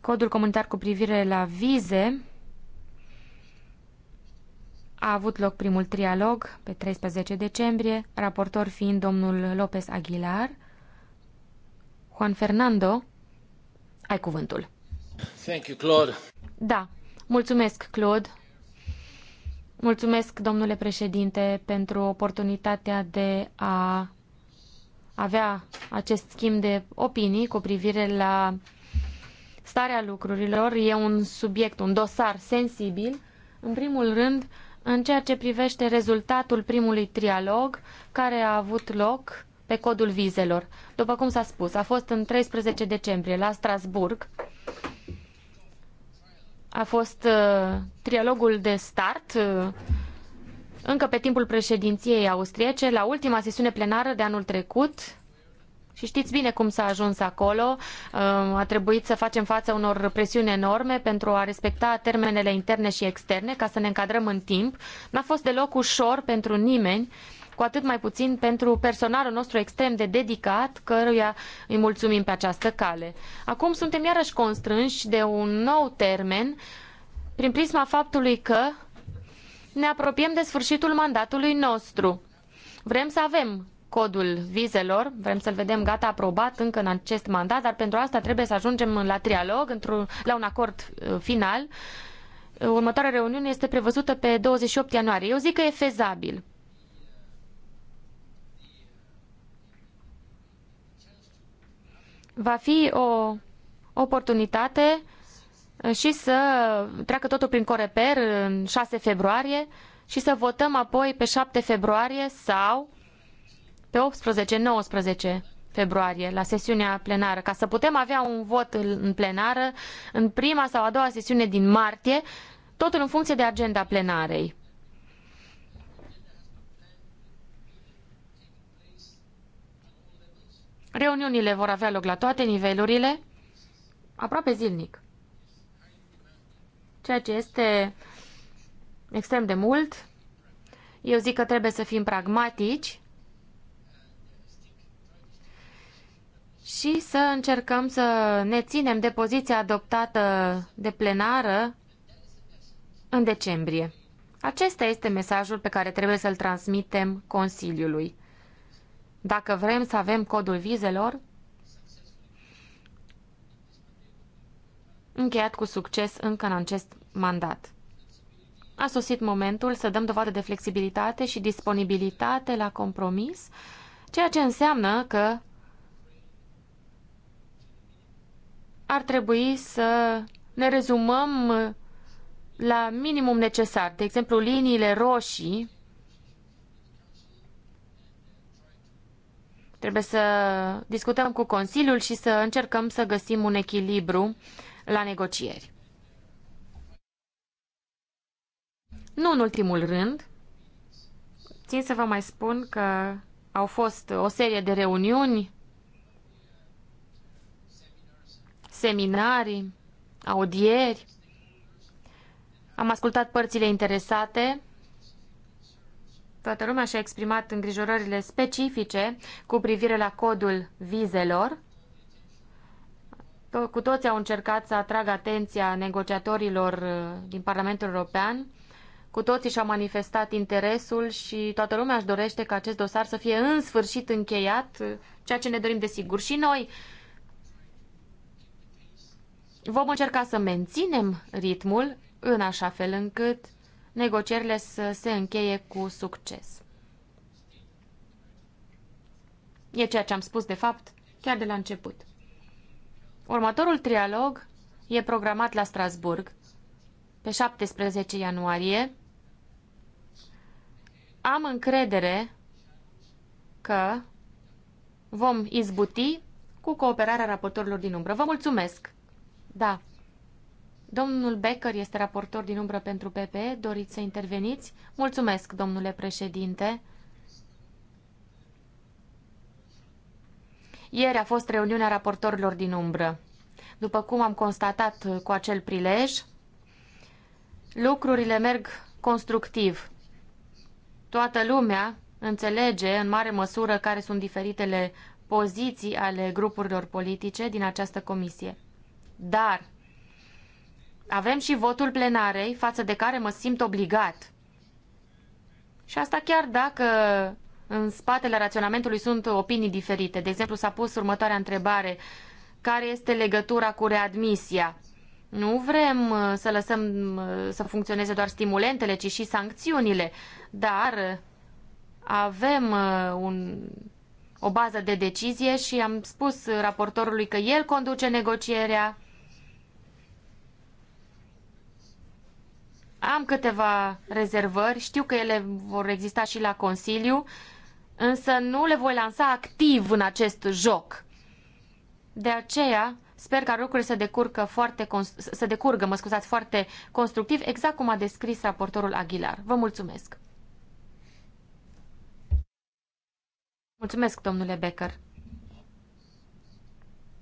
S4: codul comunitar cu privire la vize a avut loc primul trialog pe 13 decembrie, raportor fiind domnul Lopez Aguilar. Juan Fernando, ai cuvântul.
S5: Thank you, Claude.
S4: Da, mulțumesc, Claude. Mulțumesc, domnule președinte, pentru oportunitatea de a avea acest schimb de opinii cu privire la starea lucrurilor. E un subiect, un dosar sensibil. În primul rând, în ceea ce privește rezultatul primului trialog care a avut loc pe codul vizelor. După cum s-a spus, a fost în 13 decembrie la Strasburg. A fost uh, trialogul de start uh, încă pe timpul președinției austriece, la ultima sesiune plenară de anul trecut, și știți bine cum s-a ajuns acolo. A trebuit să facem față unor presiuni enorme pentru a respecta termenele interne și externe ca să ne încadrăm în timp. N-a fost deloc ușor pentru nimeni cu atât mai puțin pentru personalul nostru extrem de dedicat, căruia îi mulțumim pe această cale. Acum suntem iarăși constrânși de un nou termen prin prisma faptului că ne apropiem de sfârșitul mandatului nostru. Vrem să avem codul vizelor. Vrem să-l vedem gata aprobat încă în acest mandat, dar pentru asta trebuie să ajungem la trialog, la un acord uh, final. Uh, următoarea reuniune este prevăzută pe 28 ianuarie. Eu zic că e fezabil. Va fi o oportunitate uh, și să treacă totul prin Coreper în 6 februarie și să votăm apoi pe 7 februarie sau pe 18-19 februarie, la sesiunea plenară, ca să putem avea un vot în plenară în prima sau a doua sesiune din martie, totul în funcție de agenda plenarei. Reuniunile vor avea loc la toate nivelurile, aproape zilnic. Ceea ce este extrem de mult. Eu zic că trebuie să fim pragmatici și să încercăm să ne ținem de poziția adoptată de plenară în decembrie. Acesta este mesajul pe care trebuie să-l transmitem Consiliului. Dacă vrem să avem codul vizelor, încheiat cu succes încă în acest mandat. A sosit momentul să dăm dovadă de flexibilitate și disponibilitate la compromis, ceea ce înseamnă că ar trebui să ne rezumăm la minimum necesar. De exemplu, liniile roșii Trebuie să discutăm cu Consiliul și să încercăm să găsim un echilibru la negocieri. Nu în ultimul rând, țin să vă mai spun că au fost o serie de reuniuni seminarii, audieri. Am ascultat părțile interesate. Toată lumea și-a exprimat îngrijorările specifice cu privire la codul vizelor. Cu toți au încercat să atragă atenția negociatorilor uh, din Parlamentul European. Cu toții și-au manifestat interesul și toată lumea își dorește ca acest dosar să fie în sfârșit încheiat, uh, ceea ce ne dorim desigur și noi. Vom încerca să menținem ritmul în așa fel încât negocierile să se încheie cu succes. E ceea ce am spus, de fapt, chiar de la început. Următorul trialog e programat la Strasburg pe 17 ianuarie. Am încredere că vom izbuti cu cooperarea raportorilor din umbră. Vă mulțumesc! Da. Domnul Becker este raportor din umbră pentru PP. Doriți să interveniți? Mulțumesc, domnule președinte. Ieri a fost reuniunea raportorilor din umbră. După cum am constatat cu acel prilej, lucrurile merg constructiv. Toată lumea înțelege în mare măsură care sunt diferitele poziții ale grupurilor politice din această comisie. Dar avem și votul plenarei față de care mă simt obligat. Și asta chiar dacă în spatele raționamentului sunt opinii diferite. De exemplu, s-a pus următoarea întrebare. Care este legătura cu readmisia? Nu vrem uh, să lăsăm uh, să funcționeze doar stimulentele, ci și sancțiunile. Dar uh, avem un, o bază de decizie și am spus raportorului că el conduce negocierea Am câteva rezervări, știu că ele vor exista și la Consiliu, însă nu le voi lansa activ în acest joc. De aceea, sper ca lucrurile să, decurcă foarte, să decurgă mă scuzați, foarte constructiv, exact cum a descris raportorul Aguilar. Vă mulțumesc! Mulțumesc, domnule Becker.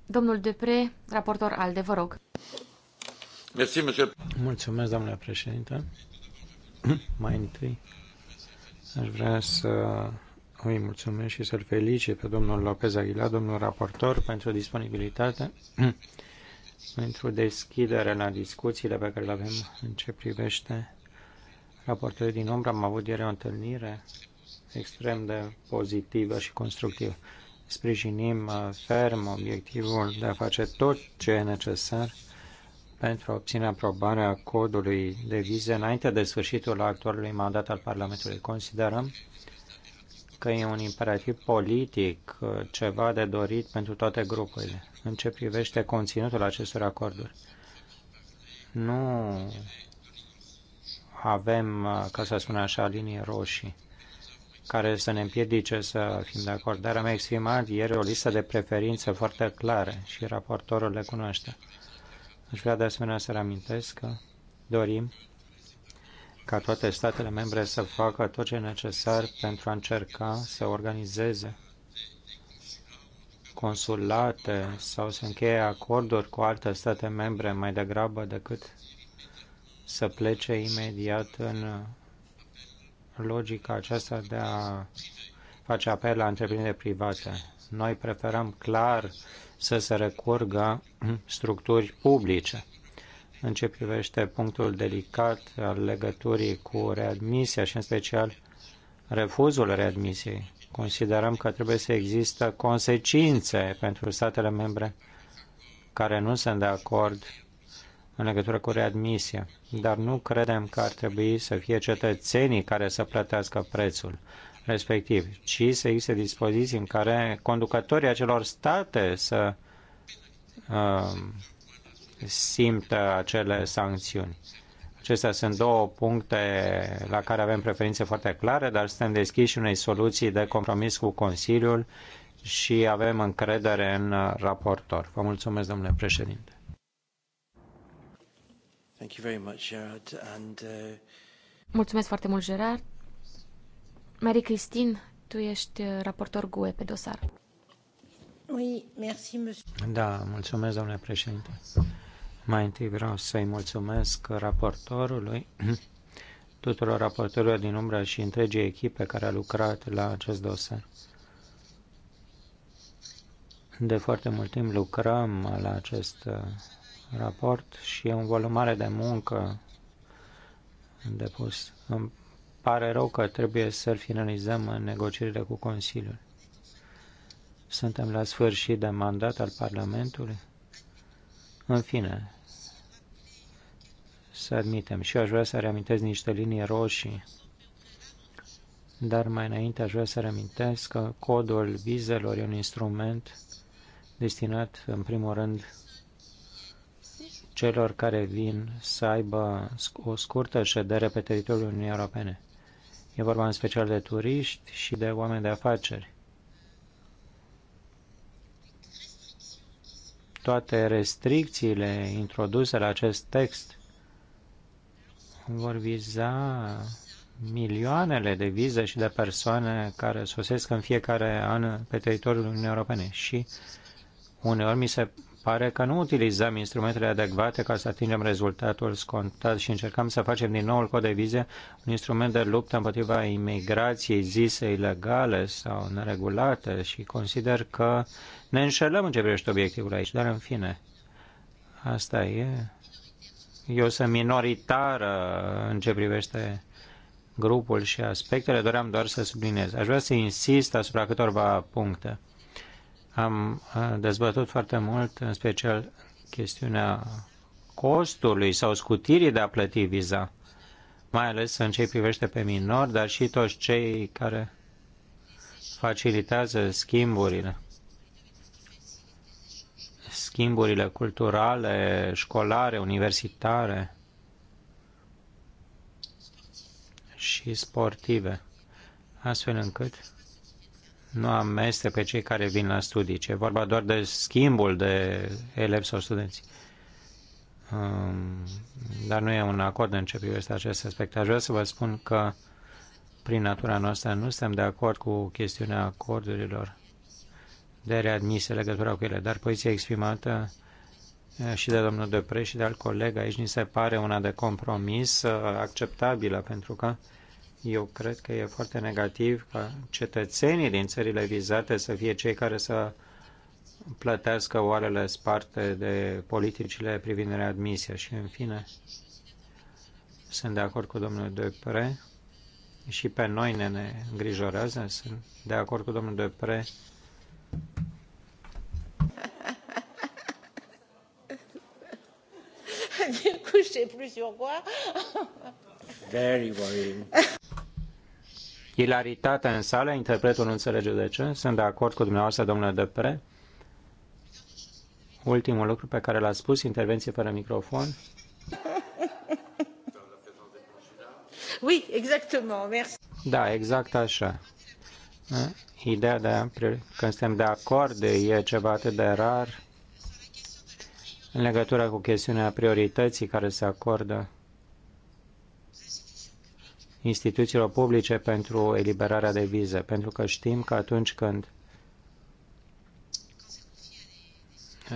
S4: Domnul Depre, raportor ALDE, vă rog.
S3: Mulțumesc, domnule președinte. Mai întâi aș vrea să îi mulțumesc și să-l felice pe domnul Lopez Aguilar, domnul raportor, pentru disponibilitate, pentru deschidere la discuțiile pe care le avem în ce privește raportul din umbră. Am avut ieri o întâlnire extrem de pozitivă și constructivă. Sprijinim uh, ferm obiectivul de a face tot ce e necesar pentru a obține aprobarea codului de vize înainte de sfârșitul actualului mandat al Parlamentului. Considerăm că e un imperativ politic, ceva de dorit pentru toate grupurile, în ce privește conținutul acestor acorduri. Nu avem, ca să spun așa, linii roșii care să ne împiedice să fim de acord. Dar am exprimat ieri o listă de preferințe foarte clare și raportorul le cunoaște. Aș vrea de asemenea să reamintesc că dorim ca toate statele membre să facă tot ce e necesar pentru a încerca să organizeze consulate sau să încheie acorduri cu alte state membre mai degrabă decât să plece imediat în logica aceasta de a face apel la întreprinderi private. Noi preferăm clar să se recurgă mm, structuri publice. În ce privește punctul delicat al legăturii cu readmisia și în special refuzul readmisiei, considerăm că trebuie să există consecințe pentru statele membre care nu sunt de acord în legătură cu readmisia, dar nu credem că ar trebui să fie cetățenii care să plătească prețul respectiv, ci să existe dispoziții în care conducătorii acelor state să uh, simtă acele sancțiuni. Acestea sunt două puncte la care avem preferințe foarte clare, dar suntem deschiși unei soluții de compromis cu Consiliul și avem încredere în raportor. Vă mulțumesc, domnule președinte.
S1: Uh,
S4: mulțumesc foarte mult, Gerard. Marie Christine, tu ești uh, raportor GUE pe dosar.
S5: Oui, merci, monsieur.
S3: Da, mulțumesc, domnule președinte. Mai întâi vreau să-i mulțumesc raportorului, tuturor raportorilor din umbră și întregii echipe care a lucrat la acest dosar. De foarte mult timp lucrăm la acest uh, raport și e un volum mare de muncă depus pare rău că trebuie să finalizăm în negocierile cu Consiliul. Suntem la sfârșit de mandat al Parlamentului. În fine, să admitem. Și aș vrea să reamintesc niște linii roșii. Dar mai înainte aș vrea să reamintesc că codul vizelor e un instrument destinat, în primul rând, celor care vin să aibă o scurtă ședere pe teritoriul Uniunii Europene. E vorba în special de turiști și de oameni de afaceri. Toate restricțiile introduse la acest text vor viza milioanele de vize și de persoane care sosesc în fiecare an pe teritoriul Uniunii Europene și uneori mi se pare că nu utilizăm instrumentele adecvate ca să atingem rezultatul scontat și încercăm să facem din nou cod de vize un instrument de luptă împotriva imigrației zise ilegale sau neregulate și consider că ne înșelăm în ce privește obiectivul aici, dar în fine, asta e. Eu sunt minoritară în ce privește grupul și aspectele, doream doar să subliniez. Aș vrea să insist asupra câtorva puncte. Am dezbătut foarte mult, în special chestiunea costului sau scutirii de a plăti viza, mai ales în ce privește pe minori, dar și toți cei care facilitează schimburile schimburile culturale, școlare, universitare și sportive, astfel încât nu amestec pe cei care vin la studii, ci e vorba doar de schimbul de elevi sau studenți. Um, dar nu e un acord în ce privește acest aspect. Aș vrea să vă spun că prin natura noastră nu suntem de acord cu chestiunea acordurilor de readmise legătura cu ele, dar poziția exprimată uh, și de domnul Depre și de alt coleg aici ni se pare una de compromis uh, acceptabilă pentru că eu cred că e foarte negativ ca cetățenii din țările vizate să fie cei care să plătească oarele sparte de politicile privind readmisia. Și, în fine, sunt de acord cu domnul Depre și pe noi ne, ne îngrijorează. Sunt de acord cu domnul Depre Very worrying. Ilaritate în sală, interpretul nu înțelege de ce. Sunt de acord cu dumneavoastră, domnule Depre. Ultimul lucru pe care l-a spus, intervenție fără microfon.
S2: Oui, exactement, merci.
S3: Da, exact așa. Ideea de a, când suntem de acord e ceva atât de rar în legătură cu chestiunea priorității care se acordă instituțiilor publice pentru eliberarea de vize, pentru că știm că atunci când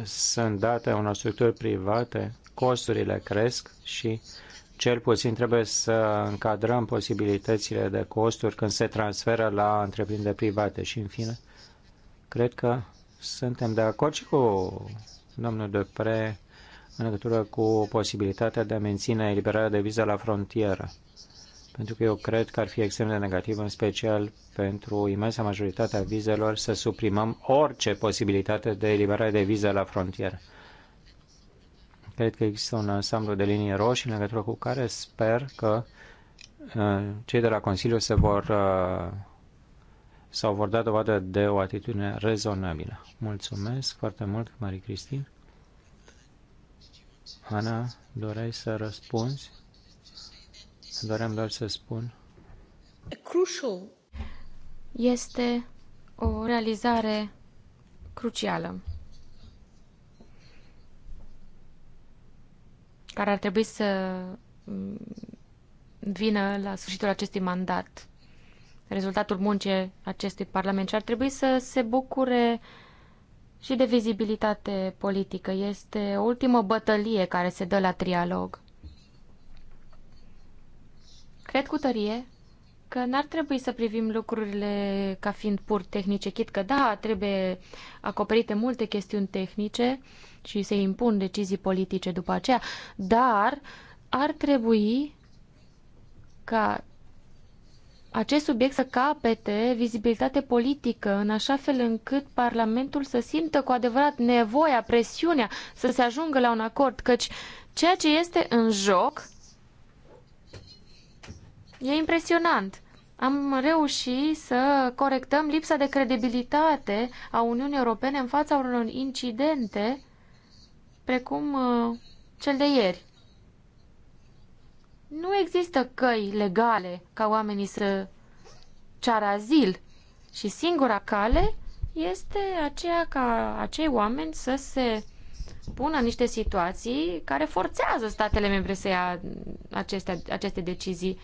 S3: sunt date unor structuri private, costurile cresc și cel puțin trebuie să încadrăm posibilitățile de costuri când se transferă la întreprinderi private. Și în fine, cred că suntem de acord și cu domnul Depre în legătură cu posibilitatea de a menține eliberarea de viză la frontieră pentru că eu cred că ar fi extrem de negativ, în special pentru imensa majoritate a vizelor, să suprimăm orice posibilitate de eliberare de viză la frontieră. Cred că există un ansamblu de linii roșii în legătură cu care sper că uh, cei de la Consiliu se vor uh, sau vor da dovadă de o atitudine rezonabilă. Mulțumesc foarte mult, Marie Cristin. Ana, doreai să răspunzi? Doream doar să spun.
S4: Crucial. Este o realizare crucială care ar trebui să mm, vină la sfârșitul acestui mandat rezultatul muncii acestui parlament și ar trebui să se bucure și de vizibilitate politică. Este o ultimă bătălie care se dă la trialog. Cred cu tărie că n-ar trebui să privim lucrurile ca fiind pur tehnice, chit că da, trebuie acoperite multe chestiuni tehnice și se impun decizii politice după aceea, dar ar trebui ca acest subiect să capete vizibilitate politică, în așa fel încât Parlamentul să simtă cu adevărat nevoia, presiunea să se ajungă la un acord, căci ceea ce este în joc E impresionant. Am reușit să corectăm lipsa de credibilitate a Uniunii Europene în fața unor incidente precum uh, cel de ieri. Nu există căi legale ca oamenii să ceară azil și singura cale este aceea ca acei oameni să se pună în niște situații care forțează statele membre să ia aceste, aceste decizii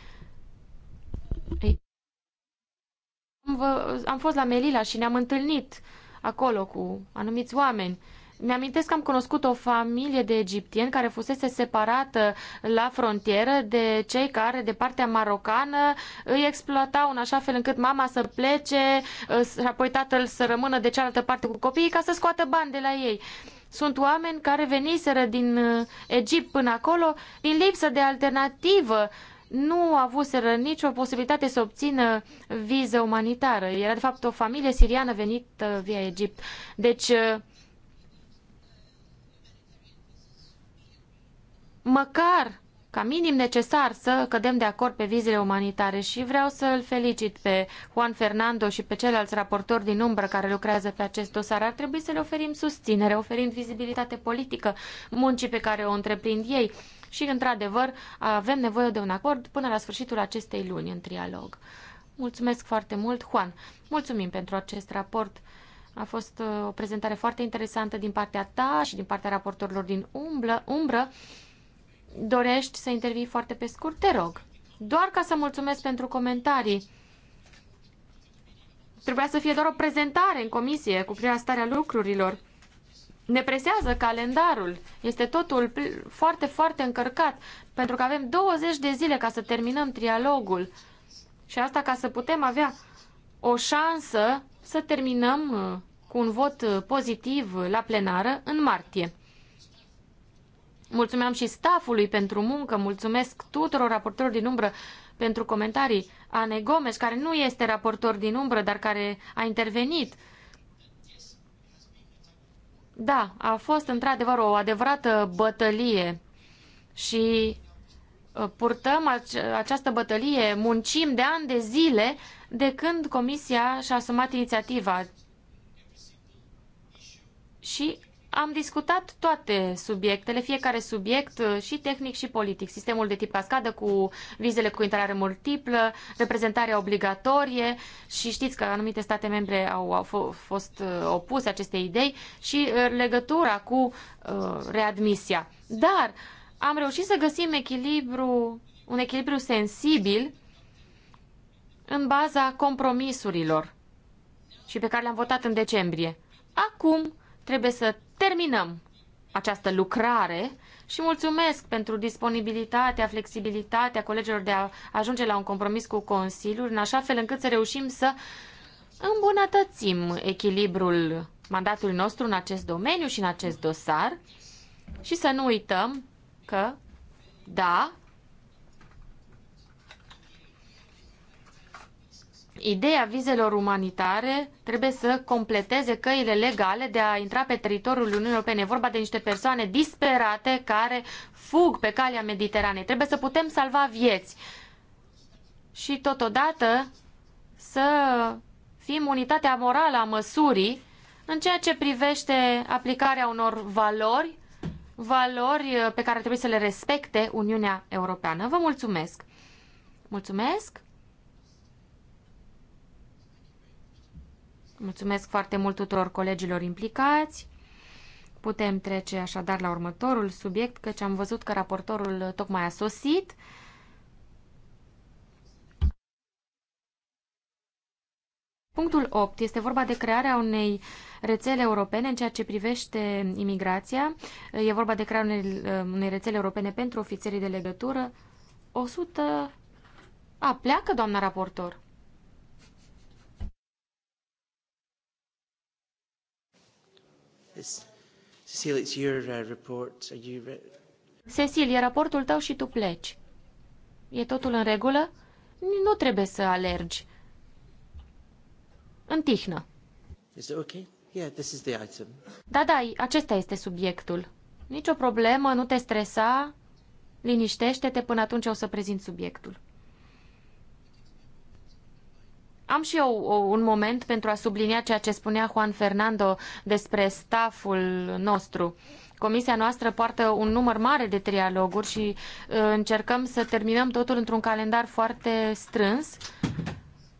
S4: am fost la Melila și ne-am întâlnit acolo cu anumiți oameni. Mi-amintesc că am cunoscut o familie de egiptieni care fusese separată la frontieră de cei care, de partea marocană, îi exploatau în așa fel încât mama să plece, apoi tatăl să rămână de cealaltă parte cu copiii ca să scoată bani de la ei. Sunt oameni care veniseră din uh, Egipt până acolo din lipsă de alternativă nu avuseră nicio posibilitate să obțină viză umanitară. Era, de fapt, o familie siriană venită via Egipt. Deci, uh, măcar ca minim necesar să cădem de acord pe vizele umanitare și vreau să îl felicit pe Juan Fernando și pe ceilalți raportori din umbră care lucrează pe acest dosar. Ar trebui să le oferim susținere, oferind vizibilitate politică muncii pe care o întreprind ei și, într-adevăr, avem nevoie de un acord până la sfârșitul acestei luni în trialog. Mulțumesc foarte mult, Juan. Mulțumim pentru acest raport. A fost uh, o prezentare foarte interesantă din partea ta și din partea raportorilor din umblă, umbră. Dorești să intervii foarte pe scurt? Te rog. Doar ca să mulțumesc pentru comentarii. Trebuia să fie doar o prezentare în comisie cu privire starea lucrurilor ne presează calendarul. Este totul foarte, foarte încărcat, pentru că avem 20 de zile ca să terminăm trialogul. Și asta ca să putem avea o șansă să terminăm uh, cu un vot uh, pozitiv uh, la plenară în martie. Mulțumeam și stafului pentru muncă, mulțumesc tuturor raportorilor din umbră pentru comentarii. Ane Gomes, care nu este raportor din umbră, dar care a intervenit da, a fost într-adevăr o adevărată bătălie și uh, purtăm această bătălie, muncim de ani de zile de când Comisia și-a asumat inițiativa. Și am discutat toate subiectele, fiecare subiect uh, și tehnic și politic. Sistemul de tip cascadă cu vizele cu intrare multiplă, reprezentarea obligatorie și știți că anumite state membre au, au fost uh, opuse acestei idei și uh, legătura cu uh, readmisia. Dar am reușit să găsim echilibru, un echilibru sensibil în baza compromisurilor și pe care le-am votat în decembrie. Acum, Trebuie să terminăm această lucrare și mulțumesc pentru disponibilitatea, flexibilitatea colegilor de a ajunge la un compromis cu Consiliul, în așa fel încât să reușim să îmbunătățim echilibrul mandatului nostru în acest domeniu și în acest dosar și să nu uităm că, da, Ideea vizelor umanitare trebuie să completeze căile legale de a intra pe teritoriul Uniunii Europene. E vorba de niște persoane disperate care fug pe calea Mediteranei. Trebuie să putem salva vieți și totodată să fim unitatea morală a măsurii în ceea ce privește aplicarea unor valori, valori uh, pe care trebuie să le respecte Uniunea Europeană. Vă mulțumesc! Mulțumesc! Mulțumesc foarte mult tuturor colegilor implicați. Putem trece așadar la următorul subiect, căci am văzut că raportorul tocmai a sosit. Punctul 8 este vorba de crearea unei rețele europene în ceea ce privește imigrația. E vorba de crearea unei, unei rețele europene pentru ofițerii de legătură. 100... A, pleacă, doamna raportor.
S1: Cecil, it's your uh, report. Are you...
S4: Cecil, e raportul tău și tu pleci. E totul în regulă? Nu trebuie să alergi. Întihnă.
S1: Is
S2: it okay? Yeah, this is the item.
S4: Da, da, acesta este subiectul. Nici o problemă, nu te stresa. Liniștește-te, până atunci o să prezint subiectul. Am și eu un moment pentru a sublinia ceea ce spunea Juan Fernando despre staful nostru. Comisia noastră poartă un număr mare de trialoguri și uh, încercăm să terminăm totul într-un calendar foarte strâns.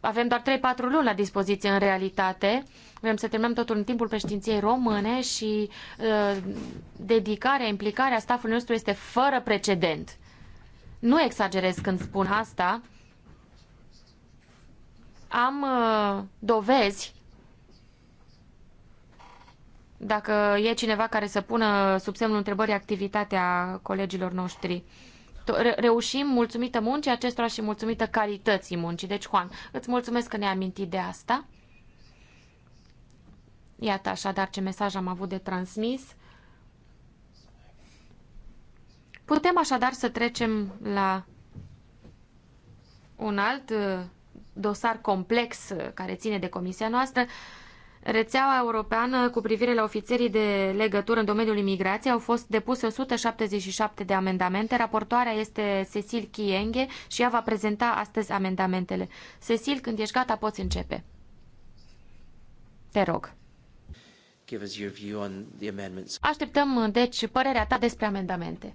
S4: Avem doar 3-4 luni la dispoziție în realitate. Vrem să terminăm totul în timpul președinției române și uh, dedicarea, implicarea stafului nostru este fără precedent. Nu exagerez când spun asta am uh, dovezi dacă e cineva care să pună sub semnul întrebării activitatea colegilor noștri. Reușim mulțumită muncii acestora și mulțumită calității muncii. Deci, Juan, îți mulțumesc că ne-ai amintit de asta. Iată așadar ce mesaj am avut de transmis. Putem așadar să trecem la un alt uh, dosar complex uh, care ține de comisia noastră, rețeaua europeană cu privire la ofițerii de legătură în domeniul imigrației au fost depuse 177 de amendamente. Raportoarea este Cecil Chienghe și ea va prezenta astăzi amendamentele. Cecil, când ești gata, poți începe. Te rog.
S1: Give us your view on the amendments.
S4: Așteptăm, deci, părerea ta despre
S2: amendamente.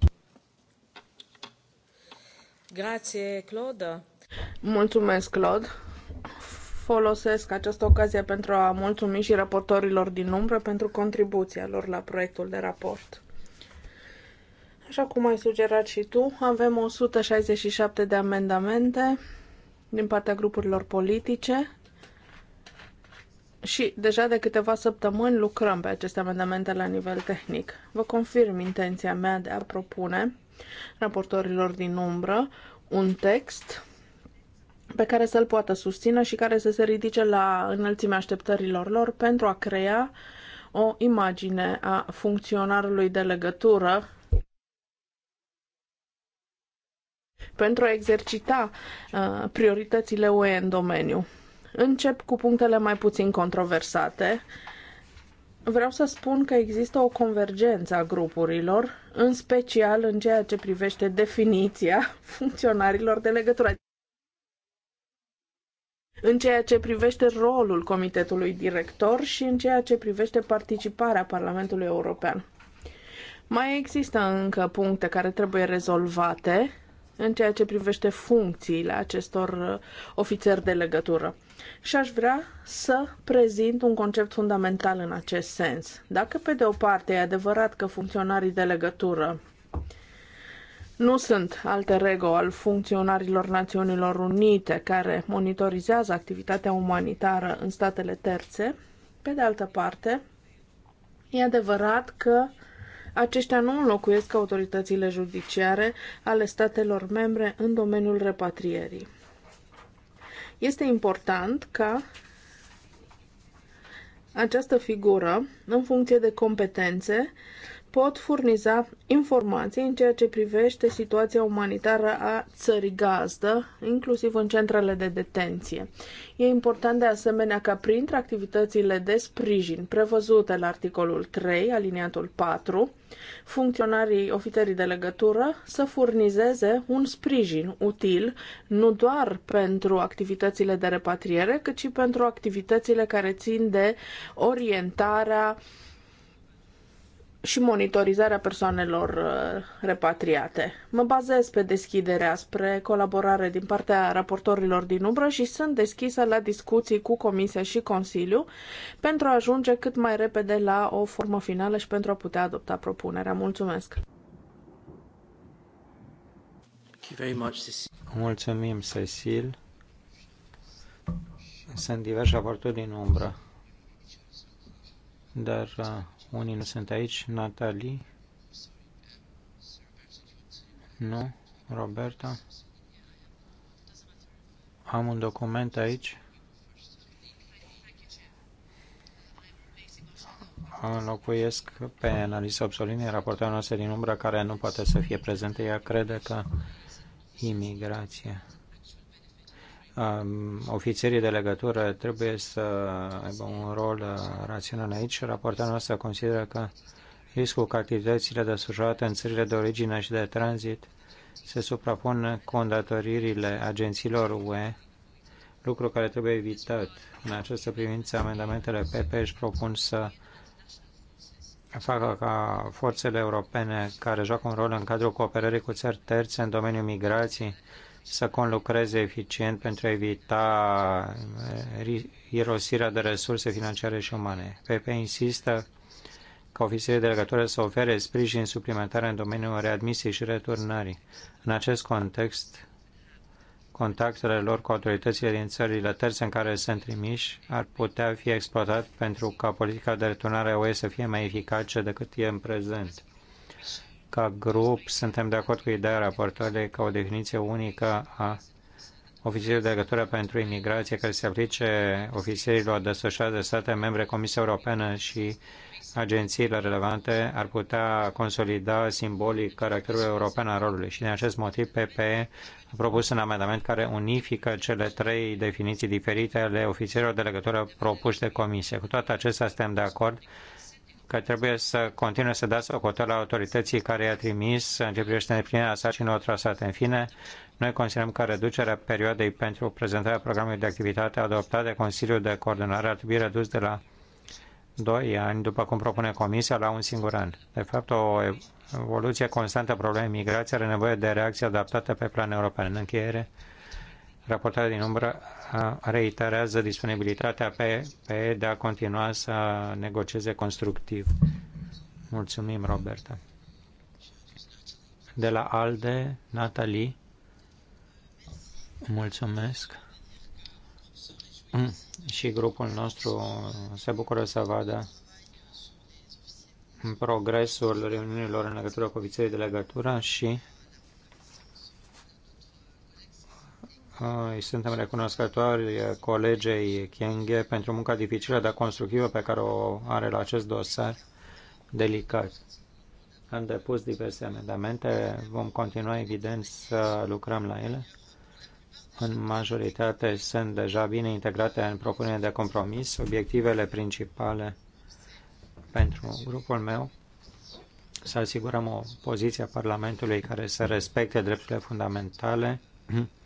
S2: Grazie, Claude. Mulțumesc, Claude. Folosesc această ocazie pentru a mulțumi și raportorilor din umbră pentru contribuția lor la proiectul de raport. Așa cum ai sugerat și tu, avem 167 de amendamente din partea grupurilor politice și deja de câteva săptămâni lucrăm pe aceste amendamente la nivel tehnic. Vă confirm intenția mea de a propune raportorilor din umbră un text pe care să-l poată susține și care să se ridice la înălțimea așteptărilor lor pentru a crea o imagine a funcționarului de legătură pentru a exercita uh, prioritățile UE în domeniu. Încep cu punctele mai puțin controversate. Vreau să spun că există o convergență a grupurilor, în special în ceea ce privește definiția funcționarilor de legătură în ceea ce privește rolul comitetului director și în ceea ce privește participarea Parlamentului European. Mai există încă puncte care trebuie rezolvate în ceea ce privește funcțiile acestor uh, ofițeri de legătură. Și aș vrea să prezint un concept fundamental în acest sens. Dacă, pe de o parte, e adevărat că funcționarii de legătură nu sunt alte ego al funcționarilor Națiunilor Unite care monitorizează activitatea umanitară în statele terțe. Pe de altă parte, e adevărat că aceștia nu înlocuiesc autoritățile judiciare ale statelor membre în domeniul repatrierii. Este important ca această figură, în funcție de competențe, pot furniza informații în ceea ce privește situația umanitară a țării gazdă, inclusiv în centrele de detenție. E important de asemenea ca printre activitățile de sprijin prevăzute la articolul 3, aliniatul 4, funcționarii ofițerii de legătură să furnizeze un sprijin util nu doar pentru activitățile de repatriere, cât și pentru activitățile care țin de orientarea și monitorizarea persoanelor uh, repatriate. Mă bazez pe deschiderea spre colaborare din partea raportorilor din umbră și sunt deschisă la discuții cu Comisia și Consiliu pentru a ajunge cât mai repede la o formă finală și pentru a putea adopta propunerea. Mulțumesc!
S3: Mulțumim, Cecil. Sunt diverse raporturi din umbră, dar uh, unii nu sunt aici. Natalie? Nu? Roberta? Am un document aici. Înlocuiesc pe analiza Obsolini, raportarea noastră din umbră, care nu poate să fie prezentă. Ea crede că imigrație um, ofițerii de legătură trebuie să aibă un rol uh, rațional aici. Raportul noastră consideră că riscul că activitățile desfășurate în țările de origine și de tranzit se suprapun condatoririle agențiilor UE, lucru care trebuie evitat. În această privință, amendamentele PP își propun să facă ca forțele europene care joacă un rol în cadrul cooperării cu țări terțe în domeniul migrației să conlucreze eficient pentru a evita eh, irosirea de resurse financiare și umane. PP insistă ca ofițerii de legătură să ofere sprijin suplimentar în domeniul readmisiei și returnării. În acest context, contactele lor cu autoritățile din țările terțe în care sunt trimiși ar putea fi exploatat pentru ca politica de returnare a UE să fie mai eficace decât e în prezent. Ca grup, suntem de acord cu ideea raportoarei ca o definiție unică a ofițerului de legătură pentru imigrație care se aplice ofițerilor desfășurați de state membre, Comisia Europeană și agențiile relevante ar putea consolida simbolic caracterul european al rolului și din acest motiv PP a propus un amendament care unifică cele trei definiții diferite ale ofițerilor de legătură propuși de comisie. Cu toate acestea suntem de acord că trebuie să continue să cotă la autorității care i-a trimis în ce privește îndeplinirea sarcinilor trasate. În fine, noi considerăm că reducerea perioadei pentru prezentarea programului de activitate adoptat de Consiliul de Coordonare ar trebui redus de la 2 ani, după cum propune Comisia, la un singur an. De fapt, o evoluție constantă a problemei migrației are nevoie de reacții adaptate pe plan european. În încheiere, Raportarea din umbră reiterează disponibilitatea pe, pe de a continua să negocieze constructiv. Mulțumim, Roberta. De la ALDE, Natalie. Mulțumesc. Mm, și grupul nostru se bucură să vadă progresul reuniunilor în legătură cu ofițerii de legătură și Îi suntem recunoscători colegei Chienghe pentru munca dificilă, dar constructivă pe care o are la acest dosar delicat. Am depus diverse amendamente, vom continua evident să lucrăm la ele. În majoritate sunt deja bine integrate în propunerea de compromis. Obiectivele principale pentru grupul meu să asigurăm o poziție a Parlamentului care să respecte drepturile fundamentale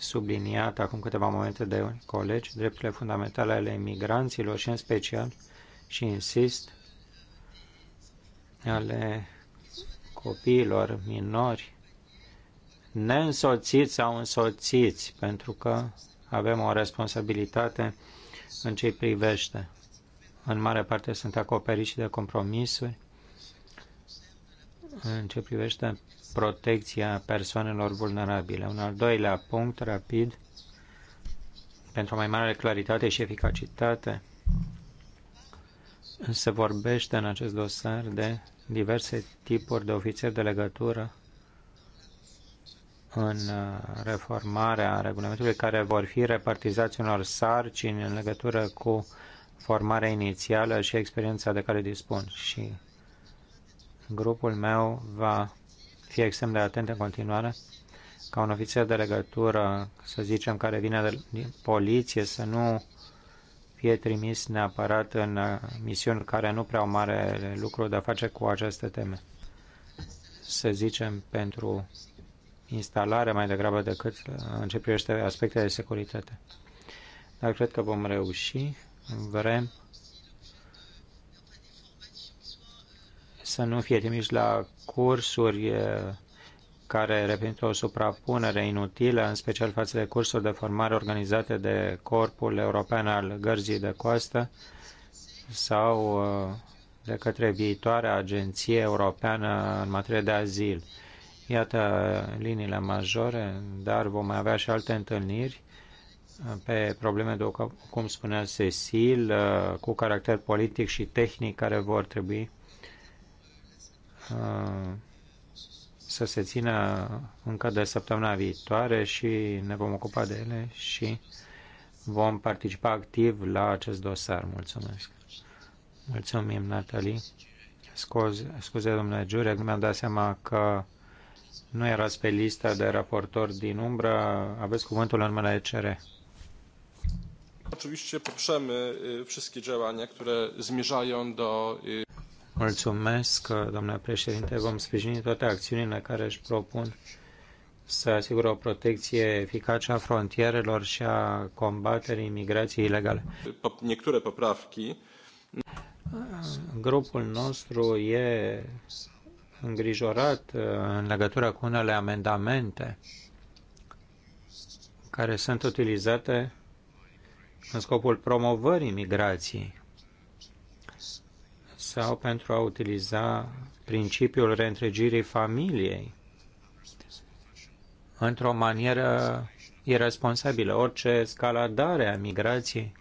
S3: subliniat acum câteva momente de colegi, drepturile fundamentale ale imigranților și în special, și insist, ale copiilor minori neînsoțiți sau însoțiți, pentru că avem o responsabilitate în ce privește. În mare parte sunt acoperiți de compromisuri în ce privește protecția persoanelor vulnerabile. Un al doilea punct, rapid, pentru mai mare claritate și eficacitate, se vorbește în acest dosar de diverse tipuri de ofițeri de legătură în uh, reformarea regulamentului care vor fi repartizați unor sarcini în legătură cu formarea inițială și experiența de care dispun. Și grupul meu va fie extrem de atent în continuare ca un ofițer de legătură, să zicem, care vine de poliție, să nu fie trimis neapărat în uh, misiuni care nu prea au mare lucru de a face cu aceste teme. Să zicem, pentru instalare mai degrabă decât uh, în ce privește aspectele de securitate. Dar cred că vom reuși. Vrem să nu fie trimis la cursuri care reprezintă o suprapunere inutilă, în special față de cursuri de formare organizate de Corpul European al Gărzii de Coastă sau de către viitoarea Agenție Europeană în materie de azil. Iată liniile majore, dar vom avea și alte întâlniri pe probleme, de, cum spunea Cecil, cu caracter politic și tehnic care vor trebui Uh, să se țină încă de săptămâna viitoare și ne vom ocupa de ele și vom participa activ la acest dosar. Mulțumesc! Mulțumim, Natalie! Scuze, scuze domnule Giurec, nu mi-am dat seama că nu erați pe lista de raportori din umbră. Aveți cuvântul în de ECR.
S5: Oczywiście poprzemy wszystkie działania, które zmierzają do
S3: Mulțumesc, domnule președinte. Vom sprijini toate acțiunile care își propun să asigure o protecție eficace a frontierelor și a combaterii imigrației ilegale. Grupul nostru e îngrijorat uh, în legătură cu unele amendamente care sunt utilizate în scopul promovării migrației sau pentru a utiliza principiul reîntregirii familiei într-o manieră irresponsabilă. Orice scaladare a migrației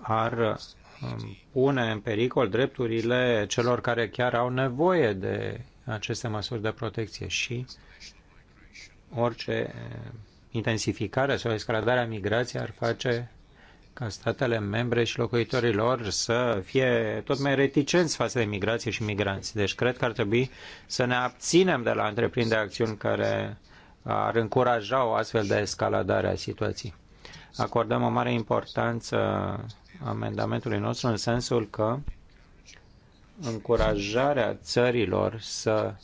S3: ar um, pune în pericol drepturile celor care chiar au nevoie de aceste măsuri de protecție și orice um, intensificare sau a migrației ar face ca statele membre și locuitorii lor să fie tot mai reticenți față de migrație și migranți. Deci cred că ar trebui să ne abținem de la întreprinde acțiuni care ar încuraja o astfel de escaladare a situației. Acordăm o mare importanță amendamentului nostru în sensul că încurajarea țărilor să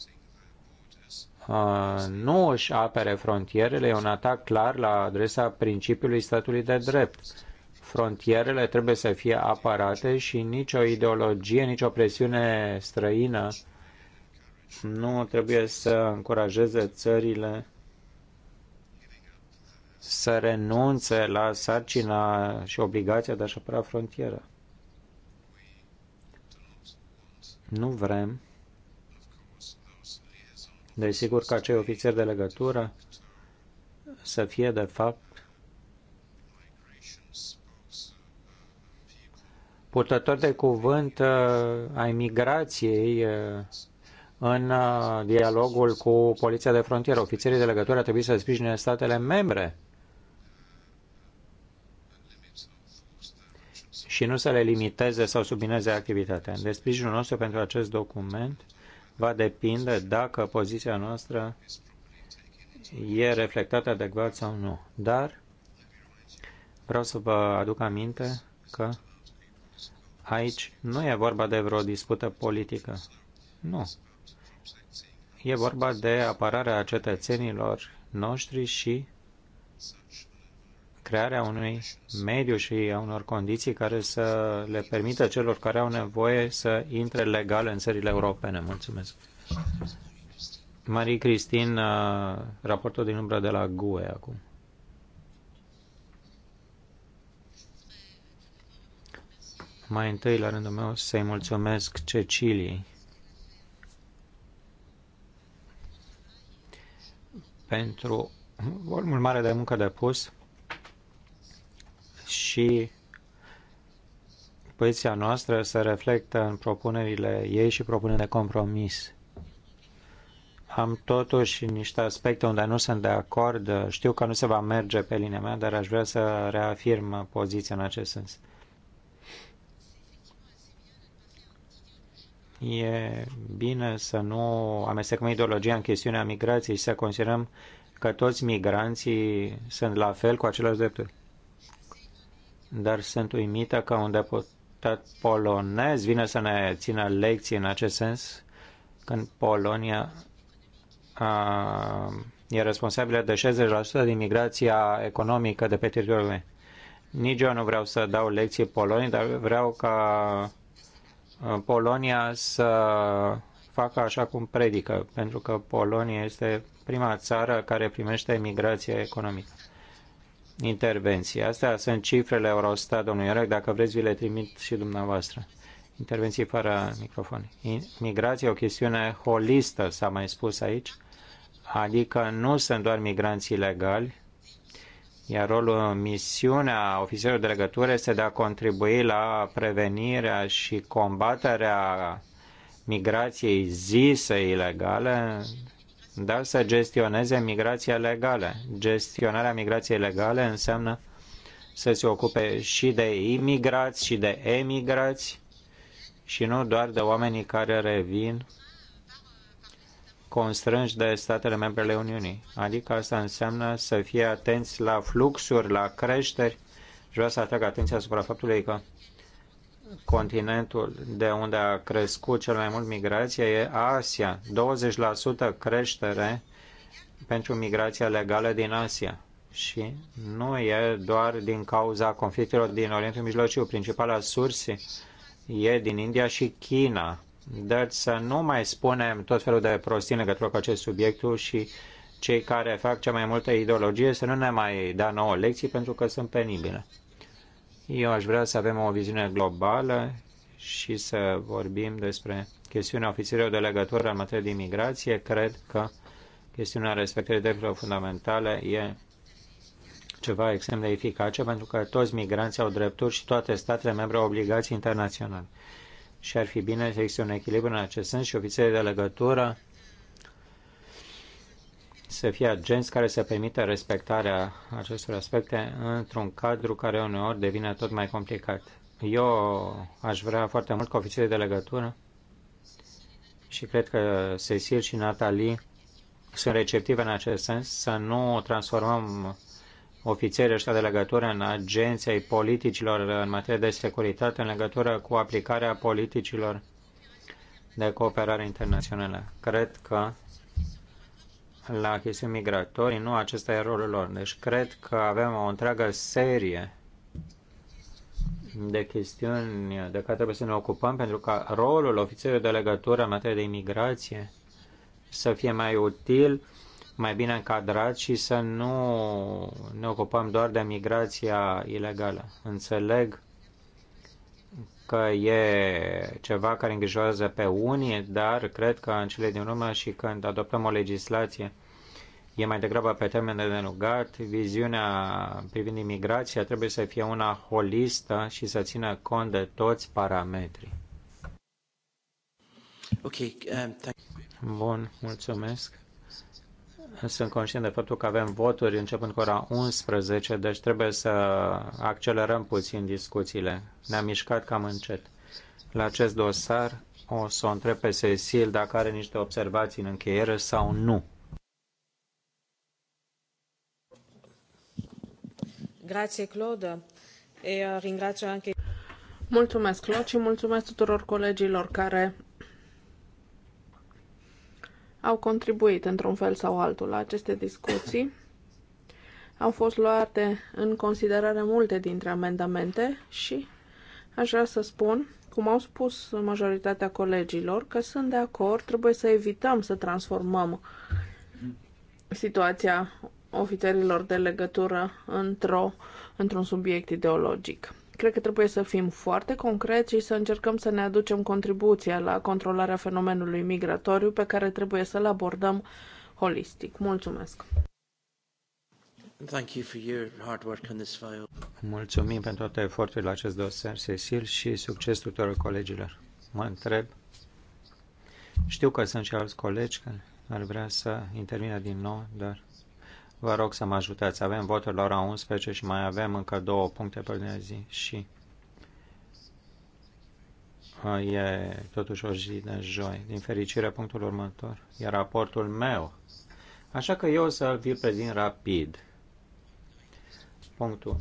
S3: uh, nu își apere frontierele e un atac clar la adresa principiului statului de drept Frontierele trebuie să fie apărate și nicio ideologie, nicio presiune străină nu trebuie să încurajeze țările să renunțe la sarcina și obligația de a-și apăra frontiera. Nu vrem, desigur, ca acei ofițeri de legătură să fie, de fapt, purtător de cuvânt uh, a migrației uh, în uh, dialogul cu Poliția de Frontieră. Ofițerii de legătură trebuie să sprijine statele membre și nu să le limiteze sau submineze activitatea. De deci, sprijinul nostru pentru acest document va depinde dacă poziția noastră e reflectată adecvat sau nu. Dar vreau să vă aduc aminte că Aici nu e vorba de vreo dispută politică. Nu. E vorba de apărarea cetățenilor noștri și crearea unui mediu și a unor condiții care să le permită celor care au nevoie să intre legal în țările europene. Mulțumesc. Marie Cristin, uh, raportul din umbră de la GUE acum. mai întâi, la rândul meu, să-i mulțumesc Ceciliei pentru volumul mare de muncă depus și poziția noastră se reflectă în propunerile ei și propunerile de compromis. Am totuși niște aspecte unde nu sunt de acord. Știu că nu se va merge pe linia mea, dar aș vrea să reafirm poziția în acest sens. E bine să nu amestecăm ideologia în chestiunea migrației și să considerăm că toți migranții sunt la fel cu aceleași drepturi. Dar sunt uimită că un deputat polonez vine să ne țină lecții în acest sens când Polonia a, e responsabilă de 60% din migrația economică de pe teritoriul meu. Nici eu nu vreau să dau lecții Poloniei, dar vreau ca Polonia să facă așa cum predică, pentru că Polonia este prima țară care primește migrație economică. Intervenții. Astea sunt cifrele Eurostat, domnul Iorec, dacă vreți vi le trimit și dumneavoastră. Intervenții fără microfon. Migrație e o chestiune holistă, s-a mai spus aici, adică nu sunt doar migranți ilegali, iar rolul, misiunea ofițerului de legătură este de a contribui la prevenirea și combaterea migrației zise ilegale, dar să gestioneze migrația legală. Gestionarea migrației legale înseamnă să se ocupe și de imigrați și de emigrați și nu doar de oamenii care revin constrânși de statele membre ale Uniunii. Adică asta înseamnă să fie atenți la fluxuri, la creșteri. Și vreau să atrag atenția asupra faptului că continentul de unde a crescut cel mai mult migrația e Asia. 20% creștere pentru migrația legală din Asia. Și nu e doar din cauza conflictelor din Orientul Mijlociu. Principala sursă e din India și China deci să nu mai spunem tot felul de prostii în legătură cu acest subiectul și cei care fac cea mai multă ideologie să nu ne mai dea nouă lecții pentru că sunt penibile. Eu aș vrea să avem o viziune globală și să vorbim despre chestiunea ofițerilor de legătură în materie de imigrație. Cred că chestiunea respectării drepturilor fundamentale e ceva extrem de eficace pentru că toți migranții au drepturi și toate statele membre au obligații internaționale și ar fi bine să existe un echilibru în acest sens și ofițerii de legătură să fie agenți care să permită respectarea acestor aspecte într-un cadru care uneori devine tot mai complicat. Eu aș vrea foarte mult ca ofițerii de legătură și cred că Cecil și Natalie sunt receptive în acest sens să nu transformăm ofițerii ăștia de legătură în agenței politicilor în materie de securitate în legătură cu aplicarea politicilor de cooperare internațională. Cred că la chestiuni migratorii, nu acesta e rolul lor. Deci cred că avem o întreagă serie de chestiuni de care trebuie să ne ocupăm, pentru că rolul ofițerului de legătură în materie de imigrație să fie mai util mai bine încadrat și să nu ne ocupăm doar de migrația ilegală. Înțeleg că e ceva care îngrijorează pe unii, dar cred că în cele din urmă și când adoptăm o legislație e mai degrabă pe termen de denugat, viziunea privind imigrația trebuie să fie una holistă și să țină cont de toți parametrii. Okay, um, Bun, mulțumesc. Sunt conștient de faptul că avem voturi începând cu ora 11, deci trebuie să accelerăm puțin discuțiile. Ne-am mișcat cam încet. La acest dosar o să o întreb pe Cecil dacă are niște observații în încheiere sau nu.
S2: Grazie, Claude. E, ringrazio anche... Mulțumesc, Claude, și mulțumesc tuturor colegilor care au contribuit într-un fel sau altul la aceste discuții. Au fost luate în considerare multe dintre amendamente și aș vrea să spun, cum au spus majoritatea colegilor, că sunt de acord, trebuie să evităm să transformăm situația ofițerilor de legătură într-o, într subiect ideologic. Cred că trebuie să fim foarte concreți și să încercăm să ne aducem contribuția la controlarea fenomenului migratoriu pe care trebuie să-l abordăm holistic. Mulțumesc!
S3: Thank you for
S1: your hard work on this file.
S3: Mulțumim pentru toate eforturile la acest dosar, Cecil, și succes tuturor colegilor. Mă întreb, știu că sunt și alți colegi care ar vrea să intervină din nou, dar Vă rog să mă ajutați. Avem votul la ora 11 și mai avem încă două puncte pe lunea zi și uh, e totuși o zi de joi. Din fericire, punctul următor e raportul meu. Așa că eu o să vi-l prezint rapid. Punctul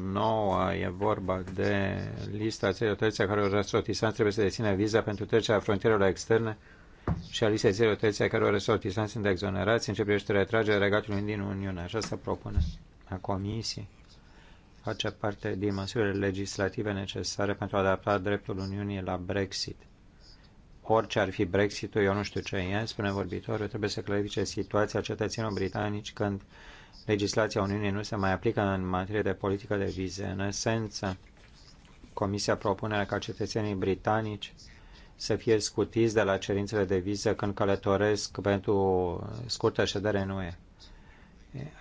S3: 9 e vorba de lista țării terțe care răsotisați trebuie să dețină viza pentru trecerea frontierelor externe și a listei țărilor terțe căror resortisanți sunt exonerați în ce privește retragerea regatului din Uniune. Așa se propune a Comisiei. Face parte din măsurile legislative necesare pentru a adapta dreptul Uniunii la Brexit. Orice ar fi Brexitul, eu nu știu ce e, spune vorbitorul, trebuie să clarifice situația cetățenilor britanici când legislația Uniunii nu se mai aplică în materie de politică de vize. În esență, Comisia propune ca cetățenii britanici să fie scutiți de la cerințele de viză când călătoresc pentru scurtă ședere în UE.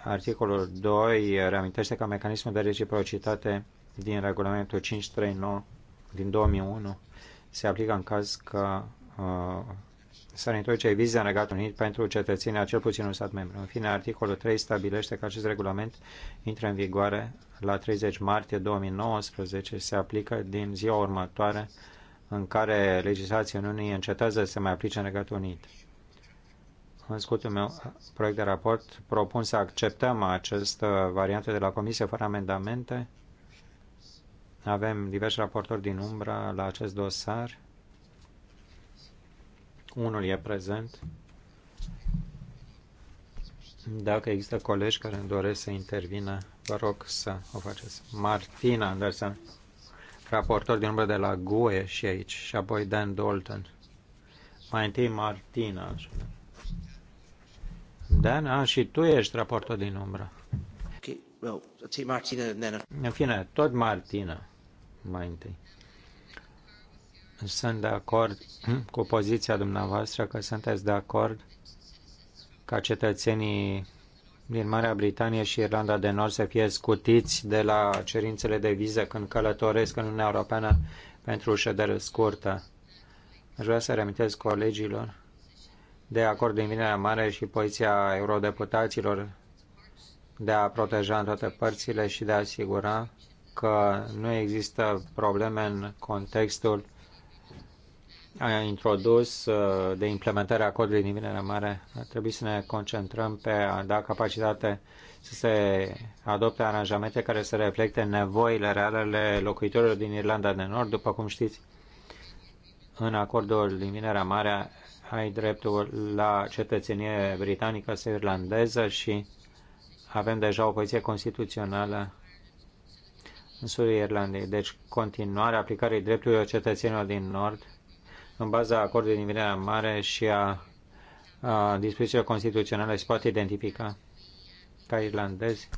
S3: Articolul 2 reamintește că mecanismul de reciprocitate din regulamentul 539 din 2001 se aplică în caz că uh, s-ar introduce vize în Regatul Unit pentru cetățenii a cel puțin un stat membru. În fine, articolul 3 stabilește că acest regulament intră în vigoare la 30 martie 2019, se aplică din ziua următoare uh, în care legislația Uniunii încetează să se mai aplice în Regatul Unit. În scurtul meu proiect de raport propun să acceptăm această variantă de la Comisie fără amendamente. Avem diversi raportori din umbră la acest dosar. Unul e prezent. Dacă există colegi care îmi doresc să intervină, vă rog să o faceți. Martina Anderson raportor din umbră de la GUE și aici, și apoi Dan Dalton. Mai întâi Martina. Dan, a, și tu ești raportor din umbră. Ok, well, I'll take Martina and then... În fine, tot Martina mai întâi. Sunt de acord cu poziția dumneavoastră că sunteți de acord ca cetățenii din Marea Britanie și Irlanda de Nord să fie scutiți de la cerințele de viză când călătoresc în Uniunea Europeană pentru ședere scurtă. Aș vrea să reamintesc colegilor de acord din Vinerea Mare și poziția eurodeputaților de a proteja în toate părțile și de a asigura că nu există probleme în contextul a introdus uh, de implementare a acordului din Vinerea Mare, ar trebui să ne concentrăm pe a da capacitate să se adopte aranjamente care să reflecte nevoile reale ale locuitorilor din Irlanda de Nord. După cum știți, în acordul din Vinerea Mare ai dreptul la cetățenie britanică sau irlandeză și avem deja o poziție constituțională în sudul Irlandei. Deci, continuarea aplicării drepturilor cetățenilor din Nord – în baza acordului din Vinerea Mare și a, a dispozițiilor constituționale se poate identifica ca irlandezi.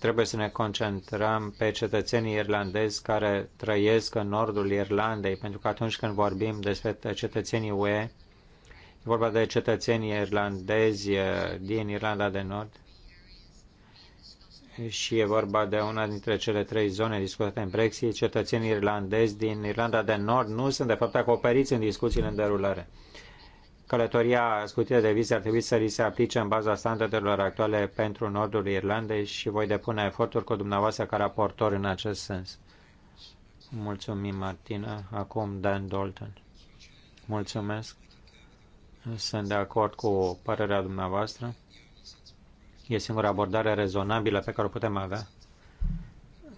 S3: Trebuie să ne concentrăm pe cetățenii irlandezi care trăiesc în nordul Irlandei, pentru că atunci când vorbim despre cetățenii UE, e vorba de cetățenii irlandezi eh, din Irlanda de Nord, și e vorba de una dintre cele trei zone discutate în Brexit, cetățenii irlandezi din Irlanda de Nord nu sunt de fapt acoperiți în discuțiile în derulare. Călătoria scutită de vize ar trebui să li se aplice în baza standardelor actuale pentru Nordul Irlandei și voi depune eforturi cu dumneavoastră ca raportor în acest sens. Mulțumim, Martina. Acum Dan Dalton. Mulțumesc. Sunt de acord cu părerea dumneavoastră. E singura abordare rezonabilă pe care o putem avea,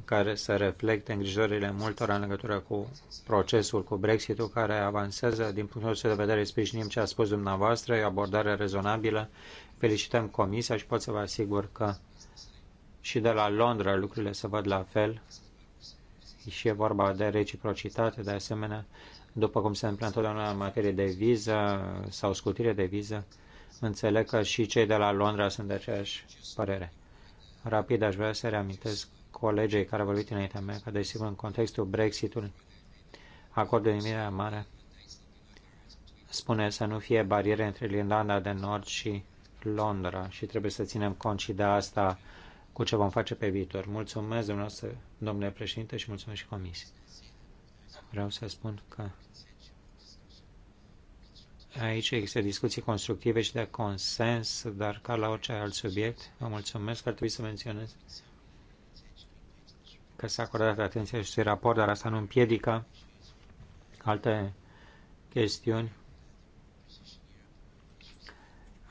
S3: care să reflecte îngrijorile multora în legătură cu procesul, cu Brexit, Brexit-ul, care avansează. Din punctul nostru de vedere, sprijinim ce a spus dumneavoastră, e o abordare rezonabilă. Felicităm Comisia și pot să vă asigur că și de la Londra lucrurile se văd la fel și e vorba de reciprocitate, de asemenea, după cum se întâmplă întotdeauna în materie de viză sau scutire de viză, Înțeleg că și cei de la Londra sunt de aceeași părere. Rapid aș vrea să reamintesc colegei care a vorbit înaintea mea că, desigur, în contextul Brexitului, acordul de Mirea Mare spune să nu fie bariere între Irlanda de Nord și Londra și trebuie să ținem cont și de asta cu ce vom face pe viitor. Mulțumesc, dumneavoastră, domnule președinte, și mulțumesc și comisie. Vreau să spun că Aici există discuții constructive și de consens, dar ca la orice alt subiect, vă mulțumesc că ar trebui să menționez că s-a acordat atenție acestui raport, dar asta nu împiedică alte chestiuni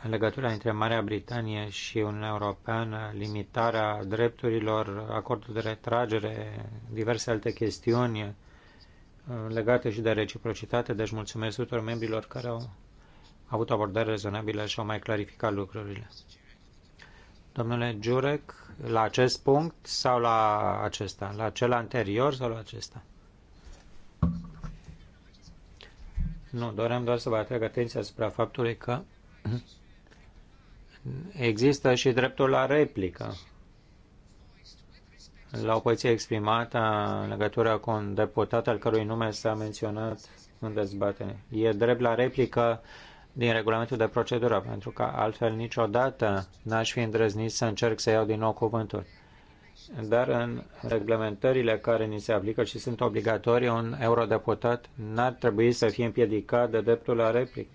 S3: în legătura între Marea Britanie și Uniunea Europeană, limitarea drepturilor, acordul de retragere, diverse alte chestiuni, Uh, legate și de reciprocitate, deci mulțumesc tuturor membrilor care au avut o abordare rezonabilă și au mai clarificat lucrurile. Domnule Giurec, la acest punct sau la acesta? La cel anterior sau la acesta? Nu, doream doar să vă atrag atenția asupra faptului că există și dreptul la replică la o poziție exprimată în legătură cu un deputat al cărui nume s-a menționat în dezbatere. E drept la replică din regulamentul de procedură, pentru că altfel niciodată n-aș fi îndrăznit să încerc să iau din nou cuvântul. Dar în reglementările care ni se aplică și sunt obligatorii, un eurodeputat n-ar trebui să fie împiedicat de dreptul la replică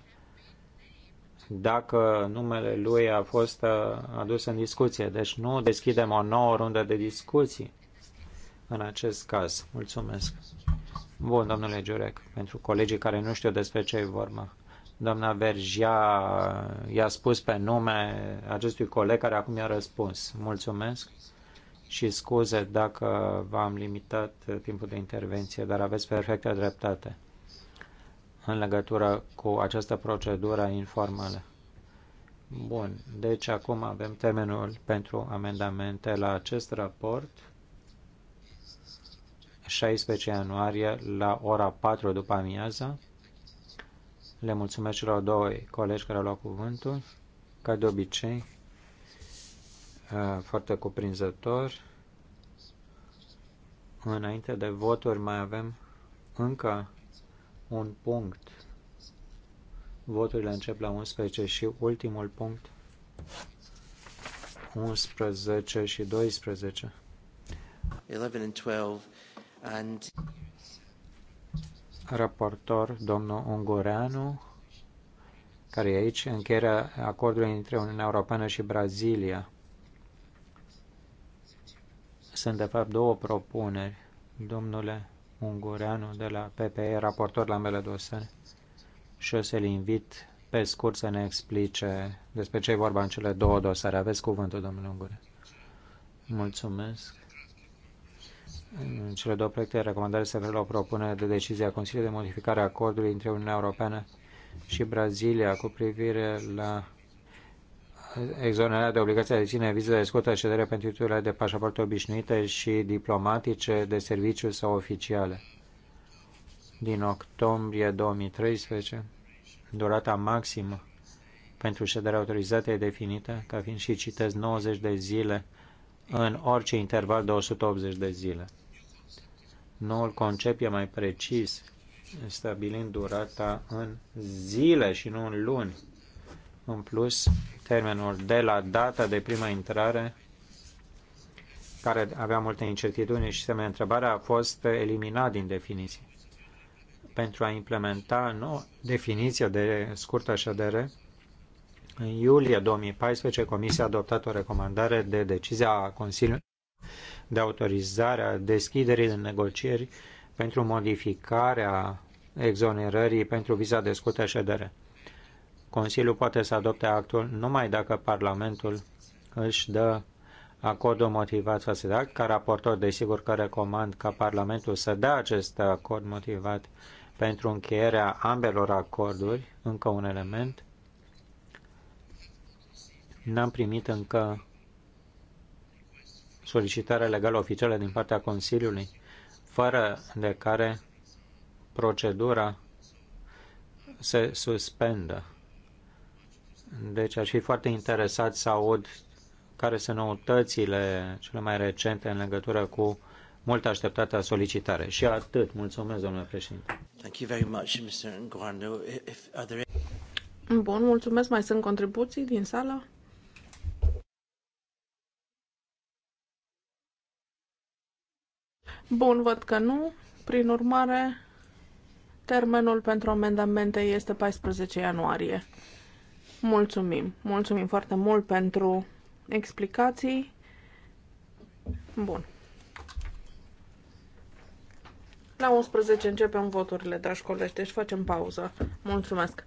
S3: dacă numele lui a fost uh, adus în discuție. Deci nu deschidem o nouă rundă de discuții în acest caz. Mulțumesc. Bun, domnule Giurec, pentru colegii care nu știu despre ce e vorba. Doamna Vergia i-a spus pe nume acestui coleg care acum i-a răspuns. Mulțumesc și scuze dacă v-am limitat timpul de intervenție, dar aveți perfectă dreptate în legătură cu această procedură informală. Bun, deci acum avem termenul pentru amendamente la acest raport, 16 ianuarie la ora 4 după amiază Le mulțumesc celor doi colegi care au luat cuvântul, ca de obicei, uh, foarte cuprinzător. Înainte de voturi mai avem încă un punct. Voturile încep la 11 și ultimul punct 11 și 12.
S1: 11 and 12 and
S3: raportor domnul Ungureanu care e aici, încheierea acordului între Uniunea Europeană și Brazilia. Sunt, de fapt, două propuneri. Domnule Ungureanu de la PPE, raportor la mele dosare, și o să-l invit pe scurt să ne explice despre ce e vorba în cele două dosare. Aveți cuvântul, domnule Ungure. Mulțumesc. În cele două proiecte de recomandare se la o propunere de decizie a Consiliului de modificare a acordului între Uniunea Europeană și Brazilia cu privire la exonerarea de obligația de ține viză de scurtă ședere pentru titlurile de pașaporte obișnuite și diplomatice de serviciu sau oficiale. Din octombrie 2013, durata maximă pentru șederea autorizată e definită ca fiind și citesc 90 de zile în orice interval de 180 de zile. Noul concept e mai precis, stabilind durata în zile și nu în luni. În plus, termenul de la data de prima intrare, care avea multe incertitudini și semne întrebare, a fost eliminat din definiție. Pentru a implementa nu, definiție de scurtă ședere, în iulie 2014, Comisia a adoptat o recomandare de decizia Consiliului de autorizare a deschiderii de negocieri pentru modificarea exonerării pentru viza de scurtă ședere. Consiliul poate să adopte actul numai dacă Parlamentul își dă acordul motivat față de act. Ca raportor, desigur că recomand ca Parlamentul să dea acest acord motivat pentru încheierea ambelor acorduri, încă un element. N-am primit încă solicitare legală oficială din partea Consiliului, fără de care procedura se suspendă. Deci aș fi foarte interesat să aud care sunt noutățile cele mai recente în legătură cu mult așteptată solicitare. Și atât. Mulțumesc, domnule președinte. Thank you very much, Mr. Nguardo. If, are there...
S2: Bun, mulțumesc. Mai sunt contribuții din sală? Bun, văd că nu. Prin urmare, termenul pentru amendamente este 14 ianuarie. Mulțumim. Mulțumim foarte mult pentru explicații. Bun. La 11 începem voturile, dragi colegi, deci facem pauză. Mulțumesc!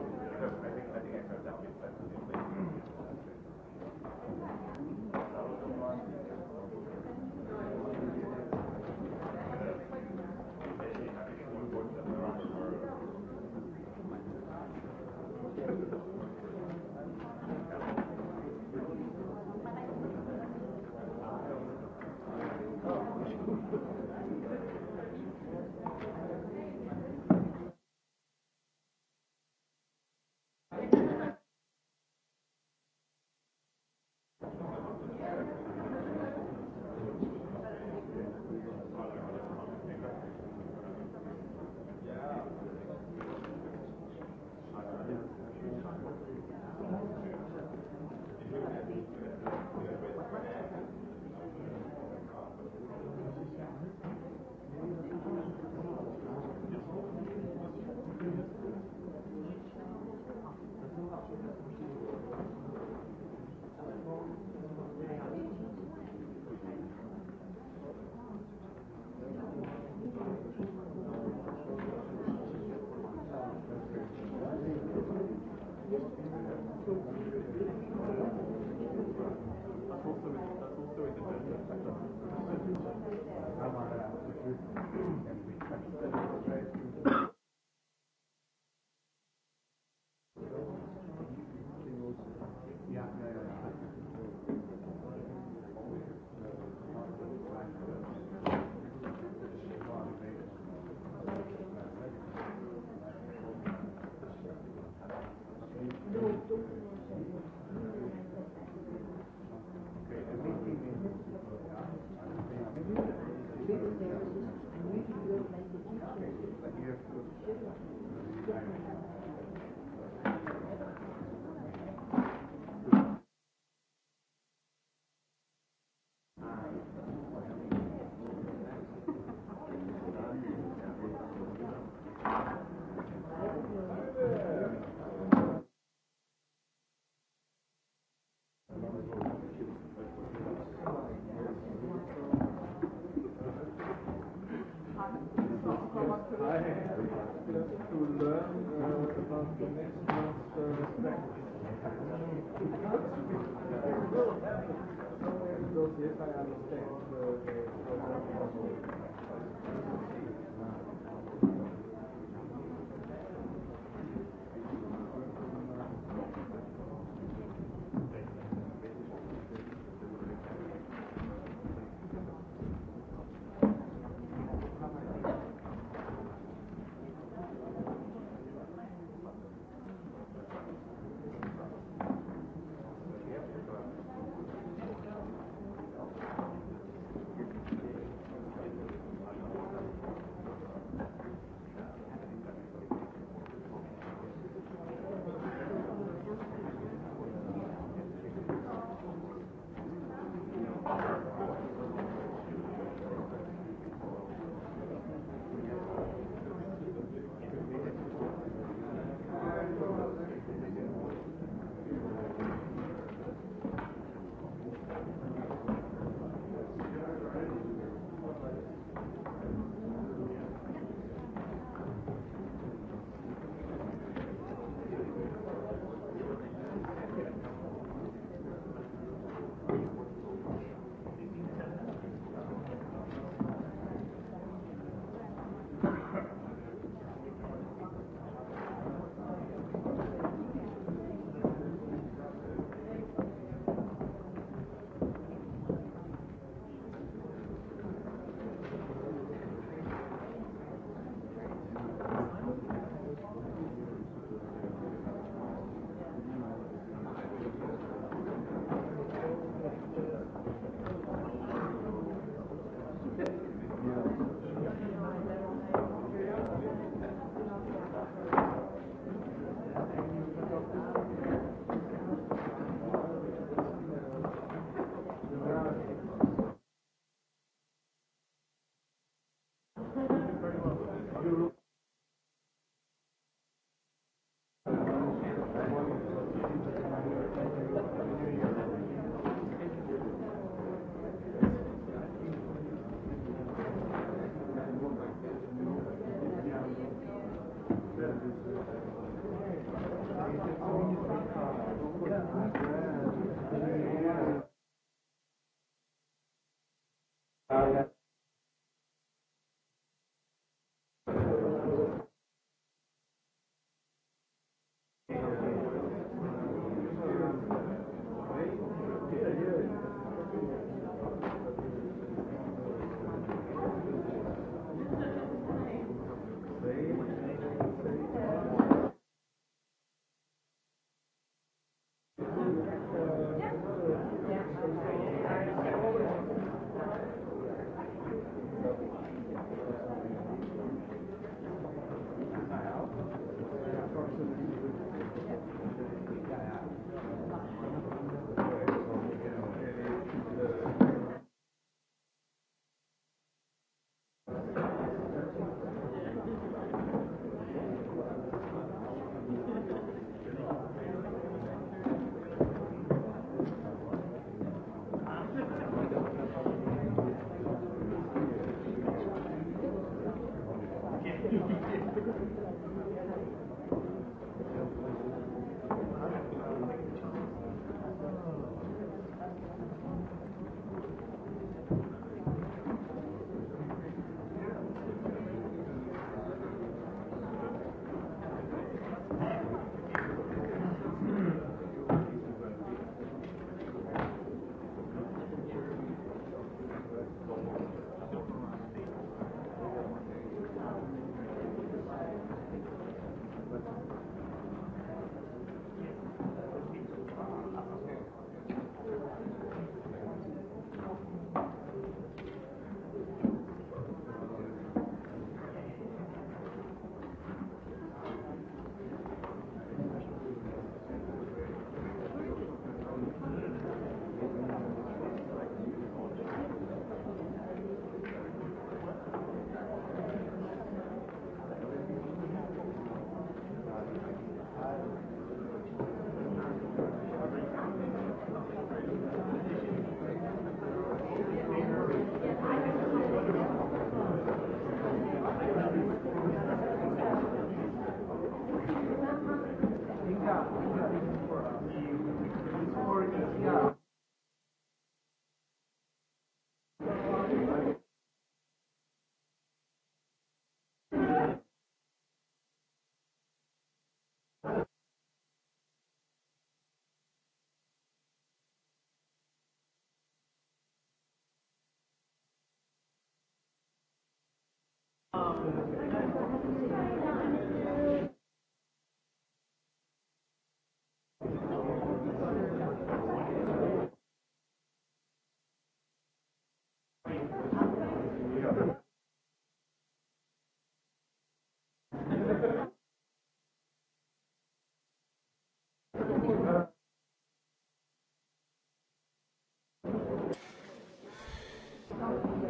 S1: care a uh,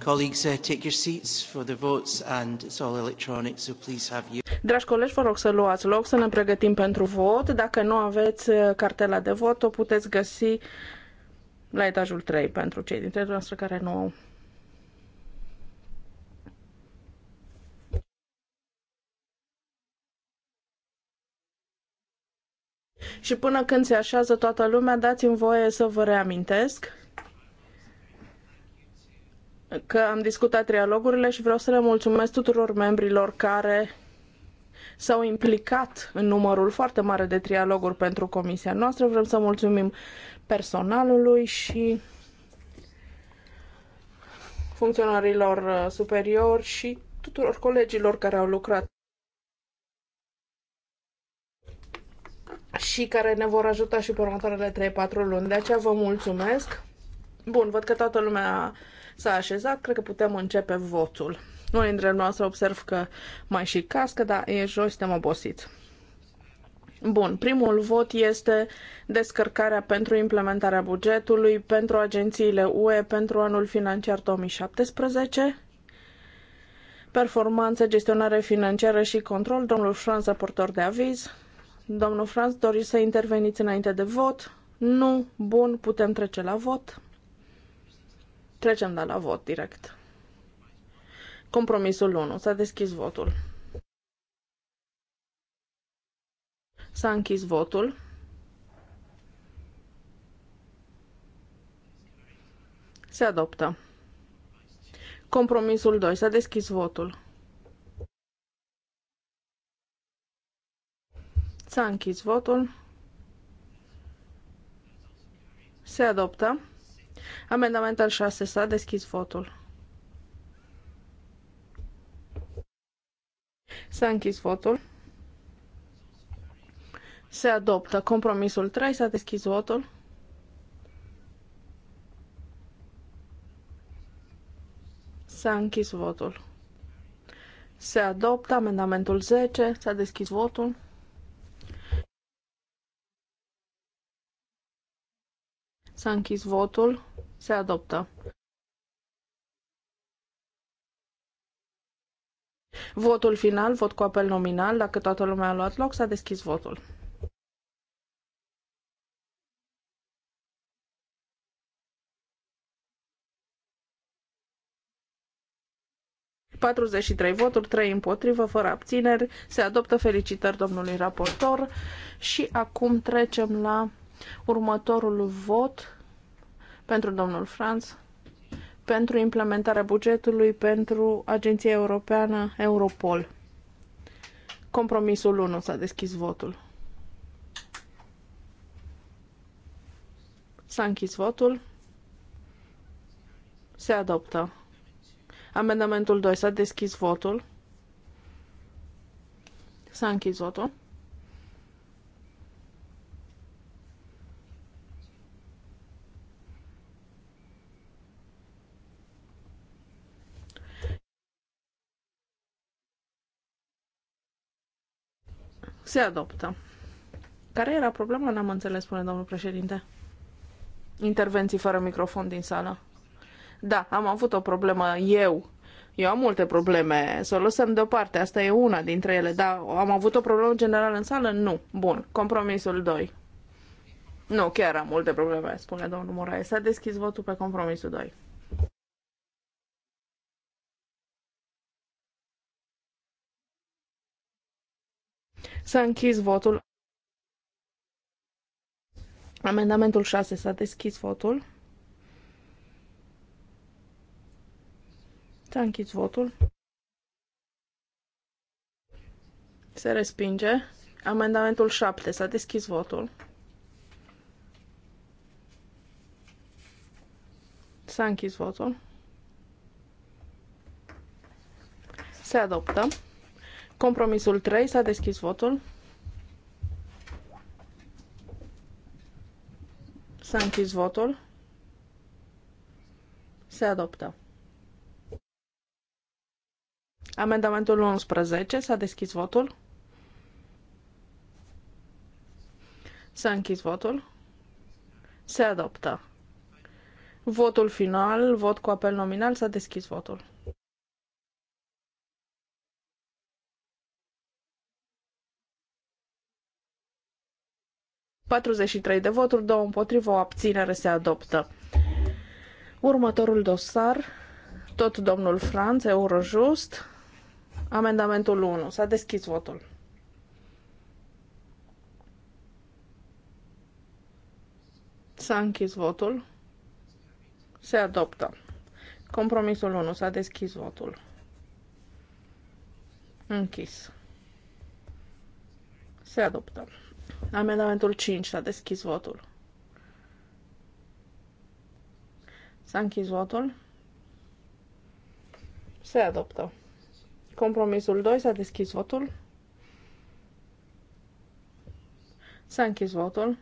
S2: Colleagues, uh, take your seats for the votes and it's all electronic, so please have you. Dragi colegi, vă rog să luați loc, să ne pregătim pentru vot. Dacă nu aveți uh, cartela de vot, o puteți găsi la etajul 3 pentru cei dintre noastre care nu au. Și până când se așează toată lumea, dați-mi voie să vă reamintesc că am discutat trialogurile și vreau să le mulțumesc tuturor membrilor care s-au implicat în numărul foarte mare de trialoguri pentru comisia noastră. Vrem să mulțumim personalului și funcționarilor uh, superiori și tuturor colegilor care au lucrat și care ne vor ajuta și pe următoarele 3-4 luni. De aceea vă mulțumesc. Bun, văd că toată lumea s-a așezat, cred că putem începe votul. Noi dintre noastre observ că mai și cască, dar e jos, suntem obosiți. Bun, primul vot este descărcarea pentru implementarea bugetului pentru agențiile UE pentru anul financiar 2017. Performanță, gestionare financiară și control, domnul Franz, aportor de aviz. Domnul Franz, doriți să interveniți înainte de vot? Nu? Bun, putem trece la vot. Trecem de la vot direct. Compromisul 1. S-a deschis votul. S-a închis votul. Se adoptă. Compromisul 2. S-a deschis votul. S-a închis votul. Se adoptă. Amendamentul 6. S-a deschis votul. S-a închis votul. Se adoptă. Compromisul 3. S-a deschis votul. S-a închis votul. Se adoptă amendamentul 10. S-a deschis votul. S-a închis votul. Se adoptă. Votul final, vot cu apel nominal, dacă toată lumea a luat loc, s-a deschis votul. patruzeci și trei voturi, trei împotrivă, fără abțineri. Se adoptă felicitări domnului raportor și acum trecem la Următorul vot pentru domnul Franz, pentru implementarea bugetului pentru Agenția Europeană Europol. Compromisul 1 s-a deschis votul. S-a închis votul. Se adoptă. Amendamentul 2 s-a deschis votul. S-a închis votul. Se adoptă. Care era problema? N-am înțeles, spune domnul președinte. Intervenții fără microfon din sală. Da, am avut o problemă eu. Eu am multe probleme, să o lăsăm deoparte, asta e una dintre ele, dar am avut o problemă generală în sală? Nu. Bun, compromisul 2. Nu, chiar am multe probleme, spune domnul Moraes. S-a deschis votul pe compromisul 2. S-a închis votul. Amendamentul 6. S-a deschis votul. S-a închis votul. Se respinge. Amendamentul 7. S-a deschis votul. S-a închis votul. Se adoptă. Compromisul 3 s-a deschis votul. S-a închis votul. Se adoptă. Amendamentul 11 s-a deschis votul. S-a închis votul. Se adoptă. Votul final, vot cu apel nominal, s-a deschis votul. 43 de voturi, 2 împotrivă, o abținere se adoptă. Următorul dosar, tot domnul Franț, Eurojust, amendamentul 1. S-a deschis votul. S-a închis votul. Se adoptă. Compromisul 1. S-a deschis votul. Închis. Se adoptă. Amendamentul 5 s-a deschis votul. S-a închis votul. Se adoptă. Compromisul 2 s-a deschis votul. S-a închis votul.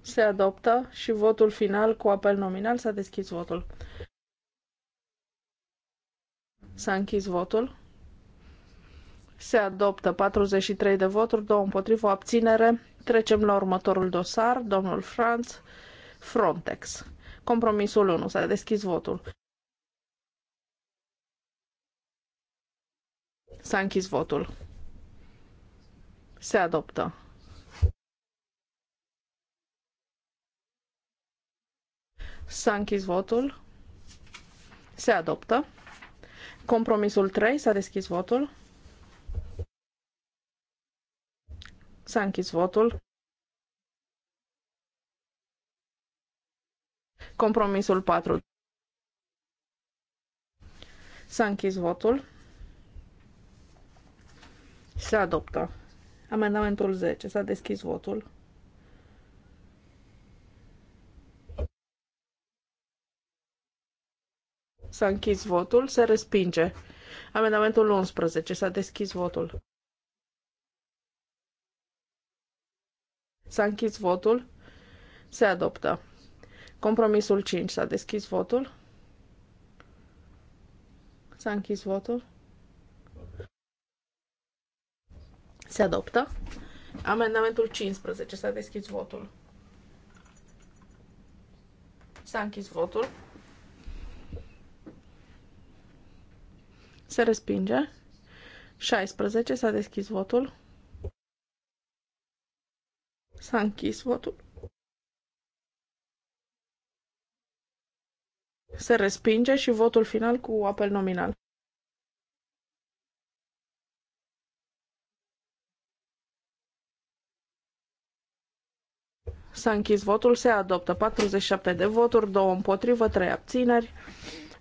S2: Se adoptă și votul final cu apel nominal s-a deschis votul. S-a închis votul. Se adoptă 43 de voturi, 2 împotrivă, o abținere. Trecem la următorul dosar, domnul Franz Frontex. Compromisul 1. S-a deschis votul. S-a închis votul. Se adoptă. S-a închis votul. Se adoptă. Compromisul 3. S-a deschis votul. S-a închis votul. Compromisul 4. S-a închis votul. Se adoptă. Amendamentul 10. S-a deschis votul. S-a închis votul. Se respinge. Amendamentul 11. S-a deschis votul. S-a închis votul. Se adoptă. Compromisul 5. S-a deschis votul. S-a închis votul. Se adoptă. Amendamentul 15. S-a deschis votul. S-a închis votul. Se respinge. 16. S-a deschis votul. S-a închis votul. Se respinge și votul final cu apel nominal. S-a închis votul, se adoptă 47 de voturi, 2 împotrivă, 3 abțineri.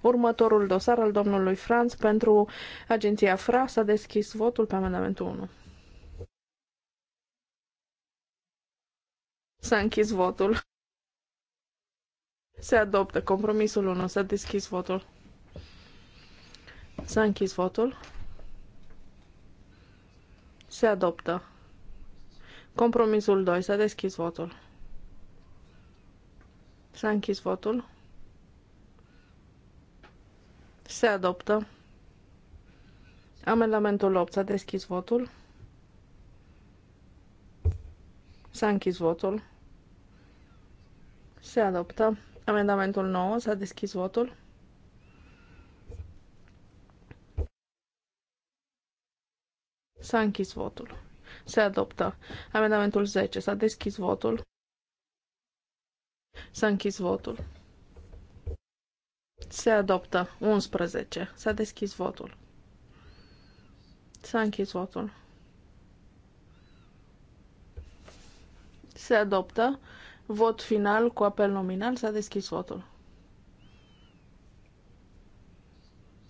S2: Următorul dosar al domnului Franz pentru agenția FRA s-a deschis votul pe amendamentul 1. S-a închis votul. Se adoptă. Compromisul 1. S-a deschis votul. S-a închis votul. Se adoptă. Compromisul 2. S-a deschis votul. S-a închis votul. Se adoptă. Amendamentul 8. S-a deschis votul. S-a închis votul. Se adoptă. Amendamentul 9. S-a deschis votul. S-a închis votul. Se adoptă. Amendamentul 10. S-a deschis votul. S-a închis votul. Se adoptă. 11. S-a deschis votul. S-a închis votul. Se adoptă. Vot final cu apel nominal. S-a deschis votul.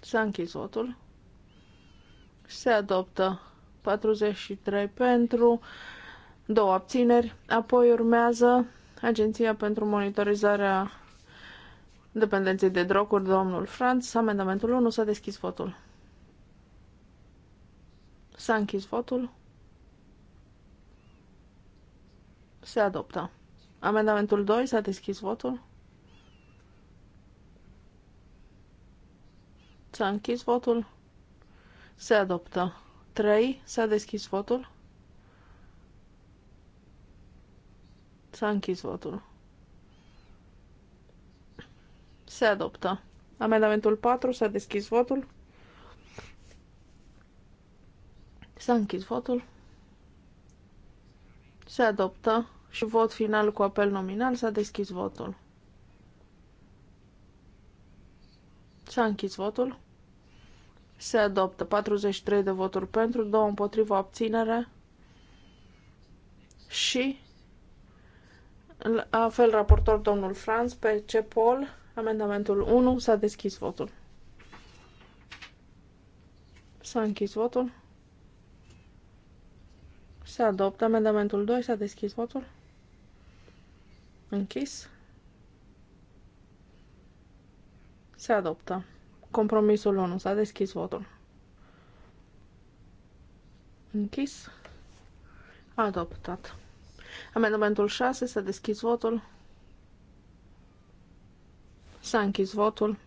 S2: S-a închis votul. Se adoptă 43 pentru, două abțineri. Apoi urmează Agenția pentru Monitorizarea Dependenței de Droguri, domnul Franț. Amendamentul 1. S-a deschis votul. S-a închis votul. Se adoptă. Amendamentul 2, s-a deschis votul. S-a închis votul. Se adoptă. 3, s-a deschis votul. S-a închis votul. Se adoptă. Amendamentul 4, s-a deschis votul. S-a închis votul. Se adoptă și vot final cu apel nominal. S-a deschis votul. S-a închis votul. Se adoptă 43 de voturi pentru, 2 împotriva abținere și la fel raportor domnul Franz pe CEPOL, amendamentul 1, s-a deschis votul. S-a închis votul. Se adoptă amendamentul 2, s-a deschis votul. Închis. Se adoptă. Compromisul 1. S-a deschis votul. Închis. Adoptat. Amendamentul 6. S-a deschis votul. S-a închis votul.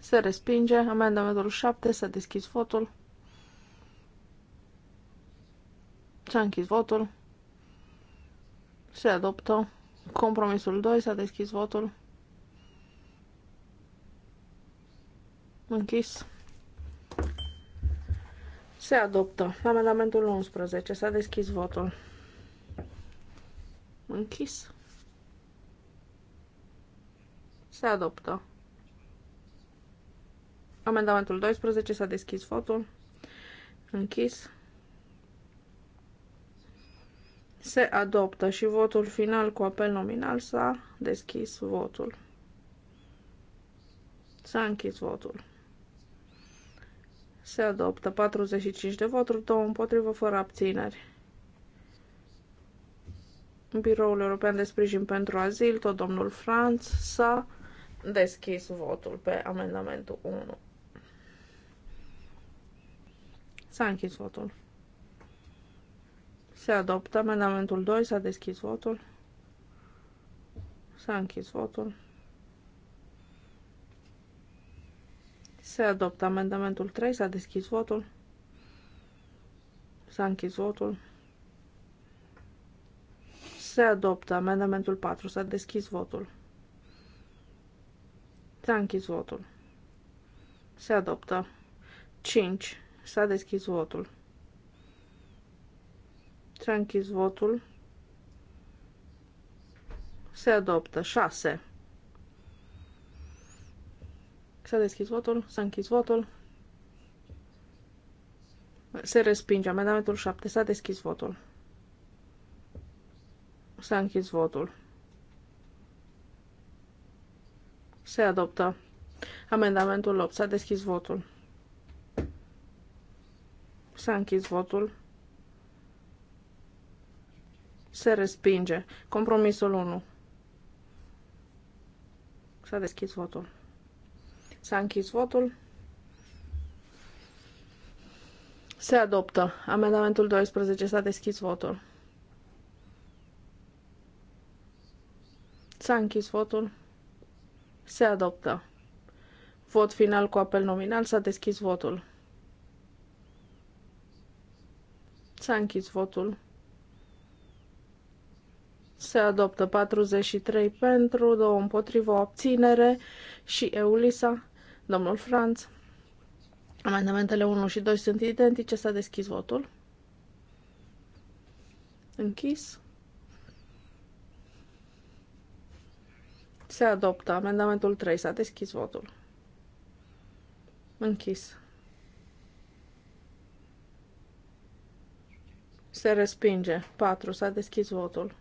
S2: Se respinge. Amendamentul 7. S-a deschis votul. S-a închis votul. Se adoptă. Compromisul 2. S-a deschis votul. Închis. Se adoptă. Amendamentul 11. S-a deschis votul. Închis. Se adoptă. Amendamentul 12. S-a deschis votul. Închis. Se adoptă și votul final cu apel nominal s-a deschis votul. S-a închis votul. Se adoptă 45 de voturi, 2 împotrivă, fără abțineri. Biroul European de Sprijin pentru Azil, tot domnul Franț, s-a deschis votul pe amendamentul 1. S-a închis votul. Se adoptă. Amendamentul 2. S-a deschis votul. S-a închis votul. Se adoptă. Amendamentul 3. S-a deschis votul. S-a închis votul. Se adoptă. Amendamentul 4. S-a deschis votul. S-a închis votul. Se adoptă. 5. S-a deschis votul. S-a închis votul. Se adoptă. 6. S-a deschis votul. S-a închis votul. Se respinge. Amendamentul 7. S-a deschis votul. S-a închis votul. Se adoptă. Amendamentul 8. S-a deschis votul. S-a închis votul. Se respinge. Compromisul 1. S-a deschis votul. S-a închis votul. Se adoptă. Amendamentul 12. S-a deschis votul. S-a închis votul. Se adoptă. Vot final cu apel nominal. S-a deschis votul. S-a închis votul se adoptă 43 pentru, 2 împotrivă, obținere și Eulisa, domnul Franț. Amendamentele 1 și 2 sunt identice, s-a deschis votul. Închis. Se adoptă amendamentul 3, s-a deschis votul. Închis. Se respinge. 4. S-a deschis votul.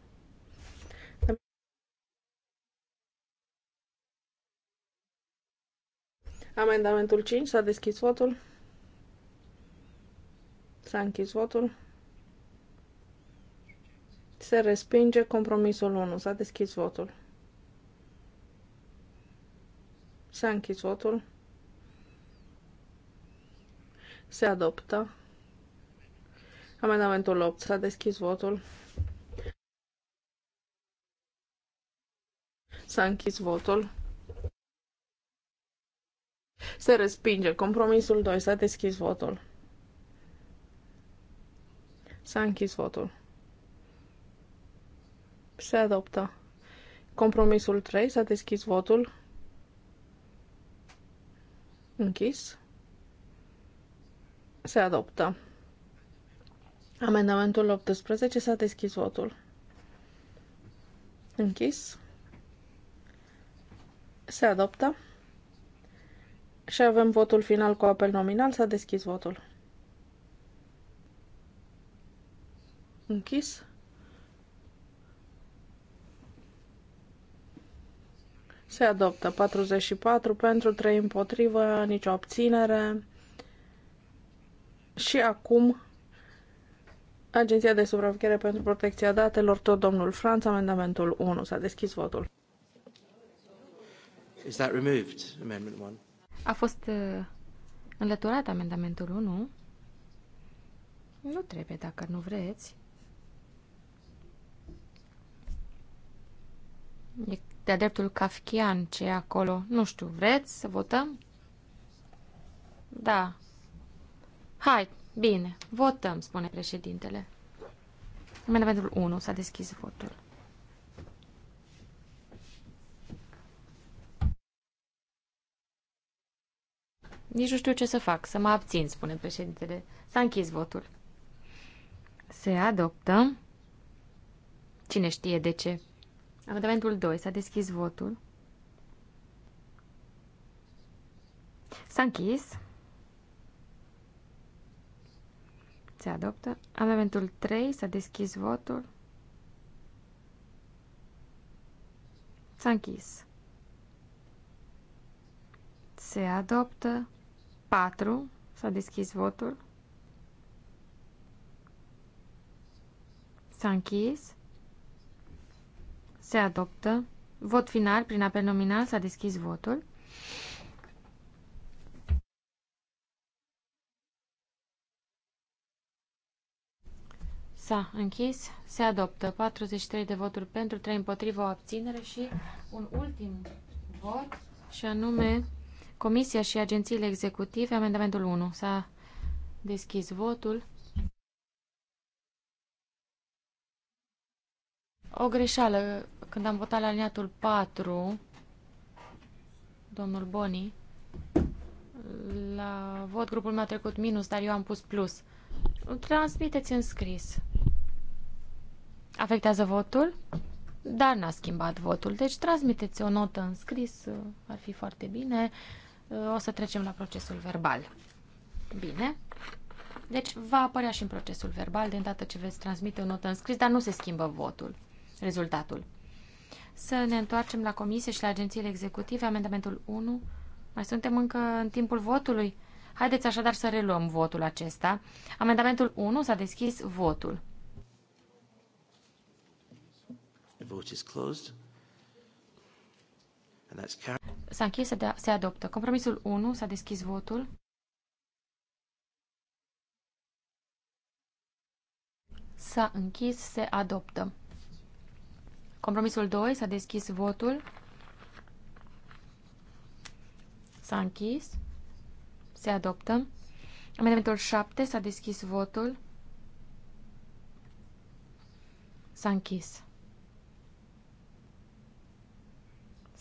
S2: Amendamentul 5. S-a deschis votul. S-a închis votul. Se respinge compromisul 1. S-a deschis votul. S-a închis votul. Se adoptă. Amendamentul 8. S-a deschis votul. S-a închis votul. Se respinge. Compromisul 2. S-a deschis votul. S-a închis votul. Se adoptă. Compromisul 3. S-a deschis votul. Închis. Se adoptă. Amendamentul 18. S-a deschis votul. Închis. Se adoptă. Și avem votul final cu apel nominal. S-a deschis votul. Închis. Se adoptă 44 pentru, 3 împotrivă, nicio obținere. Și acum Agenția de Supraveghere pentru Protecția Datelor, tot domnul Franț, amendamentul 1. S-a deschis votul.
S1: Is that removed, amendment 1?
S2: A fost uh,
S4: înlăturat amendamentul 1. Nu trebuie dacă nu vreți. E de-a dreptul kafkian ce e acolo. Nu știu, vreți să votăm? Da. Hai, bine, votăm, spune președintele. Amendamentul 1 s-a deschis votul. Nici nu știu ce să fac, să mă abțin, spune președintele. S-a închis votul. Se adoptă. Cine știe de ce? Amendamentul 2. S-a deschis votul. S-a închis. Se adoptă. Amendamentul 3. S-a deschis votul. S-a închis. Se adoptă. 4. S-a deschis votul. S-a închis. Se adoptă. Vot final prin apel nominal. S-a deschis votul. S-a închis, se adoptă 43 de voturi pentru, 3 împotrivă, o abținere și un ultim vot și anume Comisia și agențiile executive, amendamentul 1. S-a deschis votul. O greșeală. Când am votat la aliniatul 4, domnul Boni, la vot grupul meu a trecut minus, dar eu am pus plus. Transmiteți în scris. Afectează votul? Dar n-a schimbat votul, deci transmiteți o notă în scris, ar fi foarte bine. O să trecem la procesul verbal. Bine. Deci va apărea și în procesul verbal de îndată ce veți transmite o notă în scris, dar nu se schimbă votul, rezultatul. Să ne întoarcem la comisie și la agențiile executive, amendamentul 1. Mai suntem încă în timpul votului? Haideți așadar să reluăm votul acesta. Amendamentul 1 s-a deschis votul.
S2: The vote is closed.
S4: S-a închis, se, de, se adoptă. Compromisul 1, s-a deschis votul. S-a închis, se adoptă. Compromisul 2, s-a deschis votul. S-a închis, se adoptă. Amendamentul 7, s-a deschis votul. S-a închis.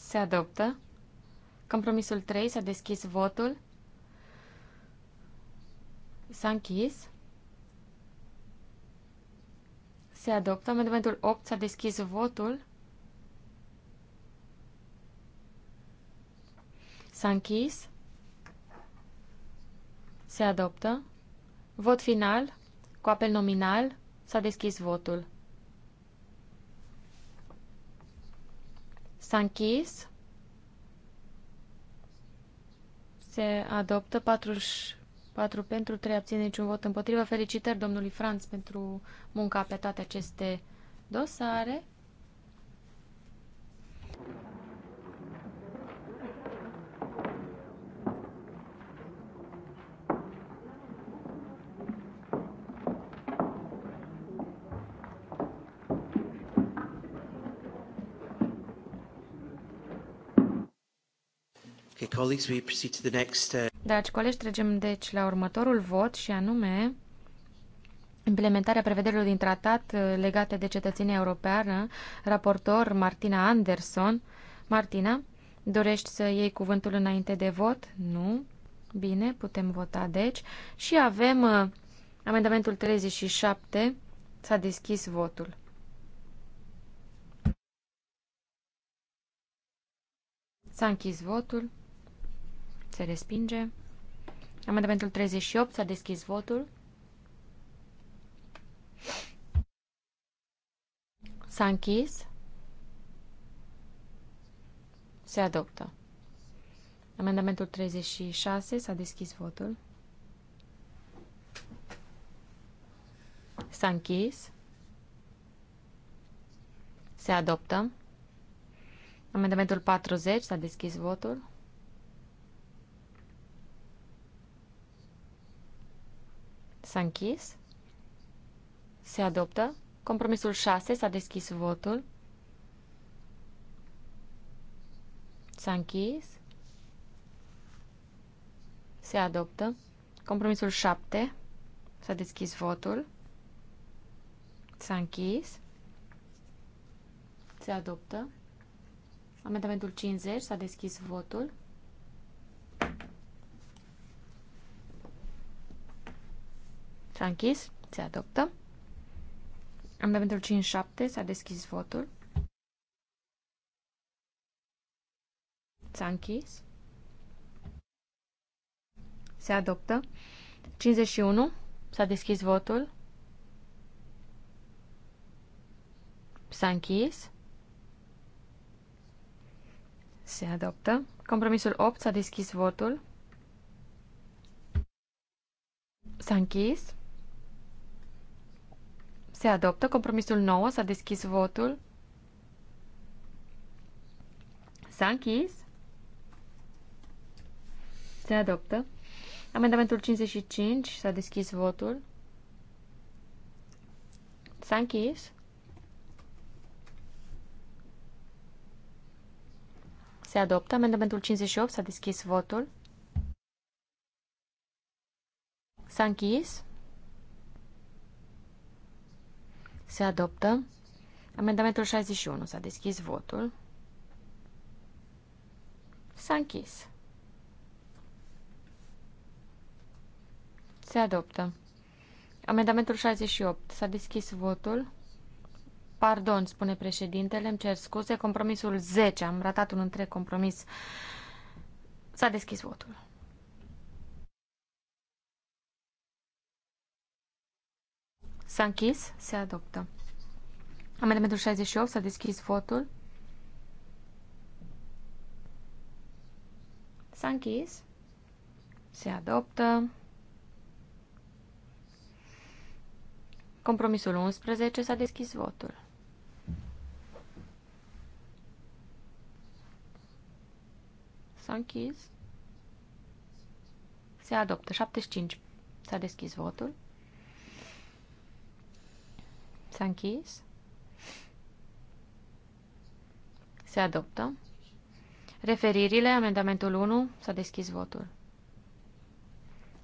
S4: Se adoptă. Compromisul 3. S-a deschis votul. S-a închis. Se adoptă. Amendamentul 8. S-a deschis votul. S-a închis. Se adoptă. Vot final. Cu apel nominal. S-a deschis votul. S-a închis. Se adoptă 44 pentru 3 abține niciun vot împotrivă. Felicitări domnului Franț pentru munca pe toate aceste dosare. Uh, Dragi colegi, trecem deci la următorul vot și anume implementarea prevederilor din tratat uh, legate de cetățenia europeană, raportor Martina Anderson. Martina, dorești să iei cuvântul înainte de vot? Nu? Bine, putem vota deci. Și avem uh, amendamentul 37. S-a deschis votul. S-a închis votul se respinge. Amendamentul 38 s-a deschis votul. S-a închis. Se adoptă. Amendamentul 36 s-a deschis votul. S-a închis. Se adoptă. Amendamentul 40 s-a deschis votul. S-a închis. Se adoptă. Compromisul 6. S-a deschis votul. S-a închis. Se adoptă. Compromisul 7. S-a deschis votul. S-a închis. Se adoptă. Amendamentul 50. S-a deschis votul. S-a închis. Se adoptă. 5 57 s-a deschis votul. S-a închis. Se adoptă. 51 s-a deschis votul. S-a închis. Se adoptă. Compromisul 8 s-a deschis votul. S-a închis. Se adoptă. Compromisul nou, S-a deschis votul. S-a închis. Se adoptă. Amendamentul 55. S-a deschis votul. S-a închis. Se adoptă. Amendamentul 58. S-a deschis votul. S-a închis. Se adoptă. Amendamentul 61. S-a deschis votul. S-a închis. Se adoptă. Amendamentul 68. S-a deschis votul. Pardon, spune președintele, îmi cer scuze. Compromisul 10. Am ratat un întreg compromis. S-a deschis votul. S-a închis. Se adoptă. Amendamentul 68. S-a deschis votul. S-a închis. Se adoptă. Compromisul 11. S-a deschis votul. S-a închis. Se adoptă. 75. S-a deschis votul. S-a închis. Se adoptă. Referirile, amendamentul 1, s-a deschis votul.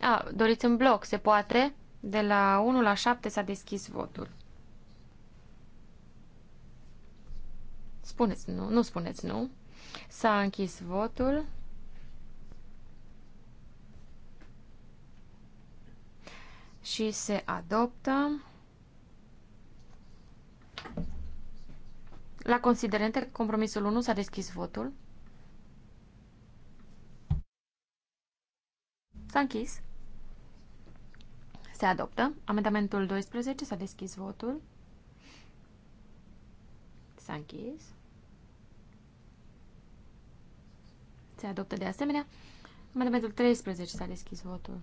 S4: A, doriți în bloc, se poate? De la 1 la 7 s-a deschis votul. Spuneți nu, nu spuneți nu. S-a închis votul. Și se adoptă. La considerente, compromisul 1 s-a deschis votul. S-a închis. Se adoptă. Amendamentul 12 s-a deschis votul. S-a închis. Se adoptă de asemenea. Amendamentul 13 s-a deschis votul.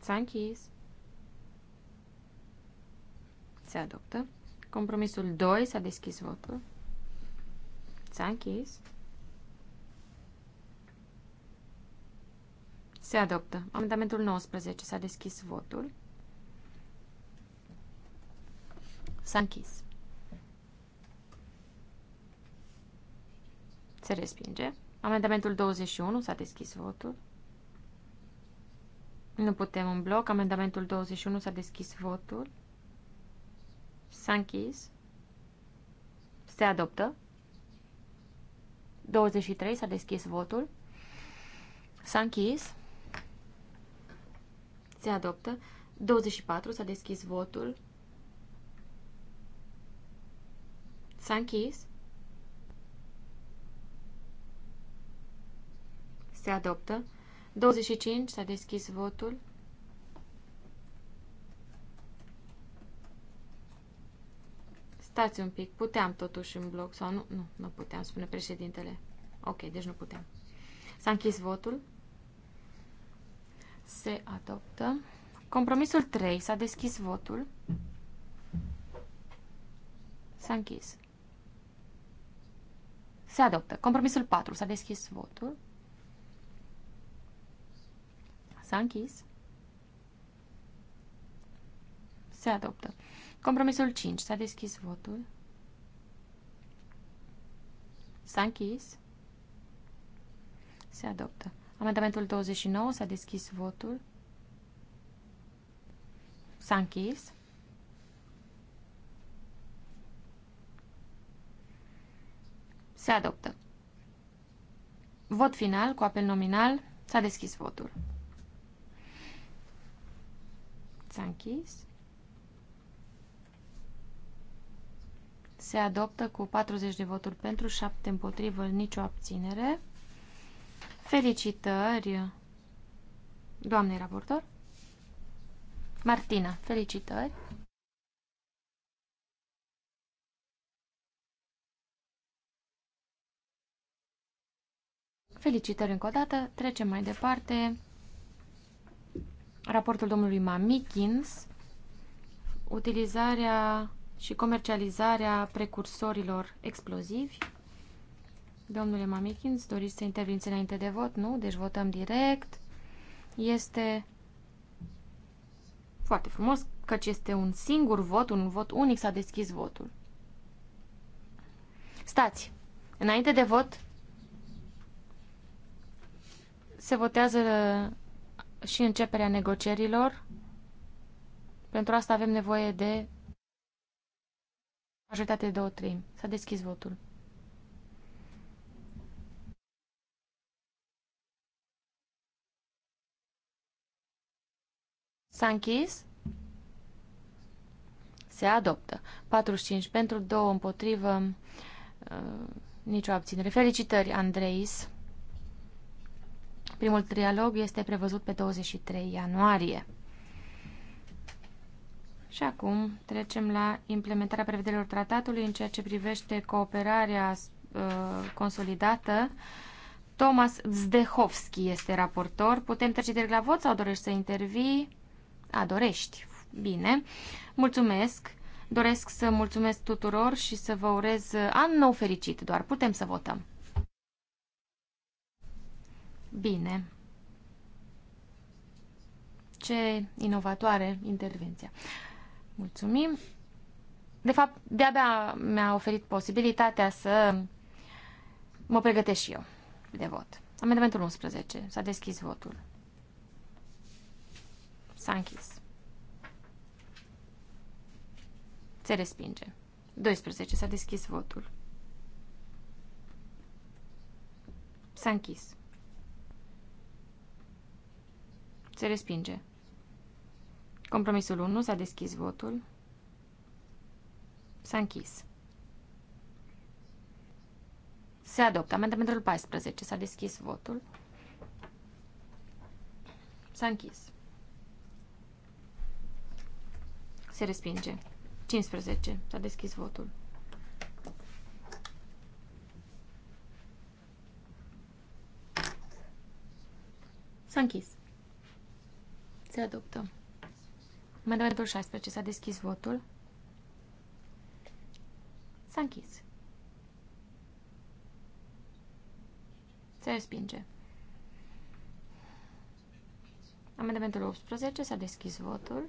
S4: S-a închis. Se adoptă. Compromisul 2 s-a deschis votul. S-a închis. Se adoptă. Amendamentul 19 s-a deschis votul. S-a închis. Se respinge. Amendamentul 21 s-a deschis votul. Nu putem în bloc. Amendamentul 21 s-a deschis votul. S-a închis. Se adoptă. 23. S-a deschis votul. S-a închis. Se adoptă. 24. S-a deschis votul. S-a închis. Se adoptă. 25. S-a deschis votul. Stați un pic, puteam totuși în bloc sau nu? Nu, nu puteam, spune președintele. Ok, deci nu puteam. S-a închis votul. Se adoptă. Compromisul 3. S-a deschis votul. S-a închis. Se adoptă. Compromisul 4. S-a deschis votul. S-a închis. Se adoptă. Compromisul 5. S-a deschis votul. S-a închis. Se adoptă. Amendamentul 29. S-a deschis votul. S-a închis. Se adoptă. Vot final cu apel nominal. S-a deschis votul. S-a închis. se adoptă cu 40 de voturi pentru, 7 împotrivă, nicio abținere. Felicitări, doamnei raportor. Martina, felicitări. Felicitări încă o dată. Trecem mai departe. Raportul domnului Mamikins. Utilizarea și comercializarea precursorilor explozivi. Domnule Mamichins, doriți să interviniți înainte de vot? Nu? Deci votăm direct. Este foarte frumos, căci este un singur vot, un vot unic, s-a deschis votul. Stați! Înainte de vot se votează și începerea negocierilor. Pentru asta avem nevoie de Majoritate de două treimi. S-a deschis votul. S-a închis. Se adoptă. 45 pentru, 2 împotrivă, uh, nicio abținere. Felicitări, Andreis. Primul trialog este prevăzut pe 23 ianuarie. Și acum trecem la implementarea prevederilor tratatului în ceea ce privește cooperarea uh, consolidată. Thomas Zdehovski este raportor. Putem trece direct la vot sau dorești să intervii? A, dorești. Bine. Mulțumesc. Doresc să mulțumesc tuturor și să vă urez an nou fericit. Doar putem să votăm. Bine. Ce inovatoare intervenția. Mulțumim. De fapt, de-abia mi-a oferit posibilitatea să mă pregătesc și eu de vot. Amendamentul 11. S-a deschis votul. S-a închis. Se respinge. 12. S-a deschis votul. S-a închis. Se respinge. Compromisul 1. S-a deschis votul. S-a închis. Se adoptă. Amendamentul 14. S-a deschis votul. S-a închis. Se respinge. 15. S-a deschis votul. S-a închis. Se adoptă. Amendamentul 16. S-a deschis votul. S-a închis. Se respinge. Amendamentul 18. S-a deschis votul.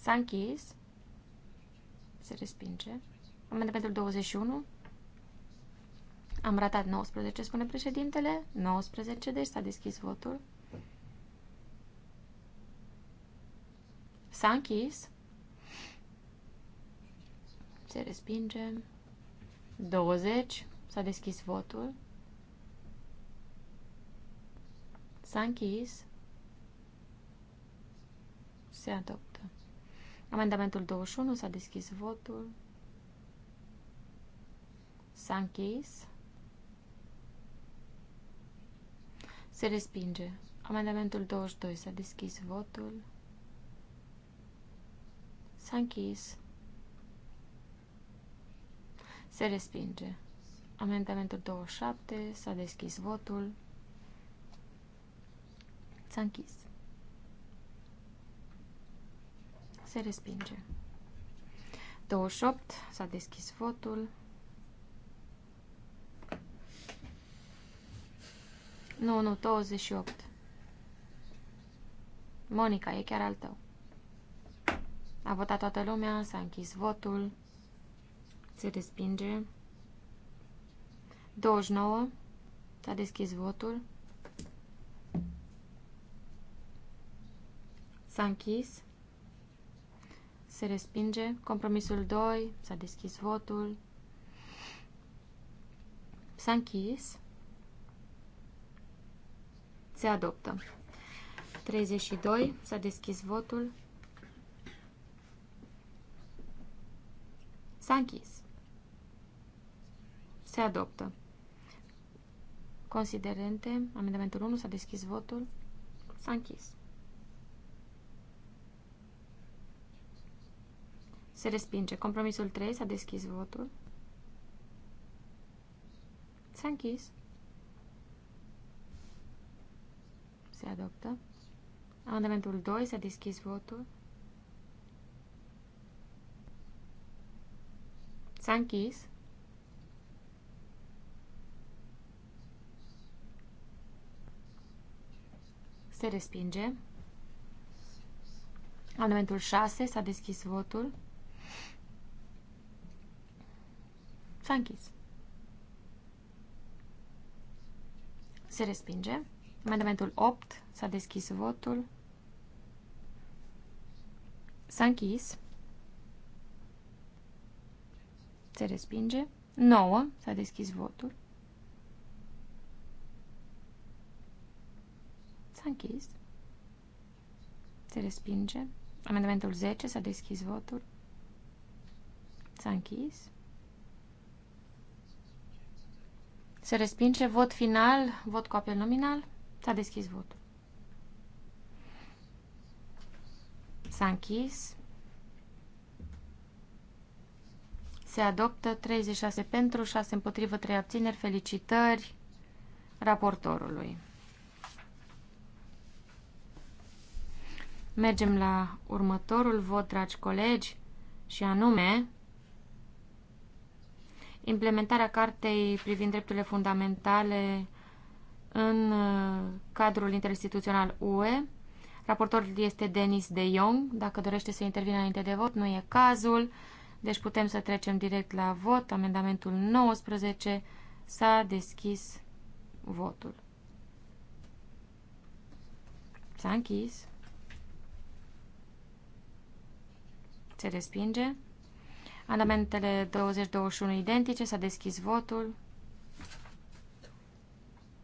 S4: S-a închis. Se respinge. Amendamentul 21. Am ratat 19, spune președintele. 19, deci s-a deschis votul. S-a închis. Se respinge. 20, s-a deschis votul. S-a închis. Se adoptă. Amendamentul 21 s-a deschis votul. S-a închis. Se respinge. Amendamentul 22. S-a deschis votul. S-a închis. Se respinge. Amendamentul 27. S-a deschis votul. S-a închis. Se respinge. 28. S-a deschis votul. Nu, nu, 28. Monica, e chiar al tău. A votat toată lumea, s-a închis votul, se respinge. 29, s-a deschis votul. S-a închis, se respinge. Compromisul 2, s-a deschis votul. S-a închis. Se adoptă. 32. S-a deschis votul. S-a închis. Se adoptă. Considerente. Amendamentul 1. S-a deschis votul. S-a închis. Se respinge. Compromisul 3. S-a deschis votul. S-a închis. Se adoptă. Amendamentul 2. S-a deschis votul. S-a închis. Se respinge. Amendamentul 6. S-a deschis votul. S-a închis. Se respinge. Amendamentul 8. S-a deschis votul. S-a închis. Se respinge. 9. S-a deschis votul. S-a închis. Se respinge. Amendamentul 10. S-a deschis votul. S-a închis. Se respinge. Vot final. Vot cu apel nominal. S-a deschis votul. S-a închis. Se adoptă 36 pentru, 6 împotrivă, 3 abțineri. Felicitări raportorului. Mergem la următorul vot, dragi colegi, și anume implementarea cartei privind drepturile fundamentale în uh, cadrul interinstituțional UE. Raportorul este Denis de Jong. Dacă dorește să intervină înainte de vot, nu e cazul. Deci putem să trecem direct la vot. Amendamentul 19 s-a deschis votul. S-a închis. Se respinge. Amendamentele 20-21 identice. S-a deschis votul.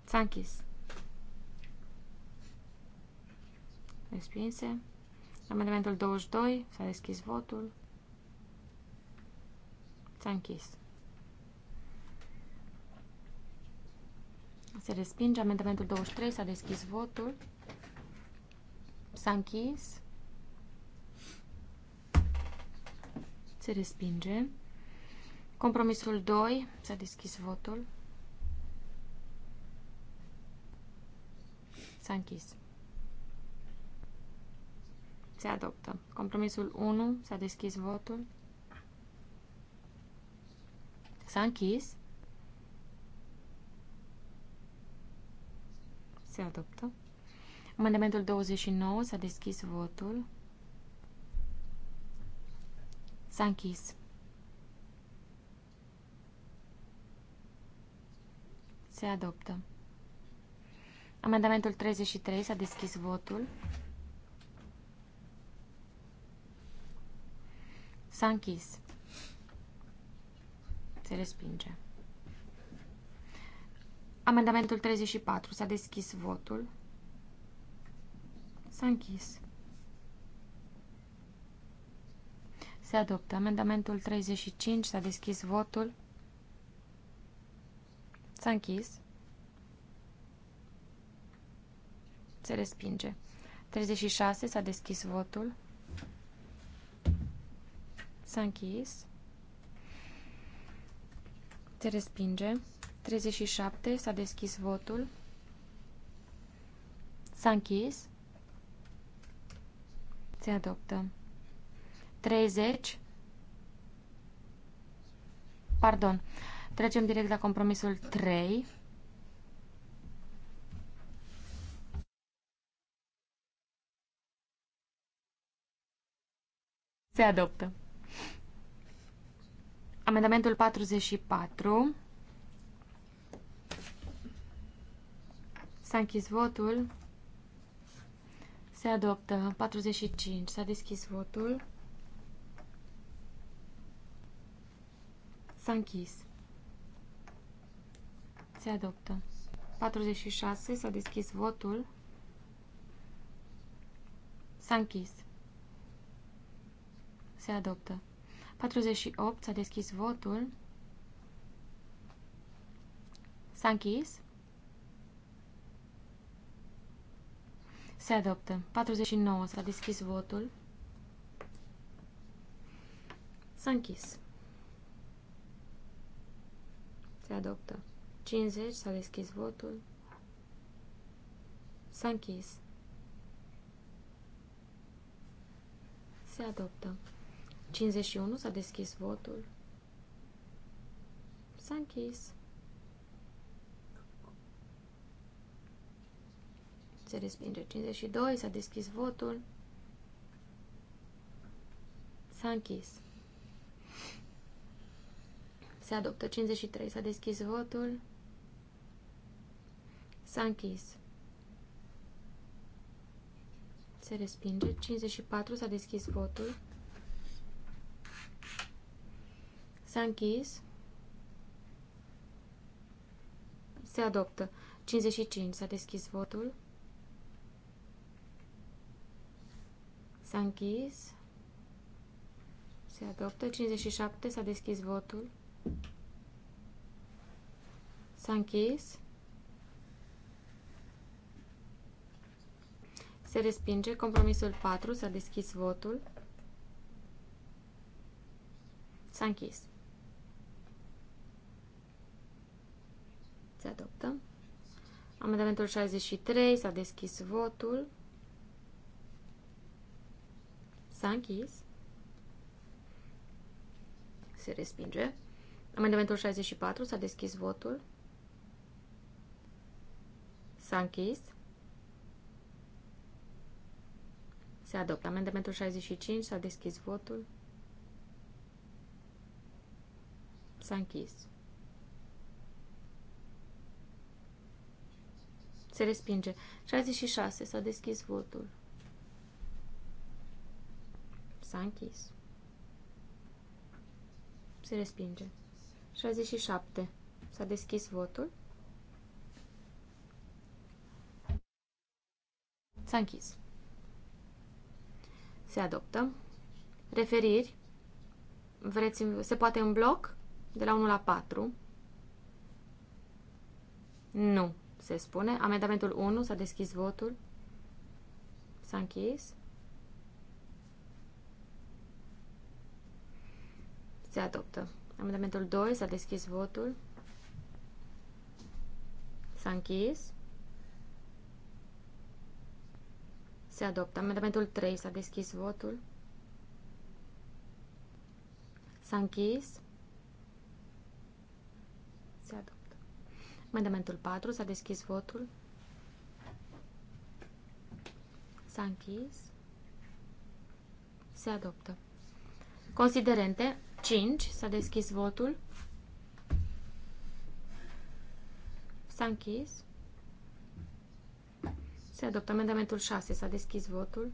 S4: S-a închis. Respinse. Amendamentul 22. S-a deschis votul. S-a închis. Se respinge. Amendamentul 23. S-a deschis votul. S-a închis. Se respinge. Compromisul 2. S-a deschis votul. S-a închis. Se adoptă. Compromisul 1. S-a deschis votul. S-a închis. Se adoptă. Amendamentul 29. S-a deschis votul. S-a închis. Se adoptă. Amendamentul 33 s-a deschis votul. S-a închis. Se respinge. Amendamentul 34 s-a deschis votul. S-a închis. Se adoptă. Amendamentul 35 s-a deschis votul. S-a închis. Se respinge. 36. S-a deschis votul. S-a închis. Se respinge. 37. S-a deschis votul. S-a închis. Se adoptă. 30. Pardon. Trecem direct la compromisul 3. Se adoptă. Amendamentul 44. S-a închis votul. Se adoptă. 45. S-a deschis votul. S-a închis. Se adoptă. 46. S-a deschis votul. S-a închis. Se adoptă. 48. S-a deschis votul. S-a închis. Se adoptă. 49. S-a deschis votul. S-a închis. Se adoptă. 50. S-a deschis votul. S-a închis. Se adoptă. 51 s-a deschis votul. S-a închis. Se respinge 52, s-a deschis votul. S-a închis. Se adoptă 53, s-a deschis votul. S-a închis. Se respinge 54, s-a deschis votul. S-a închis. Se adoptă. 55. S-a deschis votul. S-a închis. Se adoptă. 57. S-a deschis votul. S-a închis. Se respinge. Compromisul 4. S-a deschis votul. S-a închis. se adoptă. Amendamentul 63, s-a deschis votul. S-a închis. Se respinge. Amendamentul 64, s-a deschis votul. S-a închis. Se adoptă. Amendamentul 65, s-a deschis votul. S-a închis. Se respinge. 66. S-a deschis votul. S-a închis. Se respinge. 67. S-a deschis votul. S-a închis. Se adoptă. Referiri. Vreți, se poate în bloc? De la 1 la 4. Nu se spune. Amendamentul 1, s-a deschis votul. S-a închis. Se adoptă. Amendamentul 2, s-a deschis votul. S-a închis. Se adoptă. Amendamentul 3, s-a deschis votul. S-a închis. Amendamentul 4. S-a deschis votul. S-a închis. Se adoptă. Considerente. 5. S-a deschis votul. S-a închis. Se adoptă amendamentul 6. S-a deschis votul.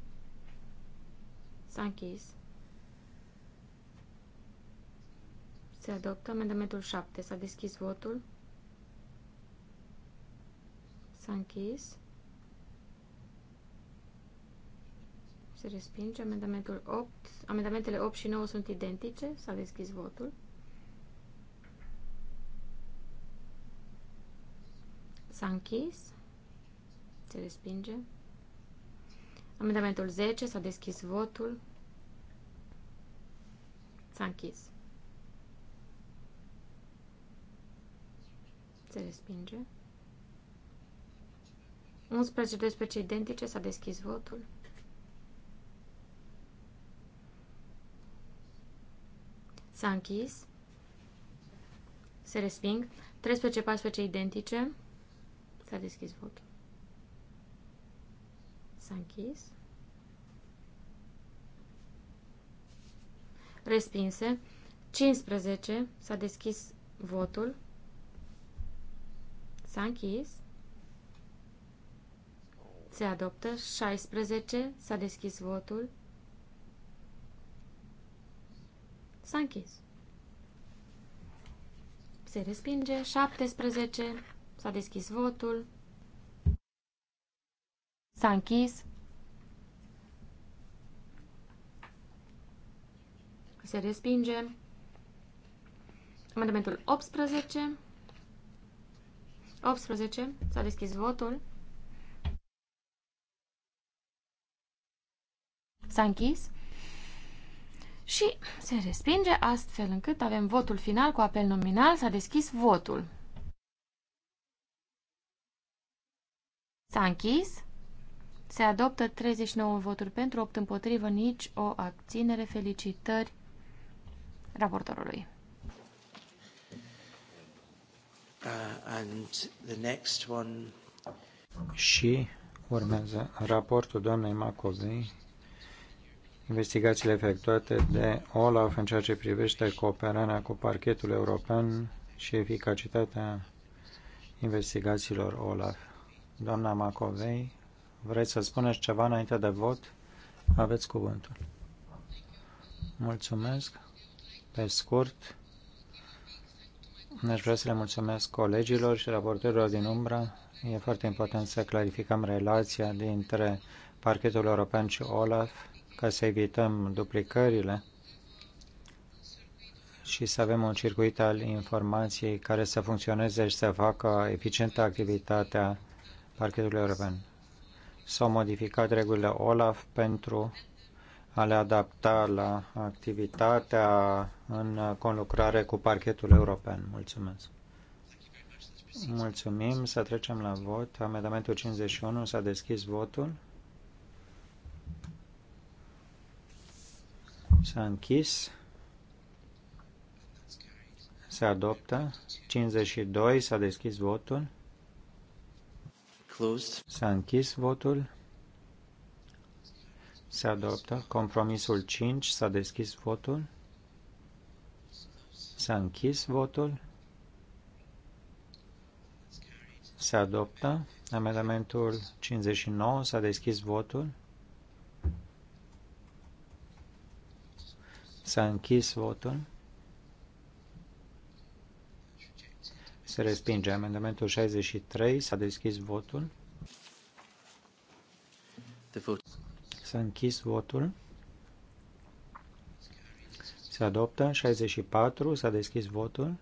S4: S-a închis. Se adoptă amendamentul 7. S-a deschis votul. S-a închis. Se respinge. Amendamentul 8. Amendamentele 8 și 9 sunt identice. S-a deschis votul. S-a închis. Se respinge. Amendamentul 10. S-a deschis votul. S-a închis. Se respinge. 11-12 identice, s-a deschis votul. S-a închis. Se resping. 13-14 identice. S-a deschis votul. S-a închis. Respinse. 15. S-a deschis votul. S-a închis. Se adoptă. 16. S-a deschis votul. S-a închis. Se respinge. 17. S-a deschis votul. S-a închis. Se respinge. Amendamentul 18. 18. S-a deschis votul. S-a închis și se respinge astfel încât avem votul final cu apel nominal. S-a deschis votul. S-a închis. Se adoptă 39 voturi pentru, 8 împotrivă, nici o abținere. Felicitări raportorului.
S3: Uh, and the next one... Și urmează raportul doamnei Macovei investigațiile efectuate de OLAF în ceea ce privește cooperarea cu parchetul european și eficacitatea investigațiilor OLAF. Doamna Macovei, vreți să spuneți ceva înainte de vot? Aveți cuvântul. Mulțumesc. Pe scurt, aș vrea să le mulțumesc colegilor și raportorilor din umbra. E foarte important să clarificăm relația dintre parchetul european și OLAF ca să evităm duplicările și să avem un circuit al informației care să funcționeze și să facă eficientă activitatea parchetului european. S-au modificat regulile OLAF pentru a le adapta la activitatea în conlucrare cu parchetul european. Mulțumesc! Mulțumim. Să trecem la vot. Amendamentul 51. S-a deschis votul. S-a închis. Se adoptă. 52. S-a deschis votul. Closed. S-a închis votul. Se adoptă. Compromisul 5. S-a deschis votul. S-a închis votul. Se adoptă. Amendamentul 59. S-a deschis votul. S-a închis votul. Se respinge amendamentul 63. S-a deschis votul. S-a închis votul. Se adoptă. 64. S-a deschis votul.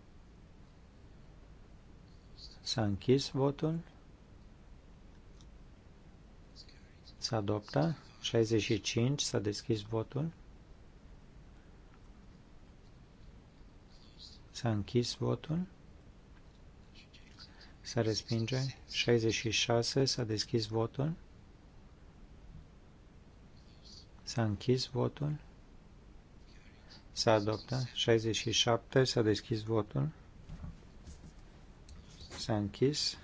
S3: S-a închis votul. Se adoptă. 65. S-a deschis votul. S-a închis votul. S-a respinge. 66. S-a deschis votul. S-a închis votul. S-a adoptat. 67. S-a deschis votul. S-a închis.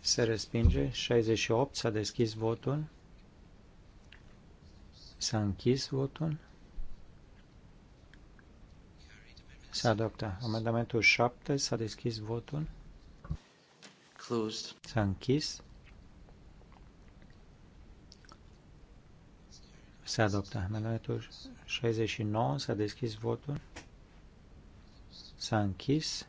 S3: Se respinge. 68. S-a deschis votul. S-a închis votul. Se adoptă. Amendamentul 7. S-a deschis votul. Closed. S-a închis. Se adoptă. Amendamentul 69. S-a deschis votul. S-a închis.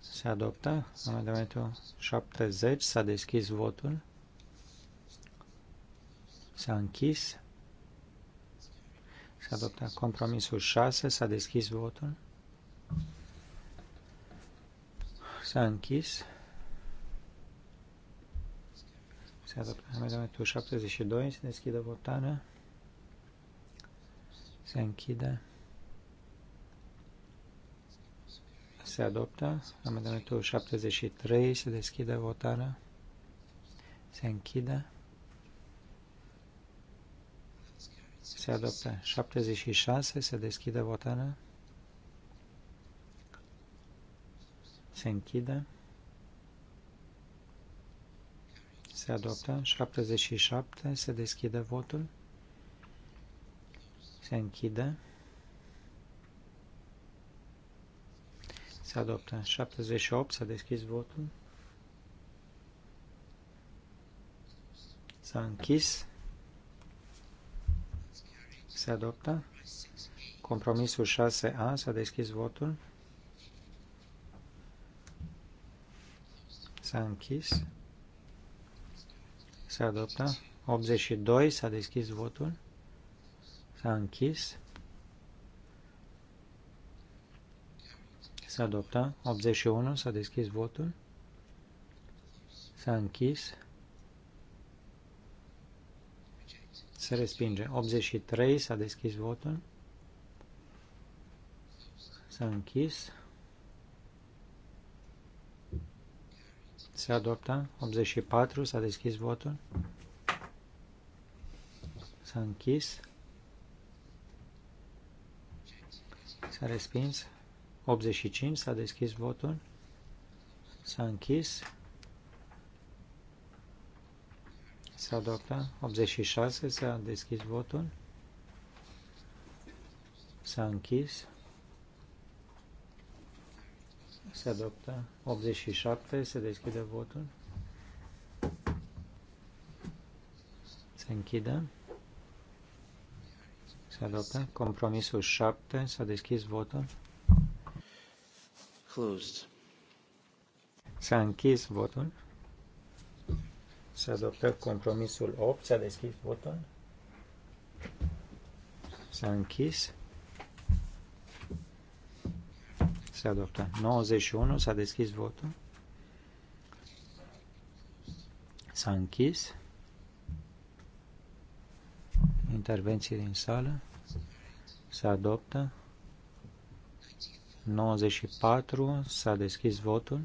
S3: Se adoptă. Amendamentul 70. S-a deschis votul. S-a închis. S-a adoptat Compromisul 6. S-a deschis votul. S-a închis. S-a adoptat Amendamentul 72. Se deschide votarea. Se închide. Se adoptă. Amendamentul 73. Se deschide votarea. Se închide. Se adoptă. 76. Se deschide votarea. Se închide. Se adoptă. 77. Se deschide votul. Se închide. Se adoptă. 78. S-a deschis votul. S-a închis. Se adoptă. Compromisul 6A. S-a deschis votul. S-a închis. Se adoptă. 82. S-a deschis votul. S-a închis. S-a adoptat. 81. S-a deschis votul. S-a închis. se respinge. 83 s-a deschis votul. S-a închis. Se adoptă. 84 s-a deschis votul. S-a închis. S-a respins. 85 s-a deschis votul. S-a închis. se adoptă. 86 s-a deschis votul. S-a închis. Se adoptă. 87 se deschide votul. Se închide. Se adoptă. Compromisul 7 s-a deschis votul. Closed. S-a închis votul. Se adoptă compromisul 8. S-a deschis votul. S-a închis. Se adoptă. 91. S-a deschis votul. S-a închis. Intervenții din sală. Se adoptă. 94. S-a deschis votul.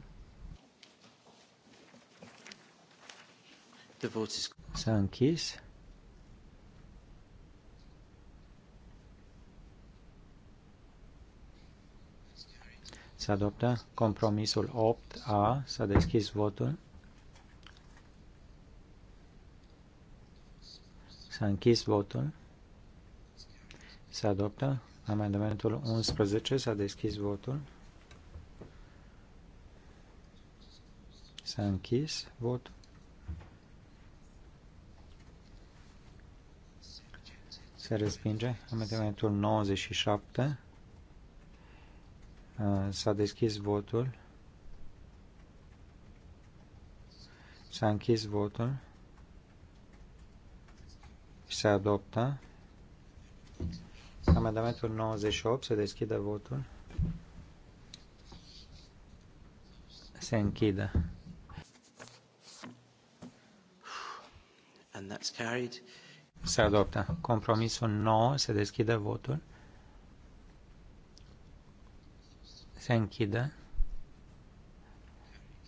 S3: S-a închis. Se adoptă compromisul 8A. S-a deschis votul. S-a închis votul. Se adoptă amendamentul 11. S-a deschis votul. S-a închis votul. Se respinge. Amendamentul 97. Uh, s-a deschis votul. S-a închis votul. Se adoptă. Amendamentul 98. Se deschide votul. Se închide.
S5: And that's carried.
S3: Se adoptă. Compromisul 9. Se deschide votul. Se închide.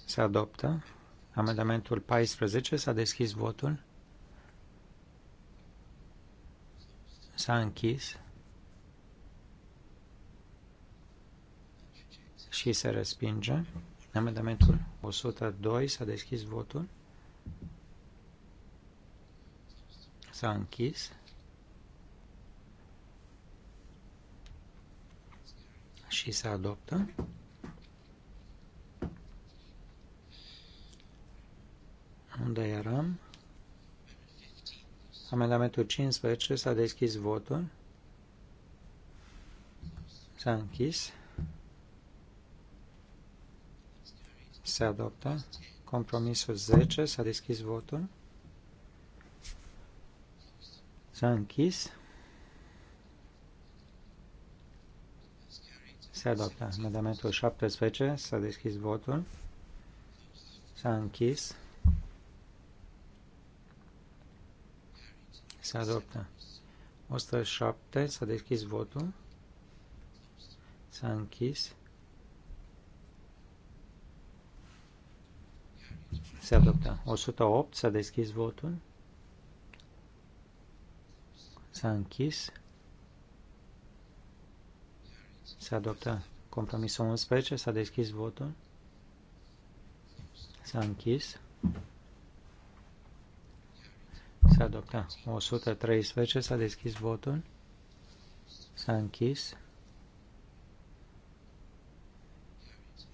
S3: Se adoptă. Amendamentul 14. S-a deschis votul. S-a închis. Și se respinge. Amendamentul 102. S-a deschis votul. S-a închis. Și se adoptă. Unde eram? Amendamentul 15 s-a deschis votul. S-a închis. Se adoptă. Compromisul 10 s-a deschis votul. S-a închis. Se adoptă. Amendamentul 17. S-a deschis votul. S-a închis. Se adoptă. 107. S-a deschis votul. S-a închis. Se adoptă. 108. S-a deschis votul. S-a închis. Se adoptă compromisul 11. S-a deschis votul. S-a închis. S-a adoptat 113. S-a deschis votul. S-a închis.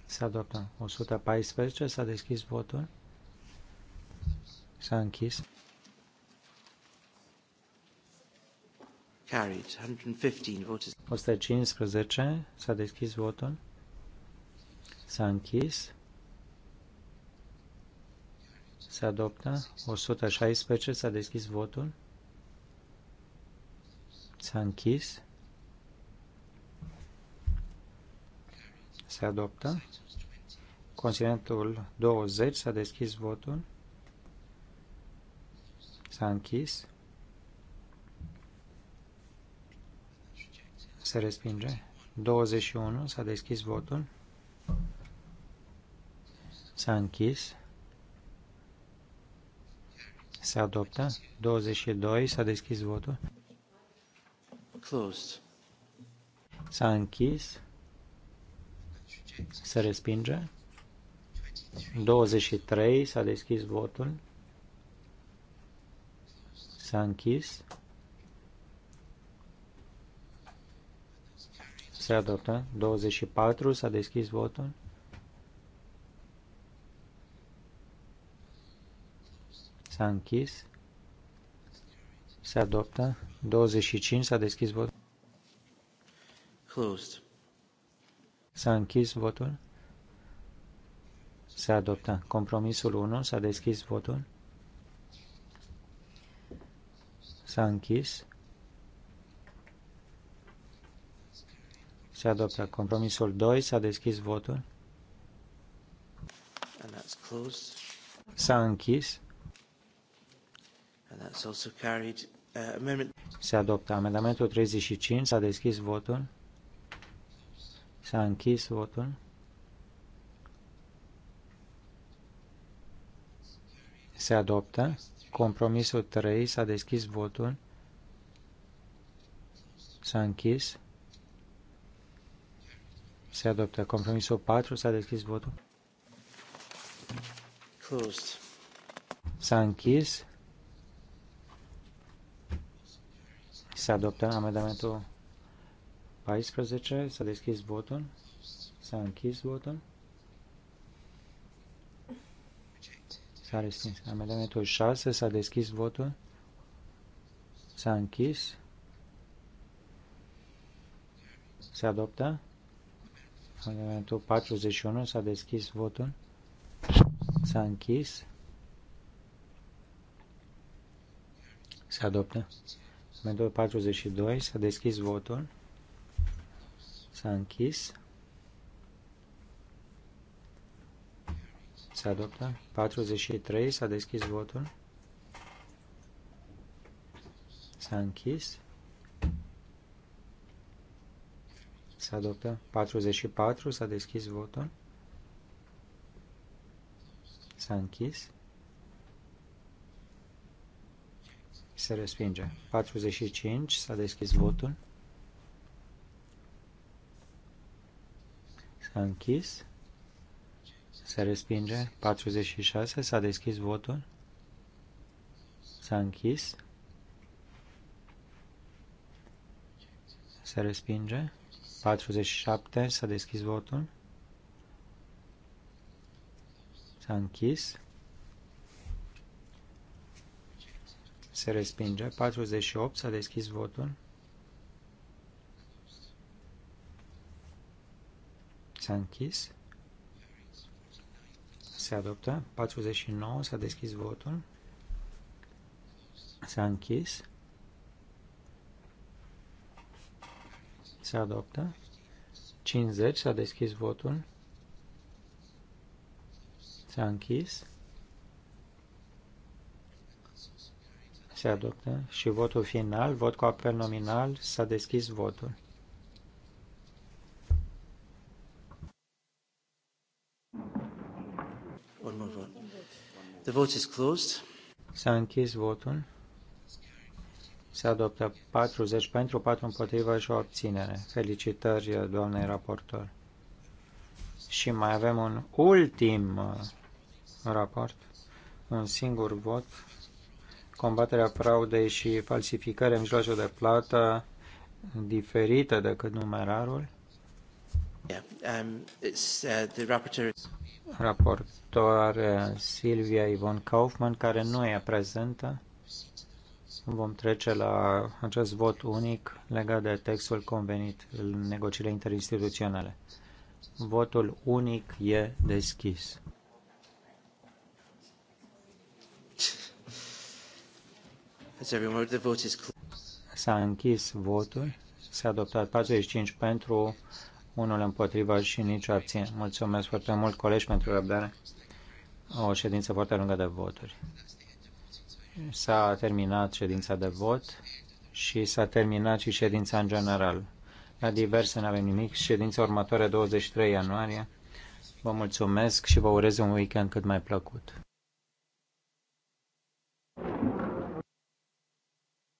S3: S-a adoptat 114. S-a deschis votul. S-a închis.
S1: Carried. 115 votes.
S3: 115. S-a deschis votul. S-a închis. Se adoptă. 116. S-a deschis votul. S-a închis. Se adoptă. Consilentul 20 s-a deschis votul. S-a închis. se respinge. 21, s-a deschis votul. S-a închis. Se adoptă. 22, s-a deschis votul. Closed. S-a închis. Se respinge. 23, s-a deschis votul. S-a închis. se adoptă. 24 s-a deschis votul. S-a închis. Se adoptă. 25 s-a deschis votul. Closed. S-a închis votul. Se adoptă. Compromisul 1 s-a deschis votul. S-a închis. Se adoptă. Compromisul 2. S-a deschis votul. S-a închis. Uh, Se adoptă. Amendamentul 35. S-a deschis votul. S-a închis votul. Se adoptă. Compromisul 3. S-a deschis votul. S-a închis. Se adoptă. Compromisul 4. S-a deschis votul. Closed. S-a închis. Se adoptă amendamentul 14. S-a deschis votul. S-a închis votul. S-a respins. Amendamentul 6. S-a deschis votul. S-a închis. Se adoptă. Amendamentul 41 s-a deschis votul. S-a închis. Se adoptă. Amendamentul 42 s-a deschis votul. S-a închis. Se adoptă. 43 s-a deschis votul. S-a închis. se adoptă. 44, s-a deschis votul. S-a închis. Se respinge. 45, s-a deschis votul. S-a închis. Se respinge. 46, s-a deschis votul. S-a închis. Se respinge. 47. S-a deschis votul. S-a închis. Se respinge. 48. S-a deschis votul. S-a închis. Se adoptă. 49. S-a deschis votul. S-a închis. se adoptă. 50 s-a deschis votul. S-a închis. Se adoptă. Și votul final, vot cu apel nominal, s-a deschis votul. The vote is closed. S-a închis votul. Se adoptă 40 pentru, 4 împotrivă și o abținere. Felicitări, doamnei raportor. Și mai avem un ultim uh, raport, un singur vot, combaterea fraudei și falsificării mijloacelor de plată diferită decât numerarul. Yeah, um, it's, uh, the rapporteur... Raportor Silvia Ivon Kaufman, care nu e prezentă vom trece la acest vot unic legat de textul convenit în negocierile interinstituționale. Votul unic e deschis. S-a închis votul, s-a adoptat 45 pentru, unul împotriva și nici abține. Mulțumesc foarte mult, colegi, pentru răbdare. O ședință foarte lungă de voturi. S-a terminat ședința de vot și s-a terminat și ședința în general. La diverse nu avem nimic. Ședința următoare, 23 ianuarie. Vă mulțumesc și vă urez un weekend cât mai plăcut.